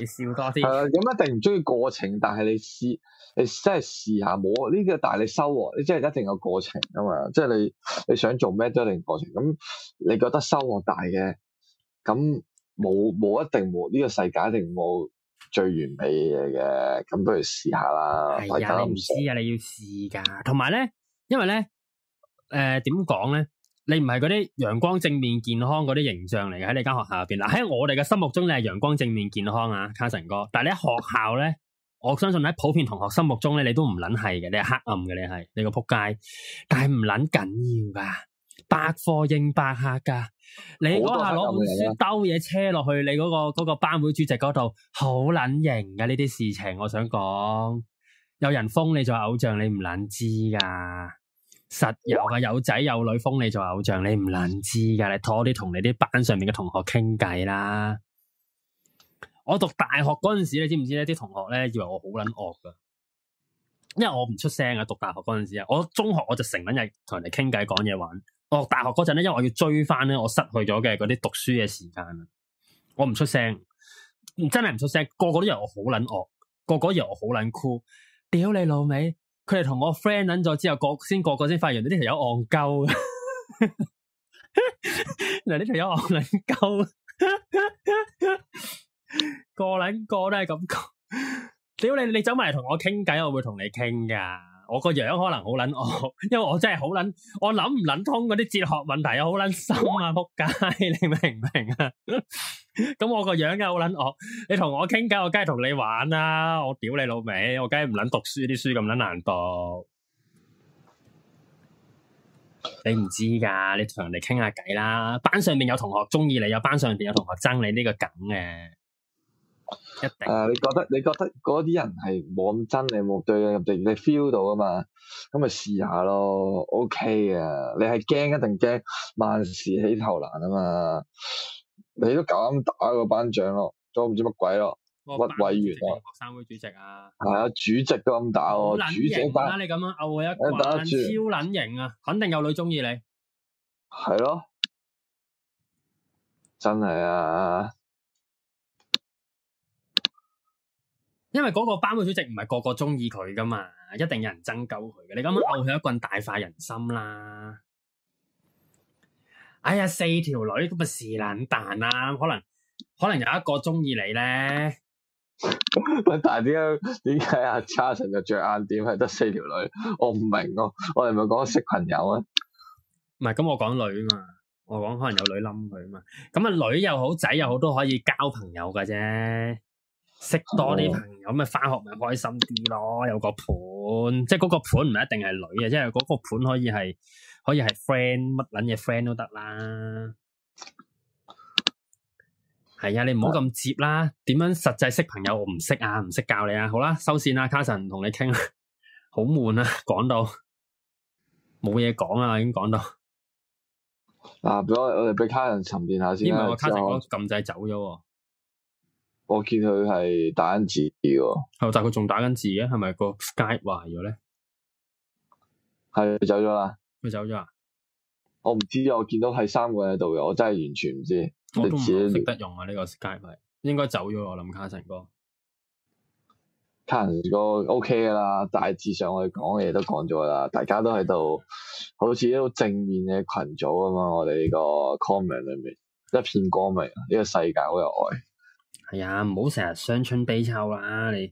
你笑多啲，係啊、嗯，咁一定唔中意過程，但係你試，你真係試下冇呢個但係你收穫，你真係一定有過程噶嘛，即係你你想做咩都一定有過程。咁你覺得收穫大嘅，咁冇冇一定冇呢、這個世界一定冇最完美嘅嘢嘅，咁不如試下啦。係啊、哎呀，你唔知啊，你要試噶，同埋咧，因為咧，誒、呃，點講咧？你唔係嗰啲陽光正面健康嗰啲形象嚟嘅，喺你間學校入邊啦。喺我哋嘅心目中，你係陽光正面健康啊，Carson 哥。但係你喺學校咧， 我相信喺普遍同學心目中咧，你都唔撚係嘅，你係黑暗嘅，你係你個扑街。但係唔撚緊要噶，百貨應百客噶。你嗰下攞本書兜嘢車落去你嗰、嗰個、嗰個班會主席嗰度，好撚型嘅呢啲事情，我想講。有人封你做偶像，你唔撚知噶。實有啊，有仔有女封你做偶像，你唔捻知噶？你多啲同你啲班上面嘅同學傾偈啦。我讀大學嗰陣時，你知唔知咧？啲同學咧以為我好捻惡噶，因為我唔出聲啊。讀大學嗰陣時啊，我中學我就成日同人哋傾偈講嘢玩。我讀大學嗰陣咧，因為我要追翻咧我失去咗嘅嗰啲讀書嘅時間啊，我唔出聲，真係唔出聲。個個都以為我好捻惡，個個以為我好捻酷。個個個個屌你老味。佢哋同我 friend 捻咗之後，個先個個先發現呢條友戇鳩，嗱呢條友戇鳩，個兩個都係咁講。屌你！你走埋嚟同我傾偈，我會同你傾㗎。我個樣可能好撚惡，因為我真係好撚。我諗唔諗通嗰啲哲學問題啊，好撚深啊，仆街，你明唔明啊？咁 我個樣又好撚惡，你同我傾偈，我梗係同你玩啦、啊，我屌你老味，我梗係唔諗讀書啲書咁撚難讀。你唔知噶，你同人哋傾下偈啦。班上面有同學鍾意你，有班上邊有同學憎你呢、這個梗嘅。一定。誒、uh，你覺得你覺得嗰啲人係冇咁真理，你冇對入定？你 feel 到啊嘛？咁咪試下咯。OK 啊，你係驚一定驚，萬事起頭難啊嘛。你都咁打個班長咯，都唔知乜鬼咯，屈委源啊，學生會主席啊，係啊，主席都咁打我，啊，啊、主席打你咁啊，毆我一棍，打着超撚型啊，肯定有女鍾意你。係咯，真係啊。因為嗰個班會主席唔係個個鍾意佢噶嘛，一定有人爭鳩佢嘅。你咁樣毆佢一棍，大快人心啦！哎呀，四條女咁啊，是卵蛋啦！可能可能有一個鍾意你咧？但係點解點解阿 Charson 就著眼點，係得四條女？我唔明哦。我哋咪講識朋友啊？唔係，咁我講女啊嘛，我講可能有女冧佢啊嘛。咁啊，女又好，仔又好，都可以交朋友噶啫。識多啲朋友咪啊，翻學咪開心啲咯，有個伴，即係嗰個伴唔一定係女嘅，即係嗰個伴可以係可以係 friend，乜捻嘢 friend 都得啦。係啊，你唔好咁接啦。點樣實際識朋友，我唔識啊，唔識教你啊。好啦，收線啦，卡神同你傾，好悶啊，講到冇嘢講啊，已經講到。嗱，俾我我哋俾卡神沉澱下先，因為我卡神嗰個撳掣走咗。我見佢係打緊字喎、哦，但係佢仲打緊字嘅，係咪個 Skype 咗咧？係佢走咗啦，佢走咗啊？我唔知，我見到係三個人喺度嘅，我真係完全唔知。我自己識得用啊呢、這個 Skype，應該走咗我諗。卡神哥，卡神哥 OK 噶啦，大致上我哋講嘅嘢都講咗啦，大家都喺度好似一個正面嘅群組啊嘛。我哋呢個 comment 裏面一片光明呢、這個世界好有愛。係啊，唔好成日傷春悲秋啦！你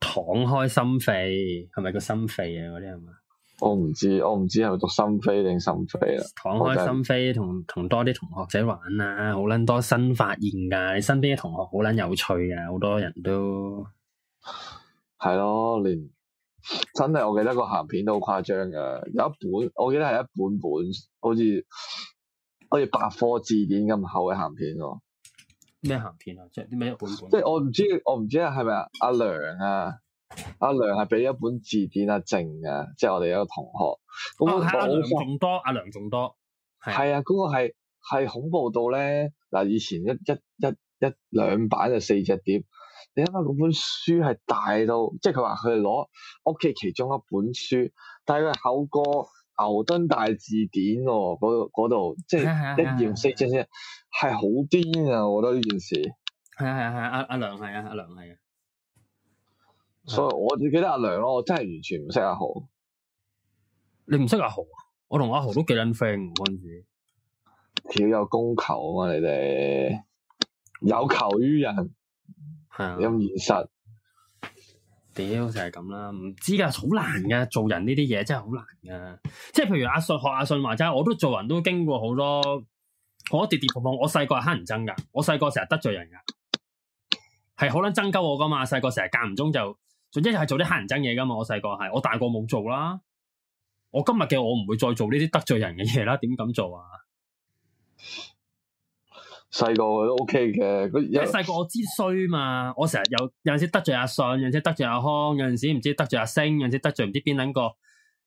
敞開心扉，係咪個心扉啊？嗰啲係嘛？我唔知，我唔知係咪讀心扉定心扉啊！敞開心扉，同同多啲同學仔玩啊，好撚多新發現噶。你身邊嘅同學好撚有趣啊，好多人都係咯，連真係我記得個鹹片都好誇張噶，有一本我記得係一本本，好似好似百科字典咁厚嘅鹹片喎。咩行騙啊？即係啲咩一本本？即係我唔知，我唔知係咪啊？阿梁啊，阿梁係俾一本字典啊，靜啊，即係我哋有個同學。哦，係、啊、阿仲多，阿梁仲多。係啊，嗰、啊、個係係恐怖到咧嗱，以前一一一一兩版就四隻碟，你睇下嗰本書係大到，即係佢話佢係攞屋企其中一本書，但係佢口個。牛頓大字典嗰嗰度，即係一言四出先，係好癲啊！我覺得呢件事係啊係啊係啊，阿良阿梁係啊阿梁係啊，所以我就記得阿梁咯，我真係完全唔識阿豪。你唔識阿豪？我同阿豪都幾捻 friend，按字，巧有供求啊嘛，你哋有求於人，係啊的，咁現實。點都就係咁啦，唔知噶，好難噶，做人呢啲嘢真係好難噶。即係譬如阿信學阿信話齋，我都做人都經過好多，我跌跌碰碰。我細個係乞人憎噶，我細個成日得罪人噶，係好撚憎鳩我噶嘛。細個成日間唔中就，總之就係做啲乞人憎嘢噶嘛。我細個係，我大個冇做啦。我今日嘅我唔會再做呢啲得罪人嘅嘢啦。點咁做啊？細個都 OK 嘅，即係細個我知衰嘛。我成日有有陣時得罪阿信，有陣時得罪阿康，有陣時唔知得罪阿星，有陣時得罪唔知邊捻個。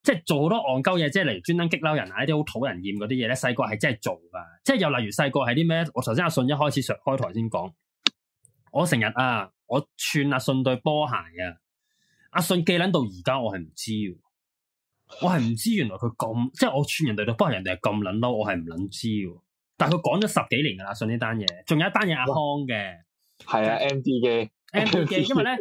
即係做好多戇鳩嘢，即係嚟專登激嬲人啊，一啲好討人厭嗰啲嘢咧。細個係真係做噶，即係又例如細個係啲咩？我頭先阿信一開始上開台先講，我成日啊，我串阿信對波鞋啊，阿信記捻到而家，我係唔知，我係唔知原來佢咁，即係我串人對對波鞋，人哋係咁捻嬲，我係唔捻知。但佢講咗十幾年噶啦，阿信呢單嘢，仲有一單嘢阿康嘅，係啊 M D 機，M D 機，因為咧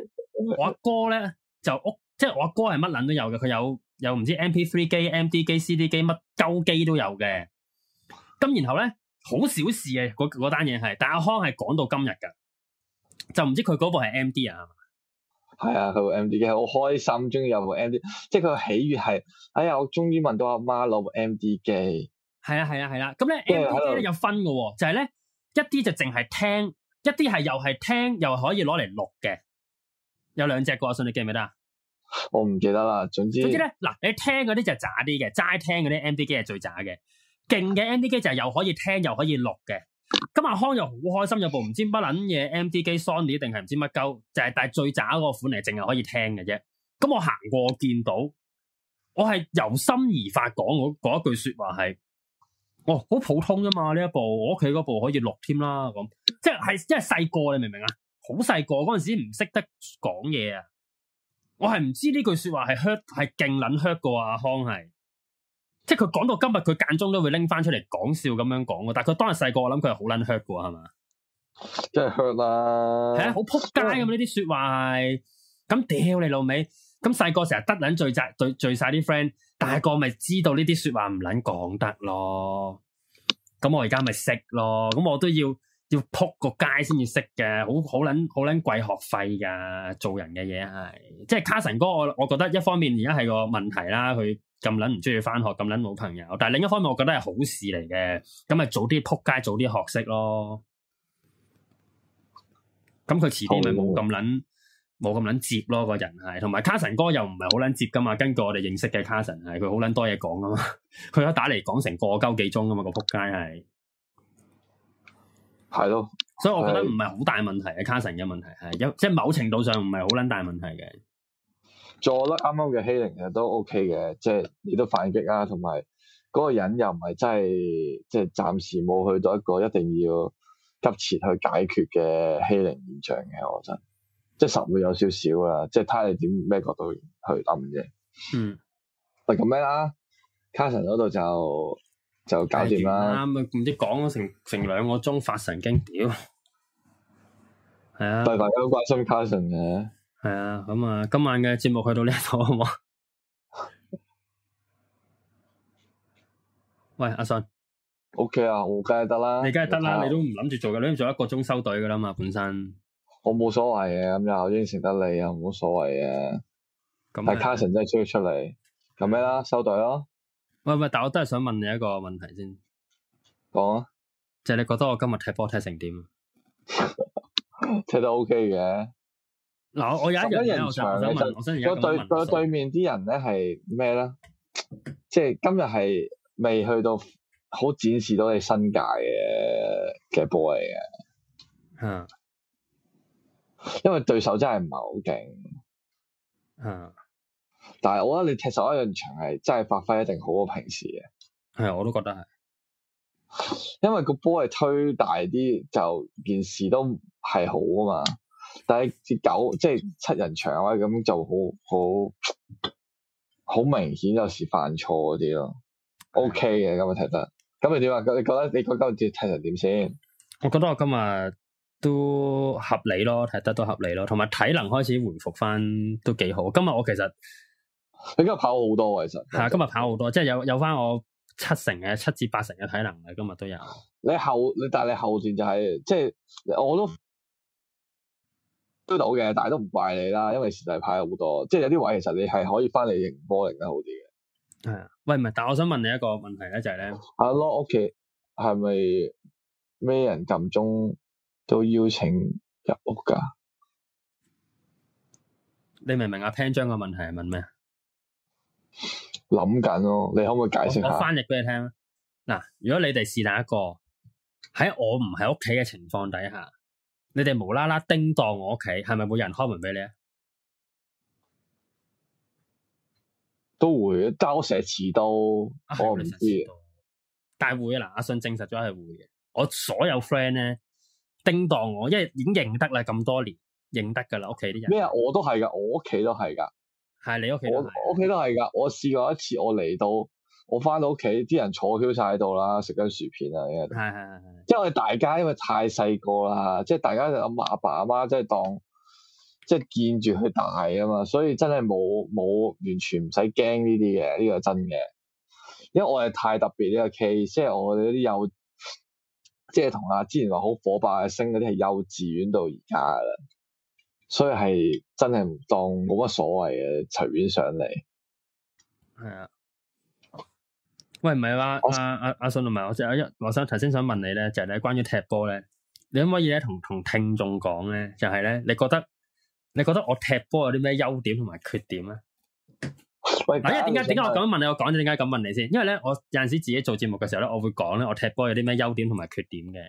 我阿哥咧就屋，即係我阿哥係乜捻都有嘅，佢有有唔知 M P three 機、M D 機、C D 機乜鳩機都有嘅。咁然後咧好小事嘅嗰嗰單嘢係，但阿康係講到今日噶，就唔知佢嗰部係 M D 啊？係啊，佢部 M D 機好開心，中意有部 M D，G，即係佢嘅喜悅係，哎呀，我終於問到阿媽攞部 M D 機。係啊係啊係啦，咁咧、啊、M D 機咧有分嘅，就係、是、咧一啲就淨係聽，一啲係又係聽又可以攞嚟錄嘅。有兩隻歌，信你記唔記得啊？我唔記得啦，總之總之咧，嗱你聽嗰啲就渣啲嘅，齋聽嗰啲 M D 機係最渣嘅。勁嘅 M D 機就係又可以聽又可以錄嘅。咁阿、啊、康又好開心，有部唔知乜撚嘢 M D 機，Sony 定係唔知乜鳩，就係、是、但係最渣嗰個款嚟，淨係可以聽嘅啫。咁我行過見到，我係由心而發講我嗰一句說話係。哦，好普通噶嘛呢一部，我屋企嗰部可以錄添啦。咁即係即係細個，你明唔明啊？好細個嗰陣時唔識得講嘢啊！我係唔知呢句說話係 hurt，係勁撚 hurt 噶阿康係，即係佢講到今日，佢間中都會拎翻出嚟講笑咁樣講噶。但係佢當日細個，我諗佢係好撚 hurt 噶係嘛？即係 hurt 啦，係啊，好撲街咁呢啲說話係，咁屌你老味。咁細個成日得捻聚集，聚聚晒啲 friend。大個咪知道呢啲說話唔捻講得咯。咁我而家咪識咯。咁我都要要扑個街先至識嘅，好好捻好捻貴學費㗎。做人嘅嘢係，即係卡神哥我，我我覺得一方面而家係個問題啦，佢咁捻唔中意翻學，咁捻冇朋友。但係另一方面，我覺得係好事嚟嘅。咁咪早啲扑街，早啲學識咯。咁佢遲啲咪冇咁捻冇咁撚接咯，個人係，同埋卡神哥又唔係好撚接㗎嘛。根據我哋認識嘅卡神係，佢好撚多嘢講㗎嘛。佢 一打嚟講成個鳩幾鐘㗎嘛，個仆街係，係咯的。所以我覺得唔係好大問題啊。的卡神嘅問題係，有即係某程度上唔係好撚大問題嘅。做得啱啱嘅欺凌其實都 OK 嘅，即係你都反擊啊，同埋嗰個人又唔係真係，即係暫時冇去到一個一定要急切去解決嘅欺凌現象嘅，我覺得。即實會有少少啊，即睇你點咩角度去諗啫。嗯，喂咁咩啦？Carson 嗰度就就搞掂啦。啱啊，唔知講咗成成兩個鐘發神經，屌！係啊，對我大家都關心 Carson 嘅。係啊，咁、嗯、啊，今晚嘅節目去到呢度好冇？ 喂，阿信，OK 啊，我梗係得啦。你梗係得啦，你都唔諗住做嘅，你都做一個鐘收隊嘅啦嘛，本身。我冇所謂嘅，咁又應承得你又冇所謂嘅。但係卡神真係追佢出嚟，咁咩的啦？收隊咯。喂喂，但我都係想問你一個問題先。講啊吧，即係你覺得我今日踢波踢成點？ 踢得 OK 嘅。嗱，我有一人場嘅，即係個對個對面啲人咧係咩咧？即係 今日係未去到好展示到你新界嘅嘅 boy 嘅。嗯。 因為對手真係唔係好勁，嗯，但係我覺得你踢十一人場係真係發揮一定好過平時嘅，係啊、嗯，我都覺得係，因為個波係推大啲就件事都係好啊嘛，但係隻狗即係、就是、七人場啊咁就好好好明顯有時犯錯嗰啲咯，OK 嘅，今日踢得，得，今日點啊？你你覺得你嗰今日踢成點先？我覺得我今日。都合理咯，睇得都合理咯，同埋體能開始回復翻都幾好。今日我其實你今日跑好多，的多其實係啊，今日跑好多，即係有有翻我七成嘅七至八成嘅體能啊，今日都有。你後你但係你後段就係、是、即係我都都到嘅，但係都唔怪你啦，因為時勢派好多，即係有啲位其實你係可以翻嚟迎波，迎得好啲嘅。係啊，喂唔係，但係我想問你一個問題咧，就係、是、咧，阿、啊、Lock 屋企係咪咩人撳鐘？都邀請入屋噶，你明唔明啊？潘章個問題係問咩啊？諗緊咯，你可唔可以解釋下我，我翻譯俾你聽。嗱，如果你哋試下一個喺我唔喺屋企嘅情況底下，你哋無啦啦叮當我屋企，係咪會有人開門俾你啊？都會，交係我成日遲到，我唔知，但係會啊嗱，阿信證實咗係會嘅。我所有 friend 咧。叮當我，因為已經認得啦，咁多年認得噶啦，屋企啲人。咩啊？我都係噶，我屋企都係噶。係你屋企我屋企都係噶。我試過一次，我嚟到，我翻到屋企，啲人坐晒喺度啦，食緊薯片啊，啲人。係係係係。的即係大家因為太細個啦，即係大家就阿爸阿媽即係當，即係見住佢大啊嘛，所以真係冇冇完全唔使驚呢啲嘅，呢、這個真嘅。因為我哋太特別呢、這個 case 即係我哋啲幼。即係同阿之前話好火爆升嗰啲係幼稚園到而家噶啦，所以係真係唔當冇乜所謂嘅，隨便上嚟。係我啊，喂、啊，唔係話阿阿阿信同埋我，即係我想頭先想問你咧，就係咧關於踢波咧，你可唔可以咧同同聽眾講咧，就係咧你覺得你覺得我踢波有啲咩優點同埋缺點咧？因為點解點解我咁問你？我講點解咁問你先？因為咧，我有陣時自己做節目嘅時候咧，我會講咧，我踢波有啲咩優點同埋缺點嘅。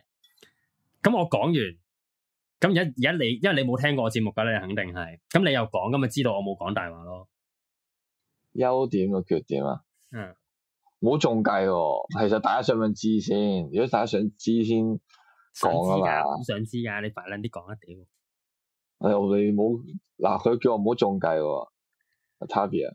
咁我講完，咁而家而家你，因為你冇聽過我節目噶，你肯定係。咁你又講，咁咪知道我冇講大話咯。優點嘅缺點啊？嗯，唔好中計喎。其實大家想唔想知先？如果大家想知先講啊嘛。想知噶，你快啲啲講一屌！哎呀、啊，我哋冇嗱，佢、啊、叫我唔好中計喎。t o 啊。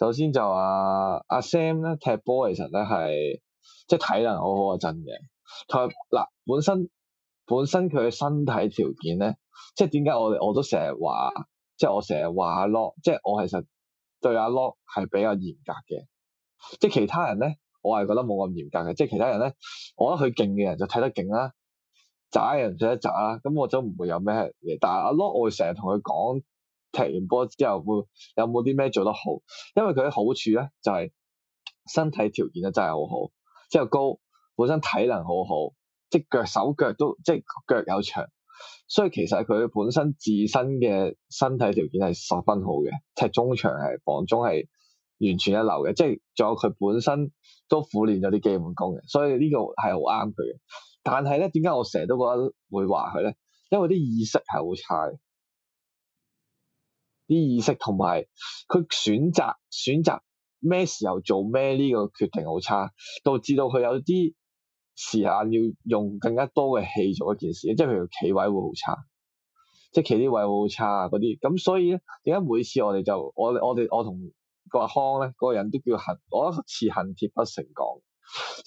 首先就阿阿、啊啊、Sam 咧踢波，其實咧係即係體能好好啊，真嘅。佢嗱本身本身佢嘅身體條件咧，即係點解我我都成日話，即係我成日話阿 Lock，即係我其實對阿、啊、Lock、ok、係比較嚴格嘅。即係其他人咧，我係覺得冇咁嚴格嘅。即係其他人咧，我覺得佢勁嘅人就睇得勁啦，渣人睇得渣啦。咁我都唔會有咩嘢。但係阿、啊、Lock，、ok、我會成日同佢講。踢完波之後，會有冇啲咩做得好？因為佢嘅好處咧，就係身體條件啊，真係好好，即係高，本身體能好好，即係腳手腳都即係腳有長，所以其實佢本身自身嘅身體條件係十分好嘅，踢中場係防中係完全一流嘅，即係仲有佢本身都苦練咗啲基本功嘅，所以呢個係好啱佢嘅。但係咧，點解我成日都覺得會話佢咧？因為啲意識係好差嘅。啲意識同埋佢選擇選擇咩時候做咩呢個決定好差，導致到佢有啲時間要用更加多嘅氣做一件事，即係譬如企位會好差，即係企啲位會好差嗰啲。咁所以咧，點解每次我哋就我我哋我同、嗰個康咧嗰人都叫恨，我一次「恨鐵不成鋼」。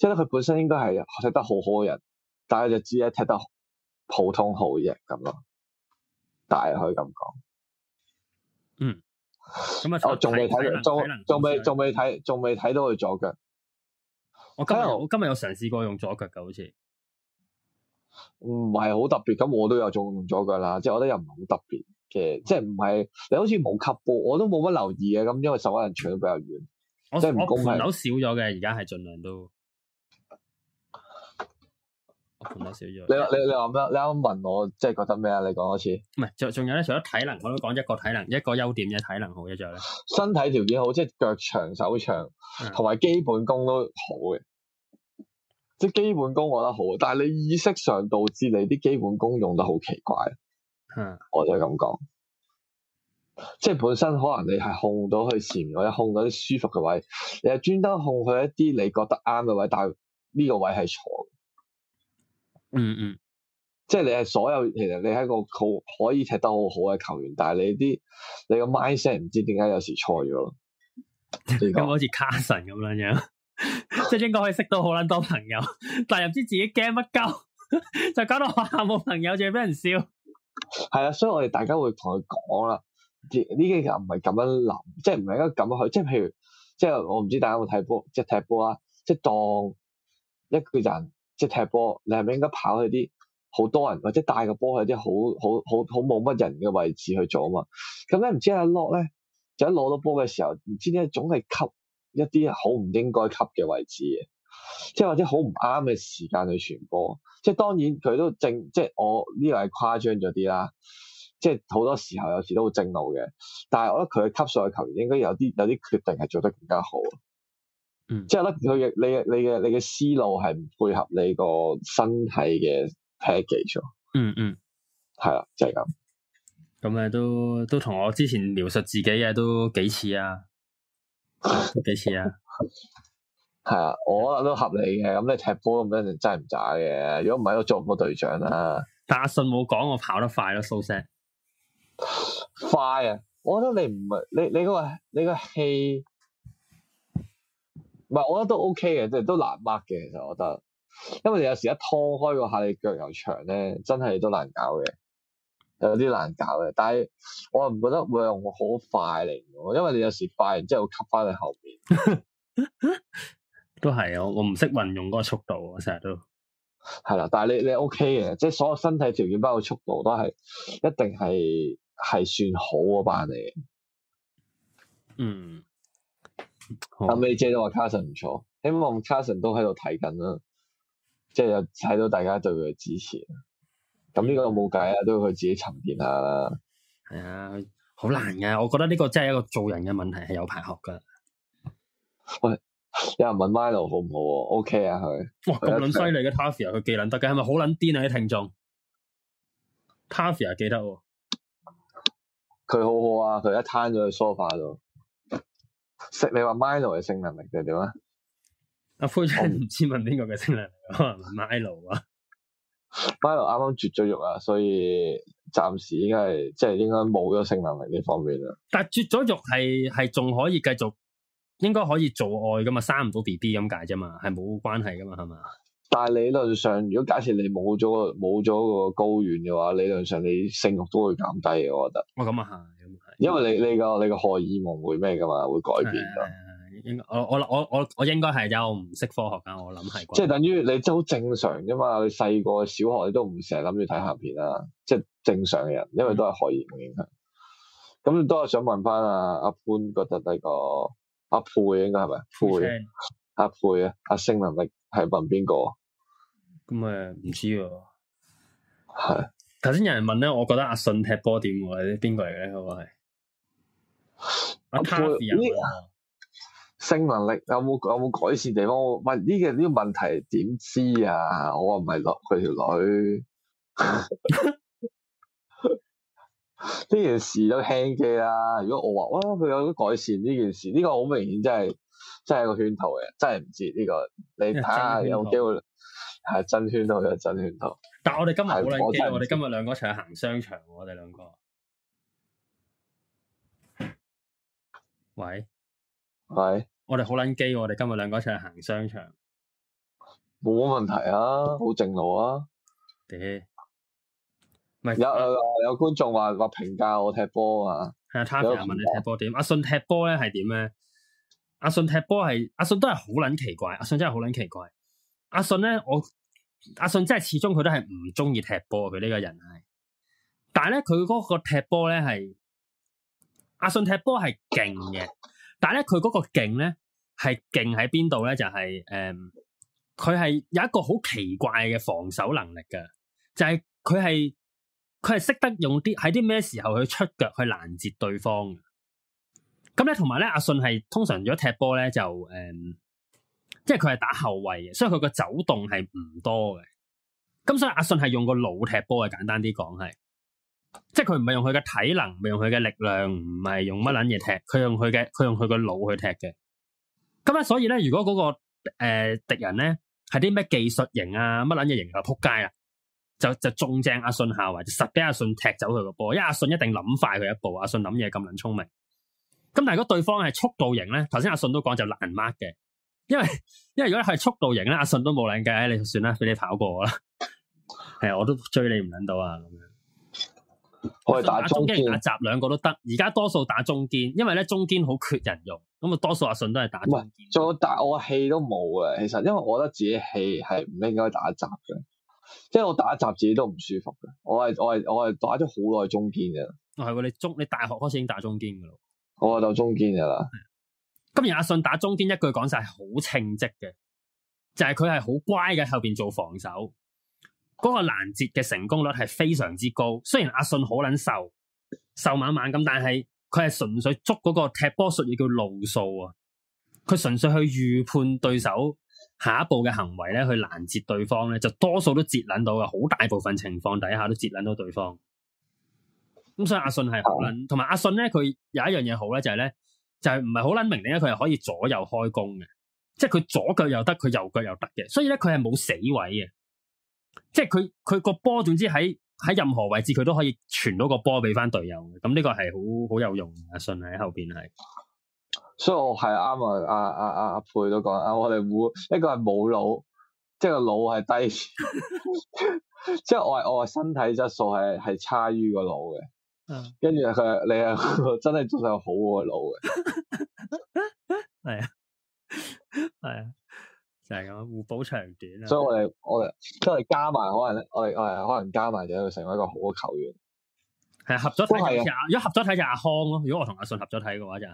即係咧，佢本身應該係踢得好好嘅人，但係就只係踢得普通好啫咁咯，大可以咁講。嗯，咁啊，我仲未睇，仲仲未仲未睇，仲未睇到佢左腳。我今日我今日有嘗試過用左腳嘅，好似唔係好特別。咁我都有用左腳啦，即係我覺得又唔係好特別嘅，即係唔係你好似冇吸波，我都冇乜留意嘅。咁因為十個人搶得比較遠，即係我盤口少咗嘅，而家係盡量都。你你你話咩？你啱啱問我，即係覺得咩啊？你講多次，唔係，仲仲有咧，除咗體能，我都講一個體能，一個優點嘅體能好一樣咧，呢身體條件好，即係腳長手長，同埋基本功都好嘅，即係基本功我覺得好，但係你意識上導致你啲基本功用得好奇怪，嗯，我就係咁講，即係本身可能你係控到去前咗，或者控到啲舒服嘅位，你係專登控佢一啲你覺得啱嘅位，但呢個位係錯。嗯嗯，即係你係所有，其實你係個好可以踢得好好嘅球員，但係你啲你個 mindset 唔知點解有時錯咗咯，咁好似卡神咁樣樣， 即係應該可以識到好捻多朋友，但係又唔知自己驚乜鳩， 就搞到學校冇朋友仲要俾人笑。係啊， 所以我哋大家會同佢講啦，呢啲其實唔係咁樣諗，即係唔係咁樣去，即係譬如，即係我唔知大家有冇踢波，即係踢波啊，即係當一個人。即係踢波，你係咪係應該跑去啲好多人，或者帶個波去啲好好好好冇乜人嘅位置去做啊嘛，咁咧唔知阿 Lock 咧，就喺攞到波嘅時候，唔知點解總係吸一啲好唔應該吸嘅位置嘅，即係或者好唔啱嘅時間去傳波。即係當然佢都正，即係我呢、這個係誇張咗啲啦。即係好多時候有時都好正路嘅，但係我覺得，佢嘅級數嘅球員應該有啲有啲決定係做得更加好。嗯，即係咧，佢嘅你嘅你嘅你嘅思路係唔配合你個身體嘅 package。嗯嗯，係口啦， 就係咁。咁咧都都同我之前描述自己嘅都幾似啊，幾似啊？係啊，我覺得都合理嘅。咁你踢波咁樣真係唔渣嘅。如果唔係，我做唔到隊長啦。但阿信冇講我跑得快咯，蘇 Sir 快啊！我覺得你唔係你你個你個氣。唔係，我覺得都 OK 嘅，即係都難掹嘅。其實我覺得，因為你有時一拖開嗰下，你腳又長咧，真係都難搞嘅，有啲難搞嘅。但係我又唔覺得會用我好快嚟，因為你有時快完之後吸翻去後邊， 都係啊。我唔識運用嗰個速度，我成日都係啦。 但係你你 OK 嘅，即係所有身體條件包括速度都係一定係係算好嗰班嚟。你嗯。阿好美姐都話卡神唔錯，希望卡神都喺度睇緊啦，即係有睇到大家對佢嘅支持。咁、這、呢個冇計啊，都要佢自己沉澱下啦。係、嗯、啊，好難噶，我覺得呢個真係一個做人嘅問題，係有排學噶。喂，有人問 Milo 好唔好？OK 啊，佢哇咁撚犀利嘅 Tavia，佢技能得嘅係咪好撚癲啊啲聽眾？Tavia、啊、記得，佢好好啊，佢一攤咗去 sofa 度。識你話 Milo 嘅性能力定係點啊？阿灰仔唔知問邊個嘅性能力咯 ？Milo 啊 ，Milo 啱啱絕咗育啊，所以暫時應該係即係應該冇咗性能力呢方面啦。但係絕咗育係係仲可以繼續，應該可以做愛噶嘛？生唔到 B B 咁解啫嘛，係冇關係噶嘛？係嘛？但係理論上，如果假設你冇咗個冇咗個睾丸嘅話，理論上你性欲都會減低嘅。我覺得。我咁、哦、啊係。因為你你個你個荷爾蒙會咩噶嘛，會改變噶、啊。應該我我我我我應該係又唔識科學噶，我諗係。即係等於你都好正常啫嘛，你細個小學你都唔成日諗住睇下片啦、啊，即係正常嘅人，因為都係荷爾蒙影響。咁都係想問翻，啊阿潘覺得呢個阿佩應該係咪佩？阿佩啊，阿星能力係問邊個？咁誒唔知喎。係頭先有人問咧，我覺得阿信踢波點？或者邊個嚟嘅？我係。改善性能力有冇有冇改善地方？我問呢個呢、這個問題點知啊？我話唔係落佢條女呢 件事都輕機啦。如果我話哇，佢有改善呢件事，呢、這個好明顯真，真係真係個圈套嘅，真係唔知呢、這個。你睇下有冇機會係真圈套，有真圈套。圈套但係我哋今日冇呢機，是我哋今日兩個一齊行商場，我哋兩個。喂喂，喂我哋好捻機，我哋今日兩個一齊去行商場，冇乜問題啊，好正路啊，耶！唔係有有有觀眾話話評價我踢波啊，係啊，睇下問你踢波點果。阿信踢波咧係點咧？阿信踢波係阿信都係好捻奇怪，阿信真係好捻奇怪。阿信咧，我阿信真係始終佢都係唔中意踢波，佢呢個人係。但係咧，佢嗰個踢波咧係。阿信踢波係勁嘅，但係咧佢嗰個勁咧係勁喺邊度咧？就係、是、誒，佢、嗯、係有一個好奇怪嘅防守能力嘅，就係佢係佢係識得用啲喺啲咩時候去出腳去攔截對方。咁咧同埋咧，阿信係通常如果踢波咧就誒，即係佢係打後衛嘅，所以佢個走動係唔多嘅。咁所以阿信係用個腦踢波嘅，簡單啲講係。即係佢唔係用佢嘅體能，唔係用佢嘅力量，唔係用乜捻嘢踢，佢用佢嘅佢用佢個腦去踢嘅。咁啊，所以咧，如果嗰，那個誒敵、呃、人咧係啲咩技術型啊乜捻嘢型，就扑街啊，就就中正阿信下，或者實俾阿信踢走佢個波，因為阿信一定諗快佢一步，阿信諗嘢咁捻聰明。咁但係如果對方係速度型咧，頭先阿信都講就難 mark 嘅，因為因為如果係速度型咧，阿信都冇捻計，你算啦，俾你跑過啦，係 我都追你唔捻到啊咁樣。可以打中堅打閘，兩個都得，而家多數打中堅，因為咧中堅好缺人用，咁啊多數阿信都係打中堅。仲有打我氣都冇啊，其實因為我覺得自己氣係唔應該打閘嘅，即係我打閘自己都唔舒服嘅。我係我係我係打咗好耐中堅嘅。係喎、哦，你中你大學開始已經打中堅噶啦？我就中堅噶啦。今日阿信打中堅，一句講晒係好稱職嘅，就係佢係好乖嘅後邊做防守。嗰個攔截嘅成功率係非常之高，雖然阿信好撚瘦，瘦蜢蜢咁，但係佢係純粹捉嗰個踢波術叫路數啊！佢純粹去預判對手下一步嘅行為咧，去攔截對方咧，就多數都截撚到嘅，好大部分情況底下都截撚到對方。咁所以阿信係好撚，同埋阿信咧，佢有一樣嘢好咧，就係咧，就係唔係好撚明咧？佢係可以左右開弓嘅，即係佢左腳又得，佢右腳又得嘅，所以咧佢係冇死位嘅。即係佢佢個波，總之喺喺任何位置，佢都可以傳到個波俾翻隊友。咁呢個係好好有用，阿、啊、信喺後邊係。所以我係啱啊！阿阿阿佩都講啊，我哋冇呢個係冇腦，即係個腦係低，即係 我我身體質素係係差於個腦嘅。跟住佢你啊，你真係仲得好個腦嘅，係啊、 哎，係、哎、啊。就係咁互補長短啊！所以我哋我哋，都係加埋可能咧，我哋係可能加埋就要成為一個好嘅球員。係合咗睇就阿，如果合咗睇就阿康咯。如果我同阿信合咗睇嘅話，就係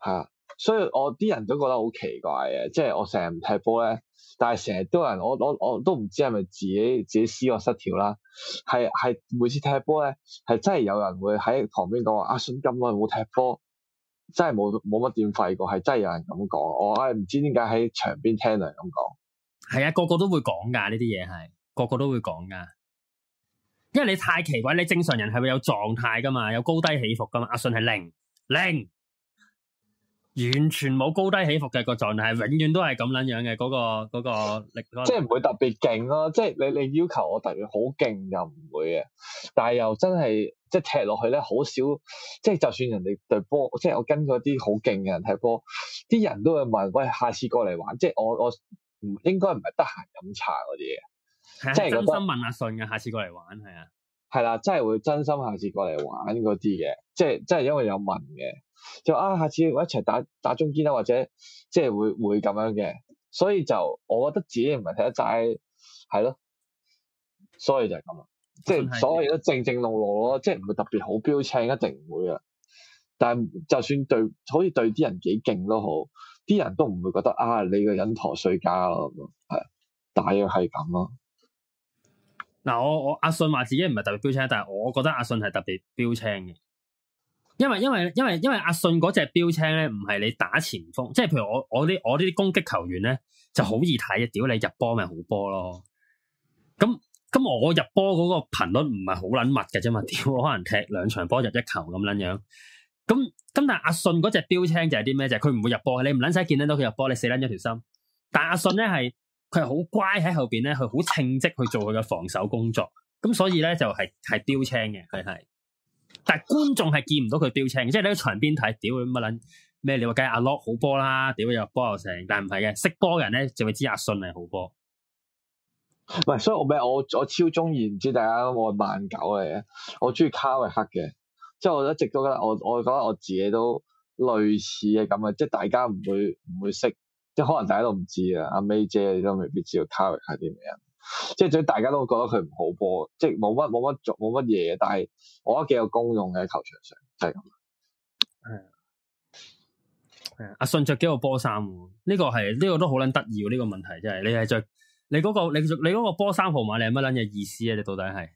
係啊！所以我啲人都覺得好奇怪嘅，即係我成日唔踢波咧，但係成日都有人，我我我都唔知係咪自己自己思覺失調啦。係係每次踢波咧，係真係有人會喺旁邊講話：阿信咁耐冇踢波。真係冇冇乜電費個，係真係有人咁講。我唉唔知點解喺牆邊聽人咁講。係啊，個個都會講噶呢啲嘢，係個個都會講噶。因為你太奇怪，你正常人係會有狀態噶嘛，有高低起伏噶嘛。阿信係零零，完全冇高低起伏嘅個狀態，永遠都係咁捻樣嘅。嗰個嗰個力，即係唔會特別勁咯。即係你你要求我特別好勁又唔會啊，但係又真係。即係踢落去咧，好少。即係就算人哋對波，即係我跟嗰啲好勁嘅人踢波，啲人都會問：喂，下次過嚟玩？即係我我唔應該唔係得閒飲茶嗰啲嘢，即係真心問阿信嘅。下次過嚟玩係啊，係啦，真係會真心下次過嚟玩嗰啲嘅，即係即係因為有問嘅，就啊，下次我一齊打打中堅啊，或者即係會會咁樣嘅，所以就我覺得自己唔係踢得齋，係咯，所以就係咁啊。即係所謂都正正路路咯，即係唔會特別好標青，一定唔會啊！但係就算對，可以對啲人幾勁都好，啲人都唔會覺得啊！你個人陀衰家咯，係大約係咁咯。嗱、啊，我我阿信話自己唔係特別標青，但係我覺得阿信係特別標青嘅，因為因為因為因為阿信嗰隻標青咧，唔係你打前鋒，即係譬如我我啲我啲攻擊球員咧就，就好易睇嘅，如果你入波咪好波咯，咁。咁我入波嗰個頻率唔係好捻密嘅啫嘛，屌可能踢兩場波入一球咁捻樣。咁咁但阿信嗰隻標青就係啲咩？就佢、是、唔會入波，你唔捻使見得到佢入波，你死捻一條心。但阿信咧係佢係好乖喺後邊咧，佢好稱職去做佢嘅防守工作。咁所以咧就係係標青嘅，佢係。但係觀眾係見唔到佢標青，即係你喺場邊睇，屌乜捻咩？你話計阿 lock、ok、好波啦，屌入波又成，但係唔係嘅識波嘅人咧就會知阿信係好波。唔係，所以我咩？我我超中意，唔知大家我慢狗嚟嘅，我中意 Carrick 嘅，即係我一直都覺得我我覺得我自己都類似嘅咁啊！即係大家唔會唔會識，即係可能大家都唔知啊。阿 May 姐你都未必知道 Carrick 啲咩人，即係最大家都覺得佢唔好波，即係冇乜冇乜做冇乜嘢。嘅。但係我覺得幾有功用嘅喺球場上，就係、是、咁。係、嗯嗯、啊、係、這、啊、個，阿信着幾多波衫？呢個係呢個都好捻得意嘅呢個問題，真係你係着。你嗰、嗰個你你個波衫號碼你係乜捻嘅意思啊？你到底係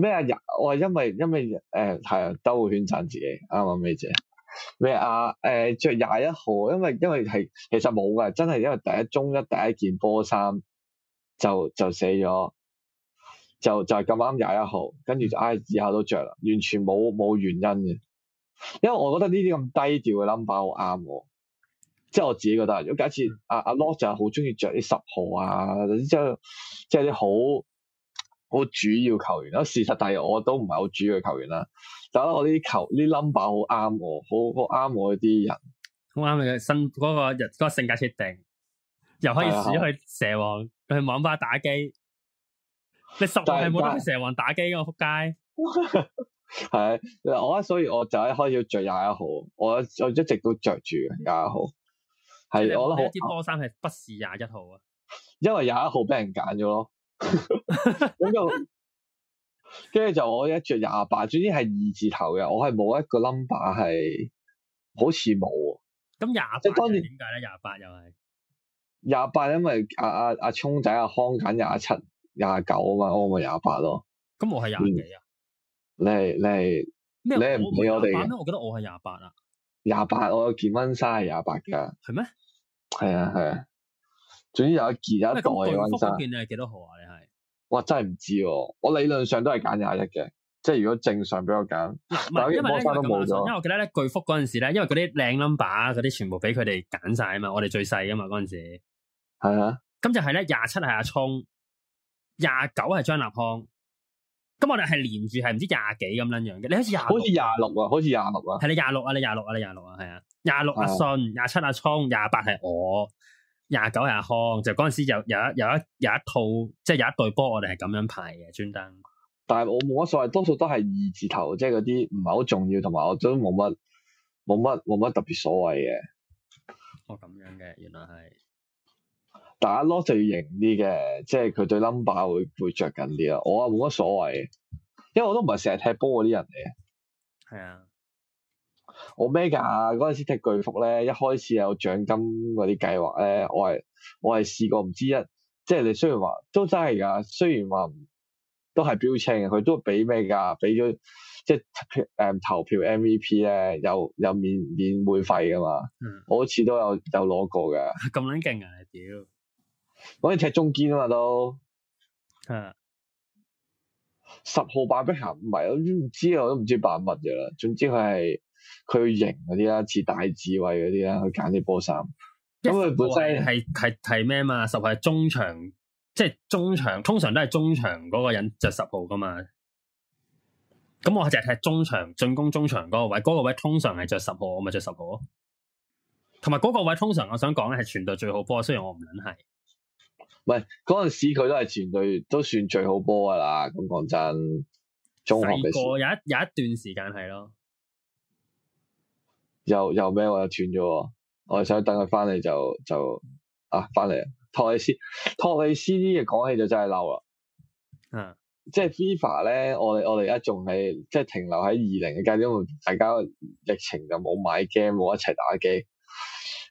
咩啊？我係因為因為誒係兜圈讚自己啱啱咩啫？咩啊？誒着廿一號，因為因為係其實冇㗎，真係因為第一中一第一件波衫就就死咗，就就係咁啱廿一號，跟住就唉以後都着啦，完全冇冇原因嘅。因為我覺得呢啲咁低調嘅 number 好啱我。即係我自己覺得，如果假設阿阿 Law 就係好中意着啲十號啊，即係即係啲好好主要球員啦。事實但係我都唔係好主要嘅球員啦。但係我呢啲球呢 number 好啱我，好好啱我啲人。好啱你嘅身嗰、嗰個日、嗰個性格設定，又可以試去蛇王去網吧打機。你十號係冇得去蛇王打機嘅，仆街是。係蛋，我 所以我就一開始着廿一號，我我一直都着住廿一號。係我都啲波衫係不是廿一號啊，因為廿一號俾人揀咗咯。咁就跟住就我一着廿八，總之係二字頭嘅。我係冇一個 number 係好似冇。咁廿八即當時點解咧？廿八又係廿八，因為阿阿阿聰仔阿康揀廿七廿九啊嘛，我咪廿八咯。咁我係廿幾啊？你係你係咩？我我我覺得我係廿八啊。廿八，我有件温衫係廿八噶，係咩？係啊，係啊。總之有一件有一代嘅温莎。巨福件係幾多號啊？你係？哇，真係唔知。我理論上都係揀廿一嘅，即係如果正常俾我揀。因為我巨福都冇咗。因為我記得咧，巨福嗰陣時咧，因為嗰啲靚 number 嗰啲全部俾佢哋揀晒啊嘛，我哋最細啊嘛，嗰陣時。係啊。咁就係咧，廿七係阿聰，廿九係張立康。咁我哋係連住係唔知廿幾咁樣樣嘅。你好似廿好似廿六啊？好似廿六啊？係你廿六啊？你廿六啊？你廿六啊？係啊。廿六阿信，廿七阿聰，廿八係我，廿九阿康，就嗰陣時有一有一有一有一套，即係有一隊波，我哋係咁樣排嘅，專登。但係我冇乜所謂，多數都係二字頭，即係嗰啲唔係好重要，同埋我都冇乜冇乜冇乜特別所謂嘅。哦，咁樣嘅，原來係打波就要型啲嘅，即係佢對 number 會會着緊啲啊！我啊冇乜所謂，因為我都唔係成日踢波嗰啲人嚟嘅。係啊。我咩噶？嗰陣時踢巨幅咧，一開始有獎金嗰啲計劃咧，我係我係試過唔知一，即係你雖然話都真係噶，雖然話都係標青，佢都俾咩噶？俾咗即係誒投票 MVP 咧，有有免免會費噶嘛。嗯、我好似都有有攞過嘅。咁卵勁啊！屌，我哋踢中堅啊嘛都。嗯。十號百威咸唔係，我都唔知啊，我都唔知扮乜嘅啦。總之佢係。佢型嗰啲啦，似大智慧嗰啲啦，去揀啲波衫。咁佢本身係係係咩嘛？十號係中場，即係中場通常都係中場嗰個人着十號噶嘛。咁我淨係踢中場進攻，中場嗰個位，嗰、嗰個位通常係着十號，我咪着十號咯。同埋嗰個位通常，我想講咧係全隊最好波，雖然我唔撚係。唔係嗰陣時，佢都係全隊都算最好波噶啦。咁講真，中學有一有一段時間係咯。又又咩？我又斷咗。我係想等佢翻嚟就就啊翻嚟托利斯托利斯啲嘢講起就真係嬲啦。嗯，即係 FIFA 咧，我哋我哋而家仲係即係停留喺二零嘅階段，因為大家疫情就冇買 game，冇一齊打機。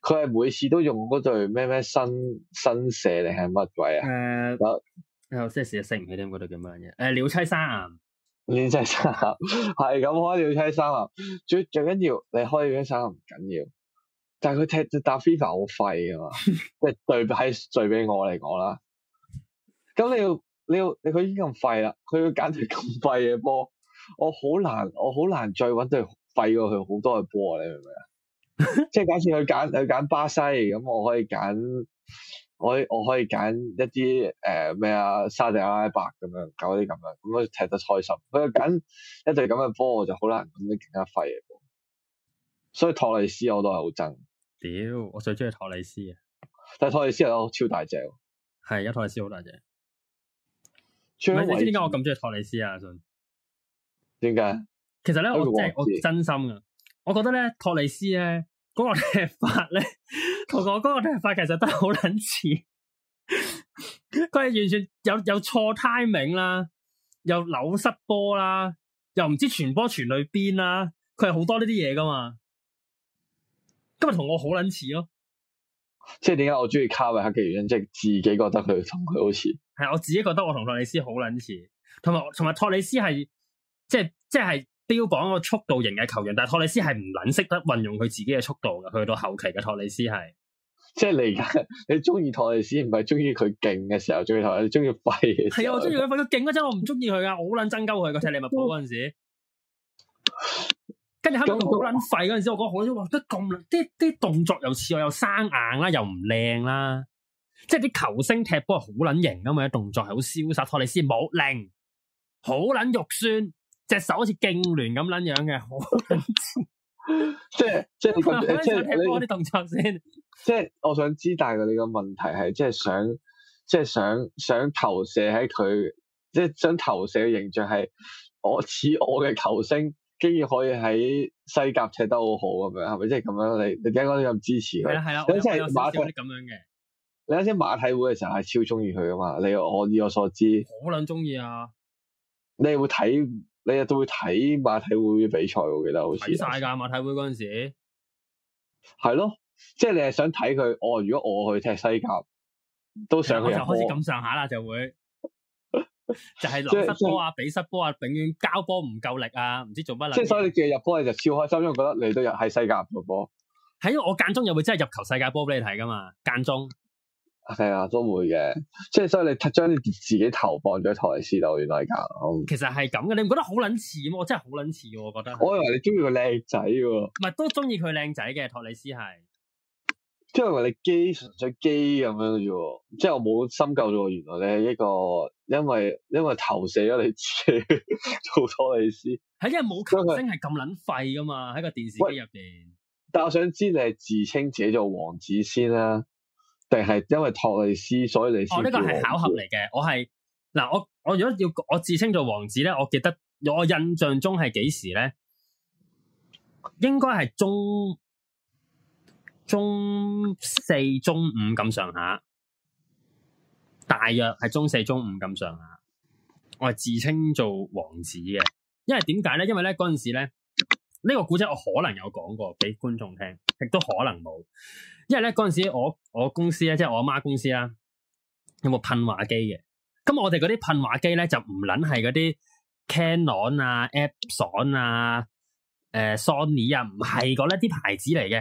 佢係每次都用嗰對咩咩新新射定係乜鬼啊？誒，有有啲射射唔起添，嗰對叫乜嘢？誒，鳥妻三啊！你真三生硬，係咁開到七三啊！最最緊要你開到七三唔緊要，要緊但係佢踢打 FIFA 好廢噶嘛？即係 對比對最比我嚟講啦，咁你要你要你佢已經咁廢啦，佢要揀條咁廢嘅波，我好難我好難再揾對廢過佢好多嘅波，你明唔明啊？即係 假設佢揀佢揀巴西，咁我可以揀。我我可以揀一啲誒咩啊沙地阿拉伯咁樣搞啲咁樣，咁樣，樣踢得開心。佢揀一隊咁嘅波，我就好難咁樣勁一廢。所以托利斯我都係好憎。屌，我最中意托利斯啊！但係托利斯都超大隻，係，因為托利斯好大隻。唔，你知點解我咁中意托利斯啊？阿信？點解？其實咧，我真係我，我真心噶，我覺得咧托利斯咧嗰個踢法咧。 我嗰個睇法，其實都係好撚似，佢係完全有有錯 timing 啦，又扭失波啦，又唔知傳波傳去邊啦，佢係好多呢啲嘢噶嘛。今日同我好撚似咯，即係點解我中意卡偉克嘅原因，即係自己覺得佢同佢好似。係我自己覺得我同托里斯好撚似，同埋同埋托里斯係即係即係標榜個速度型嘅球員，但係托里斯係唔撚識得運用佢自己嘅速度噶，去到後期嘅托里斯係。即係你而家，你中意托利斯唔係中意佢勁嘅時候，中意托佢中意廢嘅。係啊， 我中意佢廢，佢勁嗰陣我唔中意佢噶，好卵憎鳩佢個踢利物浦嗰陣時。跟住後邊好卵廢嗰陣時，我講好啲，哇，得咁啲啲動作又似我又生硬啦，又唔靚啦。即係啲球星踢波係好卵型噶嘛，動作係好瀟灑。托利斯冇零，好卵肉酸，隻手好似勁攣咁卵樣嘅，好卵。 即係即係，即係睇波啲動作先。即係我想知，但係你嘅問題係，即係想，即係想，想投射喺佢，即係想投射嘅形象係我似我嘅球星，竟然可以喺西甲踢得好好咁樣，係咪？即係咁樣，你你點解講咁支持？係啊係啊，即係馬啲咁樣嘅。你啱先馬體會嘅時候係超中意佢噶嘛？你我以我所知，好卵中意啊！你會睇？你日都會睇馬體會比賽，我記得好似睇晒噶馬體會嗰陣時，係咯，即係你係想睇佢哦。如果我去踢西甲，都想去。我就開始咁上下啦，就會 就係流失波啊，以比失波啊，永遠交波唔夠力啊，唔知做乜啦。即係所,所以你借入波你就超開心，因為覺得你都入喺西甲嘅波。喺我間中又會真係入球世界波俾你睇噶嘛，間中。係啊，都會嘅，即係所以你將你自己頭放咗托尼斯度，原來咁。其實係咁嘅，你唔覺得好撚似？我真係好撚似嘅，我覺得。我以為你中意個靚仔喎。唔係，都中意佢靚仔嘅托尼斯係。即係話你基純粹基咁樣啫，嗯、即係我冇深究咗。原來咧一個，因為因為投射咗你 做托尼斯。係因為冇球星係咁撚廢噶嘛？喺個電視機入邊。為但我想知你係自稱自己做王子先啦。定係因為托利斯，所以你哦，呢個係巧合嚟嘅。我係，嗱，我我如果要我自稱做王子咧，我記得我印象中係幾時咧？應該係中中四、中五咁上下，大約係中四、中五咁上下。我係自稱做王子嘅，因為點解咧？因為咧嗰陣時咧。呢個古仔我可能有講過俾觀眾聽，亦都可能冇，因為咧嗰陣時我我公司咧，即係我阿媽公司啦，有部噴畫機嘅。咁我哋嗰啲噴畫機咧就唔撚係嗰啲 Canon 啊、Epson 啊、誒 Sony 啊，唔係嗰一啲牌子嚟嘅。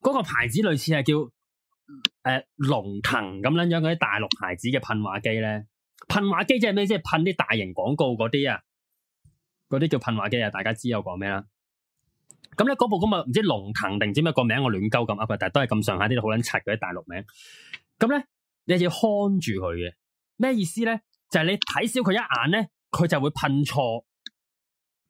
嗰、嗰個牌子類似係叫誒龍騰咁撚樣嗰啲大陸牌子嘅噴畫機咧。噴畫機即係咩？即係噴啲大型廣告嗰啲啊，嗰啲叫噴畫機啊，大家知我講咩啦？咁咧嗰部咁啊，唔知龍騰定唔知咩個名，我亂鳩咁噏，但係都係咁上下啲好撚柒嗰啲大陸名。咁咧，你就要看住佢嘅咩意思咧？就係、是、你睇少佢一眼咧，佢就會噴錯。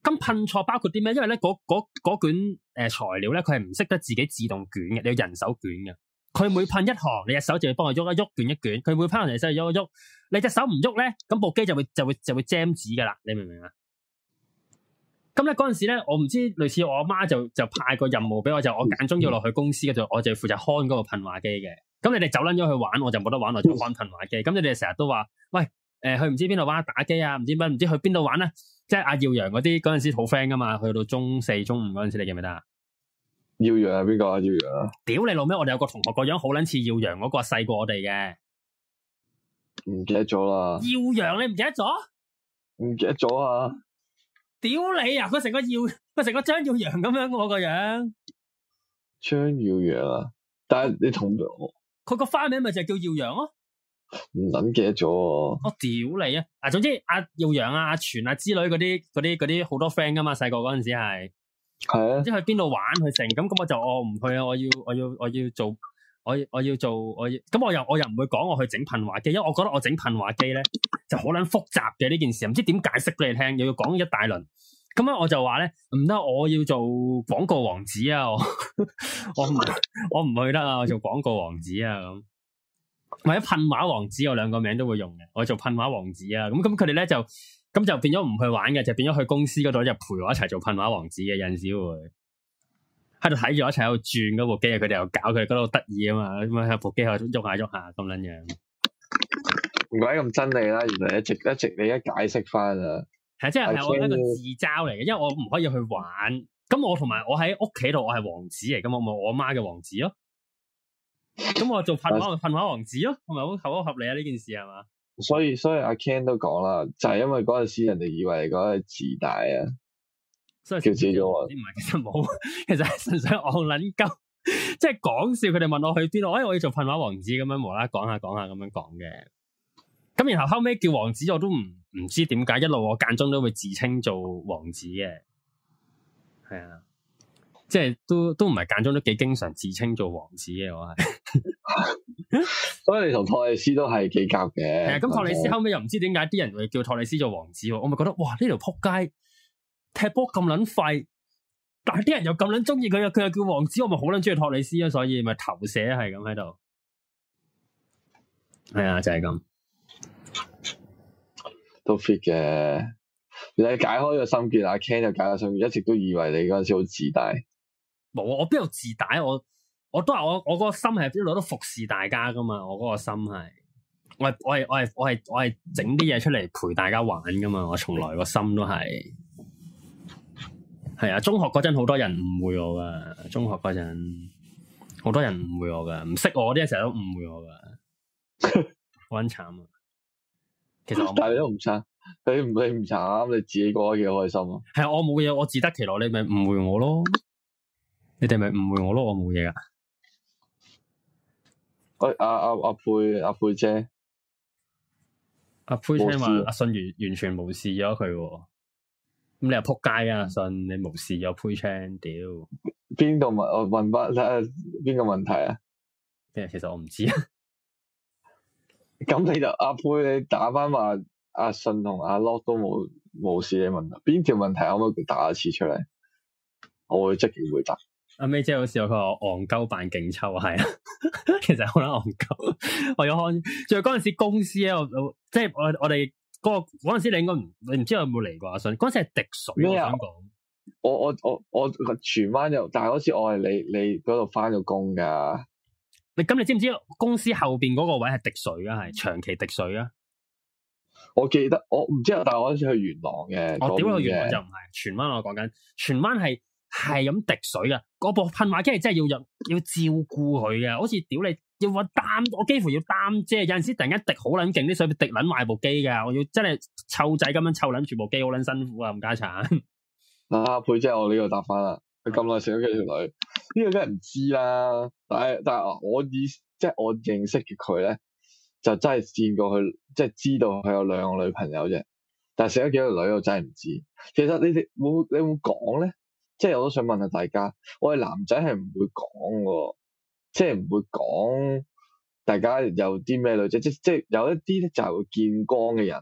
咁噴錯包括啲咩？因為咧嗰卷誒、呃、材料咧，佢係唔識得自己自動捲嘅，你要人手捲嘅。佢每噴一行，你隻手就會幫佢喐一喐捲一捲。佢每噴完手去喐一喐，你隻手唔喐咧，咁部機就會機就會就會 jam 紙噶啦，你明唔明啊？咁咧嗰陣時咧，我唔知類似我阿媽就就派個任務俾我，就我揀中要落去公司嘅，就我就負責看嗰個噴畫機嘅。咁你哋走捻咗去玩，我就冇得玩，我就放噴畫機。咁你哋成日都話，喂，誒、呃，去唔知邊度玩打機啊？唔知乜？唔知去邊度玩咧？即係阿耀陽嗰啲嗰陣時好 friend 噶嘛？去到中四、中五嗰陣時，你記唔記得？耀陽係邊個啊？耀陽、啊？屌你老咩？我哋有個同學個樣好捻似耀陽嗰、嗰個，細過我哋嘅。唔記得咗啦。耀陽你唔記得咗？唔記得咗啊？屌你啊！佢成個耀，佢成個張耀揚咁樣我個樣，張耀揚啊！但係你同唔同我？佢個花名咪就叫耀揚咯、啊，唔諗記得咗。我屌你啊！哦、你啊，總之阿、啊、耀揚啊、阿、啊、全啊之類嗰啲、啲、啲好多 friend 噶嘛，細個嗰陣時係，總之、啊、去邊度玩去成，咁咁我就我唔、哦、去啊！我要我要我要，我要做。我我要做我咁我又我又唔會講我去整噴畫機，因為我覺得我整噴畫機咧就好捻複雜嘅呢件事，唔知點解釋俾你聽，又要講一大輪。咁樣，我就話咧唔得，我要做廣告王子啊！我 我唔我唔去得啊！我做廣告王子啊咁，或者噴畫王子，我兩個名都會用嘅。我做噴畫王子啊！咁咁佢哋咧就咁就變咗唔去玩嘅，就變咗去公司嗰度就陪我一齊做噴畫王子嘅有陣時會。喺度睇住一齊喺度轉嗰部機啊！佢哋又搞佢哋嗰度得意啊嘛！咁喺部機喺度喐下喐下咁樣樣，唔怪咁真理啦！原來一直一直你一解釋翻啊，係即係係我一個自嘲嚟嘅，因為我唔可以去玩。咁我同埋我喺屋企度，我係王子嚟，咁我冇我阿媽嘅王子咯。咁我做瞓覺瞓覺王子咯，係咪好合合理啊？呢件事係嘛？所以所以阿 Ken 都講啦，就係、是、因為嗰陣時人哋以為嗰個自大啊。叫子咗啊！唔係，其實冇， 其實純粹我捻鳩，即係講笑。佢哋問我去邊度？哎我要做噴畫王子咁樣，無講講講講講講講，無啦啦講下講下咁樣講嘅。咁然後後尾叫王子，我都唔唔知點解一路我間中都會自稱做王子嘅。係啊，即係都都唔係間中都幾經常自稱做王子嘅。我係， 所以你同托里斯都係幾夾嘅。係啊， 咁托里斯後尾又唔知點解啲人會叫托里斯做王子，我咪覺得哇呢條撲街！踢波咁撚廢，但係啲人又咁撚中意佢啊！佢又叫王子，我咪好撚中意托里斯啊！所以咪投射係咁喺度。係啊、嗯哎，就係、是、咁，都 fit 嘅。你解開個心結啦，阿 Ken 就解開心結，一直都以為你嗰陣時好自大。冇啊！我邊度自大？我我都話我我個心係邊度都服侍大家噶嘛！我嗰個心係，我係我係我係我係我係整啲嘢出嚟陪大家玩噶嘛！我從來個心都係。係啊，中學嗰陣好多人誤會我噶，中學嗰陣好多人誤會我噶，唔識我啲成日都誤會我噶，好撚慘 啊！其實我唔係你都唔慘，你唔你唔慘，你自己過得幾開心啊？係啊，我冇嘢，我自得其樂，你咪誤會我咯。你哋咪誤會我咯，我冇嘢、哎、啊！喂、啊，阿阿阿佩阿、啊、佩姐，阿、啊、佩姐話阿、啊、信完完全冇視咗佢喎。咁你又扑街啊？信你無事又配槍屌？邊度問？問返？邊個問題啊？其實我唔知 啊。咁你就阿佩，你打翻話阿信同阿洛都冇冇事嘅問，問題。邊條問題？可唔可以打一次出嚟？我會積極回答。阿 May 姐有試過佢話戇鳩扮勁抽係啊， 其實好撚，戇鳩。我有看，最後嗰陣時公司咧，我，我即係我我哋。我我我嗰嗰陣時你應該唔你唔知有冇嚟過阿信嗰次係滴水。咩啊麼？我我我我荃灣又，但係嗰次我係你你嗰度翻咗工噶。你咁你知唔知公司後邊嗰個位係滴水啊？係長期滴水啊？我記得我唔知但我第一去元朗嘅。我屌、哦，元朗就唔係荃灣，灣我講緊荃灣係係咁滴水噶。嗰部噴碼機真係要入要照顧佢嘅，好似屌你。要擔，我幾乎要擔，即係有陣時突然間滴好撚勁啲水滴，水滴撚埋部機噶。我要真係湊仔咁樣湊撚，住部機好撚辛苦啊！冚家鏟阿佩姐，我呢個答翻啦。佢咁耐成咗幾條女，呢、這個梗係唔知啦。但係但係我以即係、就是、我認識佢咧，就真係見過佢，即、就、係、是、知道佢有兩個女朋友啫。但係成咗幾多女，我真係唔知。其實你哋冇你冇講咧，即係、就是、我都想問下大家，我哋男仔係唔會講噶。即係唔會講大家有啲咩女仔，即即係有一啲咧就會見光嘅人，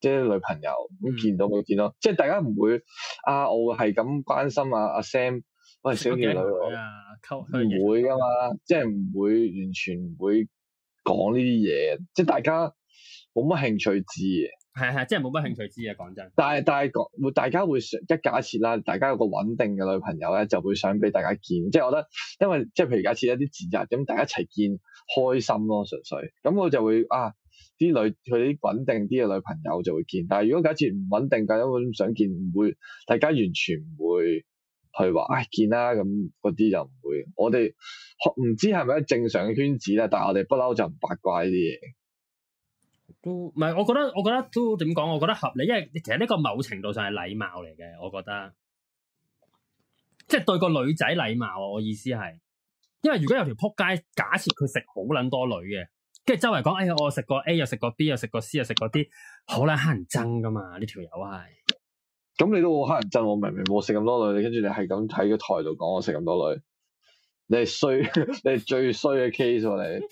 即係女朋友咁見到咪見到，嗯、即係大家唔會啊，我係咁關心啊啊 Sam 喂、哎，小二女啊，唔、嗯嗯嗯嗯、會噶嘛，嗯、即係唔會完全唔會講呢啲嘢，即係大家冇乜興趣知係係，真係冇乜興趣知啊！講真，但係但係講，會大家會想一假設啦，大家有個穩定嘅女朋友咧，就會想俾大家見。即係我覺得，因為即係譬如假設一啲節日，咁大家一齊見開心咯，純粹。咁我就會啊，啲女佢啲穩定啲嘅女朋友就會見。但係如果假設唔穩定，大家會想見唔會，大家完全唔會去話唉、哎、見啦咁，嗰啲就唔會。我哋唔知係咪喺正常嘅圈子咧，但係我哋不嬲就唔八卦呢啲嘢。唔係，我覺得我覺得都點講？我覺得合理，因為其實呢個某程度上係禮貌嚟嘅。我覺得，即係對個女仔禮貌。我意思係，因為如果有條扑街，假設佢食好撚多女嘅，跟住周圍講，哎呀，我食過 A 又食過 B 又食過 C 又食過，過 D，好撚乞人憎噶嘛？呢條友係，咁你都好乞人憎，我明明冇食咁多女，你跟住 你係咁喺個台度講我食咁多女，你係衰，你係最衰嘅 case，你。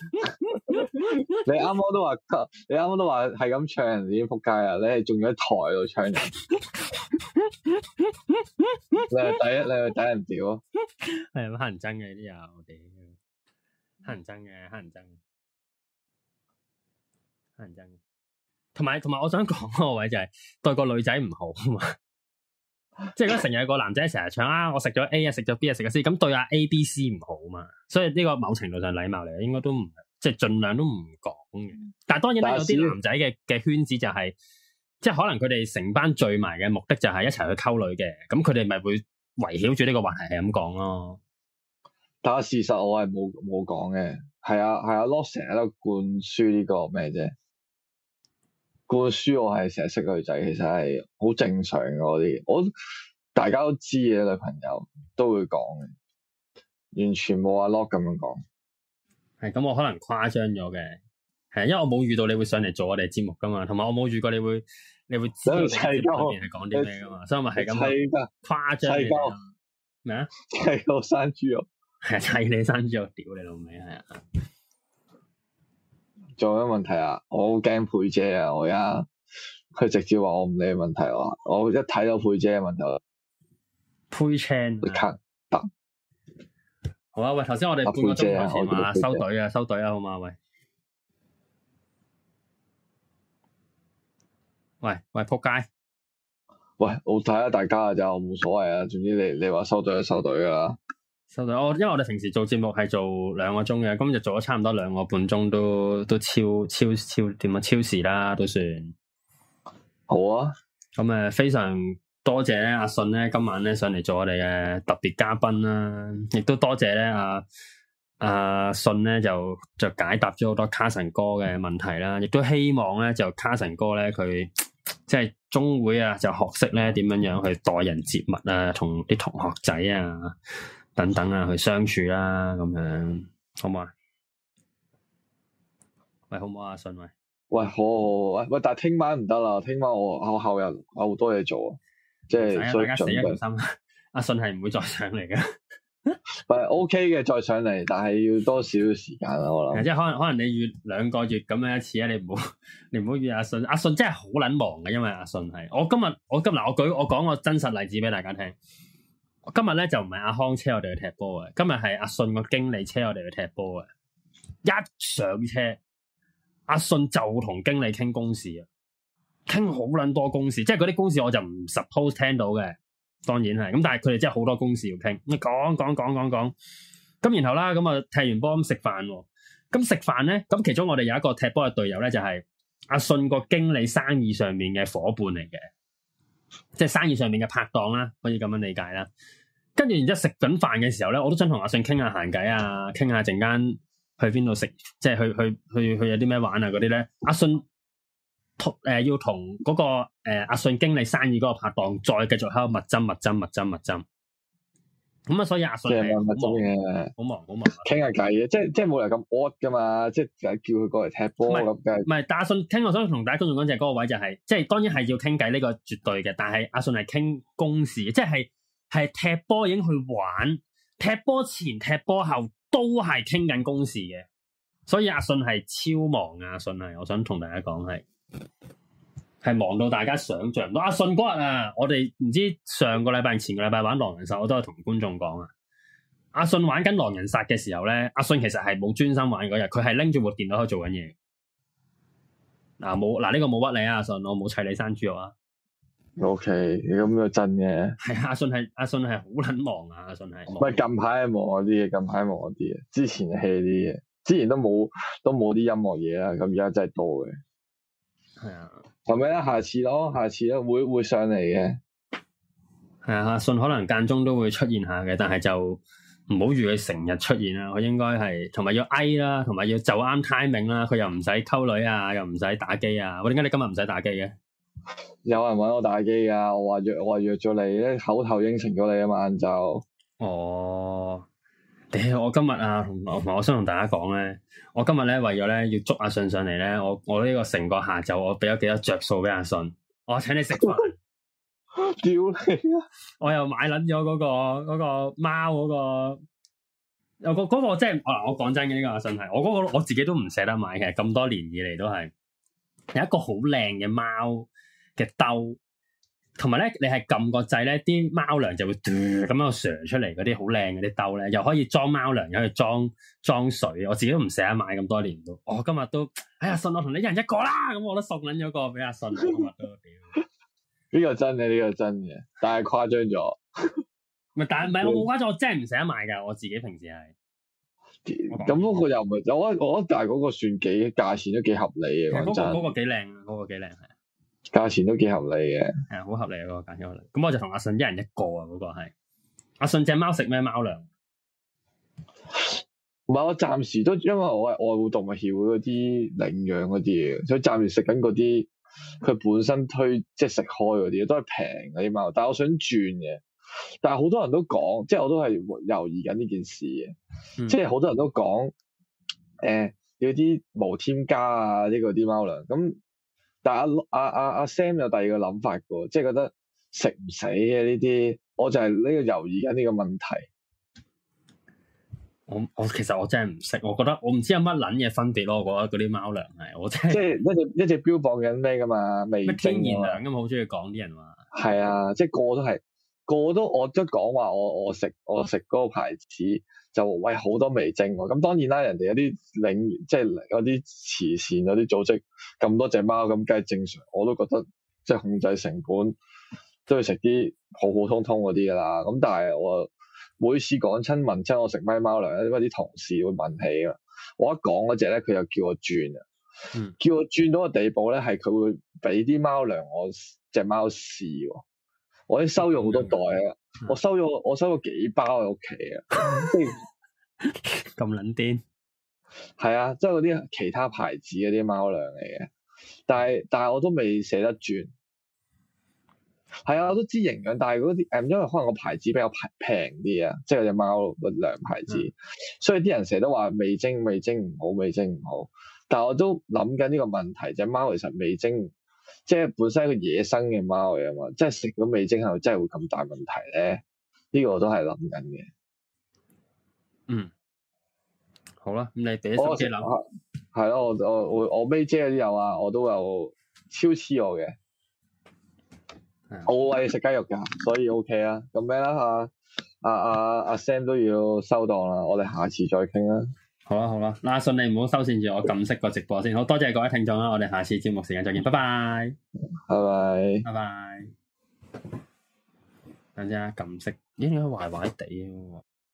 你啱啱都話，你啱啱都話，係咁唱人，已經撲街啦！你係仲要喺台度唱人， 你係第一，你係抵人屌啊！係咁黑人憎嘅，呢啲 有，黑人憎嘅，黑人憎，黑人憎。同埋同埋，我想講嗰個位就係、是、對個女仔唔好啊嘛， 即係如果成日個男仔成日唱啊， 我食咗 A 啊，食咗 B 啊，食咗 C，咁對阿 A、B、C 唔好啊嘛，所以呢個某程度上禮貌嚟，嘅應該都唔係。即係盡量都唔講嘅，但係當然咧，有啲男仔嘅嘅圈子就係、是，即係是可能佢哋成班聚埋嘅目的就係一齊去溝女嘅，咁佢哋咪會圍繞住呢個話題係咁講咯。但係事實我係冇冇講嘅，係啊係啊，lock 成日都灌輸、這個、呢個咩啫？灌輸我係成日識女仔，其實係好正常嗰啲，我大家都知嘅，女朋友都會講嘅，完全冇阿、啊、lock 咁樣講。係咁，我可能誇張咗嘅，係啊，因為我冇遇到你會上嚟做我哋節目噶嘛，同埋我冇遇過你會你會節目裏邊係講啲咩噶嘛，所以咪係咁誇張咩啊？砌個山豬肉，係砌你山豬肉，屌你老味係啊！仲有咩問題啊？我好驚佩姐啊！我而家佢直接話我唔理問題、啊，我我一睇到佩姐嘅問題、啊，佩青、啊。好啊，喂！頭先我哋半個鐘頭前嘛，收隊啊，收隊啊，好嘛，喂！喂喂，撲街！喂，我睇下大家啊，就冇所謂啊，總之你你話收隊就收隊噶啦。收隊，我、哦、因為我哋平時做節目係做兩個鐘嘅，今日做咗差唔多兩個半鐘，都都超超超點啊，超，超時啦，都算。好啊，咁啊，非常。多謝咧，阿信咧今晚咧上嚟做我哋嘅特別嘉賓啦，亦都多謝咧阿阿信咧就就解答咗好多卡神哥嘅問題啦，亦都希望咧就卡神哥咧佢即係中會啊，就學識咧點樣樣去待人接物啊，同啲同學仔啊等等啊去相處啦，咁樣好唔好啊？喂，好唔好啊？阿信喂，喂，喂，好好好，喂，但係聽晚唔得啦，聽晚我我後日我好多嘢做啊。即係大家死一條心是阿信係唔會再上嚟嘅，。 喂 OK 嘅再上嚟，但係要多少少時間啊？我諗即係可能可能你約兩個月咁樣一次啊！你唔好你唔好約阿信，阿信真係好撚忙嘅，因為阿信係我今日我今日我舉我講個真實例子俾大家聽。我今日咧就唔係阿康車我哋去踢波嘅，今日係阿信個經理車我哋去踢波嘅。一上車，阿信就同經理傾公事啊！傾好卵多公事，即係嗰啲公事我就唔 suppose 聽到嘅，當然係咁，但係佢哋真係好多公事要傾，講講講講講。咁然後啦，咁啊踢完波咁食飯，哦、咁、嗯、食飯咧，咁其中我哋有一個踢波嘅隊友咧，就係、是，阿信個經理，生意上面嘅夥伴嚟嘅，即係生意上面嘅拍檔啦，可以咁樣理解啦。跟住然之後食緊飯嘅時候咧，我都想同阿信傾下閒偈啊，傾下陣間去邊度食，即係去去去去有啲咩玩啊嗰啲咧，阿信。誒、呃，要同嗰、那個誒、呃、阿信經理生意嗰個拍檔再繼續喺度密斟密斟密斟密斟，咁啊、嗯，所以阿信係密斟嘅，好忙好忙，傾下偈嘅，即係即係冇人咁惡噶嘛，即係叫佢過嚟踢波咁嘅，唔係是，但阿信聽我想同大家講就係嗰個位就係、是，即係當然係要傾偈呢個絕對嘅，但係阿信係傾公事，即係係踢波已經去玩，踢波前、踢波後都係傾緊公事嘅，所以阿信係超忙啊，阿信係，我想同大家講係。係忙到大家想象唔到。阿信嗰日啊，我哋唔知上個禮拜、前個禮拜玩狼人殺，我都係同觀眾講啊。阿信玩緊狼人殺嘅時候咧，阿信其實係冇專心玩嗰日，佢係拎住部電腦喺度做緊嘢。嗱，冇嗱呢個冇屈你啊，阿信，我冇砌你山豬肉 okay, 啊。O K，咁樣震嘅。係阿信係阿信係好捻忙啊，阿信係。咪近排係忙啲嘢，近排忙啲嘢。之前 hea 啲嘢，之前都冇都冇啲音樂嘢啊。咁而家真係多嘅。係啊，係咪？咧，下次咯，下次咧會會上嚟嘅。係啊，阿信可能間中都會出現下嘅，但係就唔好預佢成日出現我啦。佢應該係同埋要 A 啦，同埋要就啱 timing 啦。佢又唔使溝女啊，又唔使打機啊。我點解你今日唔使打機嘅？有人搵我打機啊，我話約我話約咗你，咧口頭應承咗你啊嘛，晏晝。哦。我今日啊，同我想同大家講咧，我今日咧為咗咧要捉阿信上嚟，咧，我我呢個成個下晝我俾咗幾多着數俾阿信，我請你食飯。屌你啊！我又買捻咗嗰個嗰個貓嗰個，有個嗰個即係，我我講真嘅呢個阿信係，我嗰個我自己都唔捨得買嘅，其實咁多年以嚟都係有一個好靚嘅貓嘅兜。同埋咧，你係撳個掣咧，啲貓糧就會嘟咁樣個瀡出嚟，嗰啲好靚嗰啲兜咧，又可以裝貓糧，又可以裝裝水。我自己都唔捨得買咁多年都，我、哦、今日都哎呀，信我同你一人一個啦，咁我都送緊咗個俾阿信啊，今日呢個真嘅，呢、呢個真嘅，但係誇張咗。唔 係，但係唔係我冇誇張，我真係唔捨得買噶。我自己平時係。咁嗰個又唔係，我我，我但係嗰個算幾，價錢都幾合理啊。其實嗰、嗯嗯嗰個嗰、嗰個幾靚，嗰個幾靚價錢都幾合理嘅，係啊，好、那個、合理啊，嗰個價錢好合理。咁我就同阿信一人一個啊，嗰、那個係。阿信隻貓食咩貓糧？唔係我暫時都，因為我係愛護動物協會嗰啲領養嗰啲嘢，所以暫時食緊嗰啲，佢本身推即係食開嗰啲，都係平嗰啲貓。但係我想轉嘅，但係好多人都講，即係我都係猶豫緊呢件事嘅，嗯、即係好多人都講，誒、呃，有啲無添加啊，呢、這個啲貓糧咁。但阿阿阿阿 Sam 有第二個諗法嘅，即係覺得食唔死嘅呢啲，我就係呢個猶豫緊呢個問題。我我其實我真係唔食，我覺得我唔知有乜撚嘢分別咯。我覺得嗰啲貓糧係，我即係即係一隻一隻標榜緊咩嘅嘛，味精原料咁啊，好中意講啲人話。係啊，即係個都係個都我都講話我我食我食嗰個牌子。就喂好多味精喎，咁當然啦，人、就、哋、是、有啲領即係有啲慈善有啲組織咁多隻貓，咁梗係正常。我都覺得即係、就是、控制成本都要食啲普普通通嗰啲啦。咁但係我每次講親問親我食咩貓糧咧，啲同事會問起啊。我一講嗰隻咧，佢又叫我轉啊，叫我轉到個地步咧，係佢會俾啲貓糧我隻貓試喎。我已經收咗好多袋啊！嗯嗯嗯我收咗我收咗幾包喺屋企啊，咁捻癲，係啊，即係嗰啲其他牌子嗰啲貓糧嚟嘅，但係但係我都未捨得轉，係啊，我都知營養，但係啲誒，因為可能個牌子比較平啲啊，即係隻貓個糧牌子，嗯、所以啲人成日都話味精味精唔好味精唔好，但係我都諗緊呢個問題，隻貓、是、其實味精。即係本身係一個野生嘅貓嚟啊嘛，即係食咗味精後，真係會咁大問題咧？呢、這個我都係諗緊嘅。嗯。好啦，咁你俾手機諗。係咯、啊啊，我我我我 May 姐都有啊，我都有超黐我嘅。啊、我餵食雞肉嘅，所以 OK 啊。咁咩啦？阿阿阿 Sam 都要收檔啦，我哋下次再傾啦、啊。好啦好啦，嗱，阿信你唔好收線住，我撳熄個直播先，好多謝各位聽眾啦，我哋下次節目時間再見，拜拜，拜拜 Bye bye.，拜拜。等陣啊，撳熄，咦點解壞壞地嘅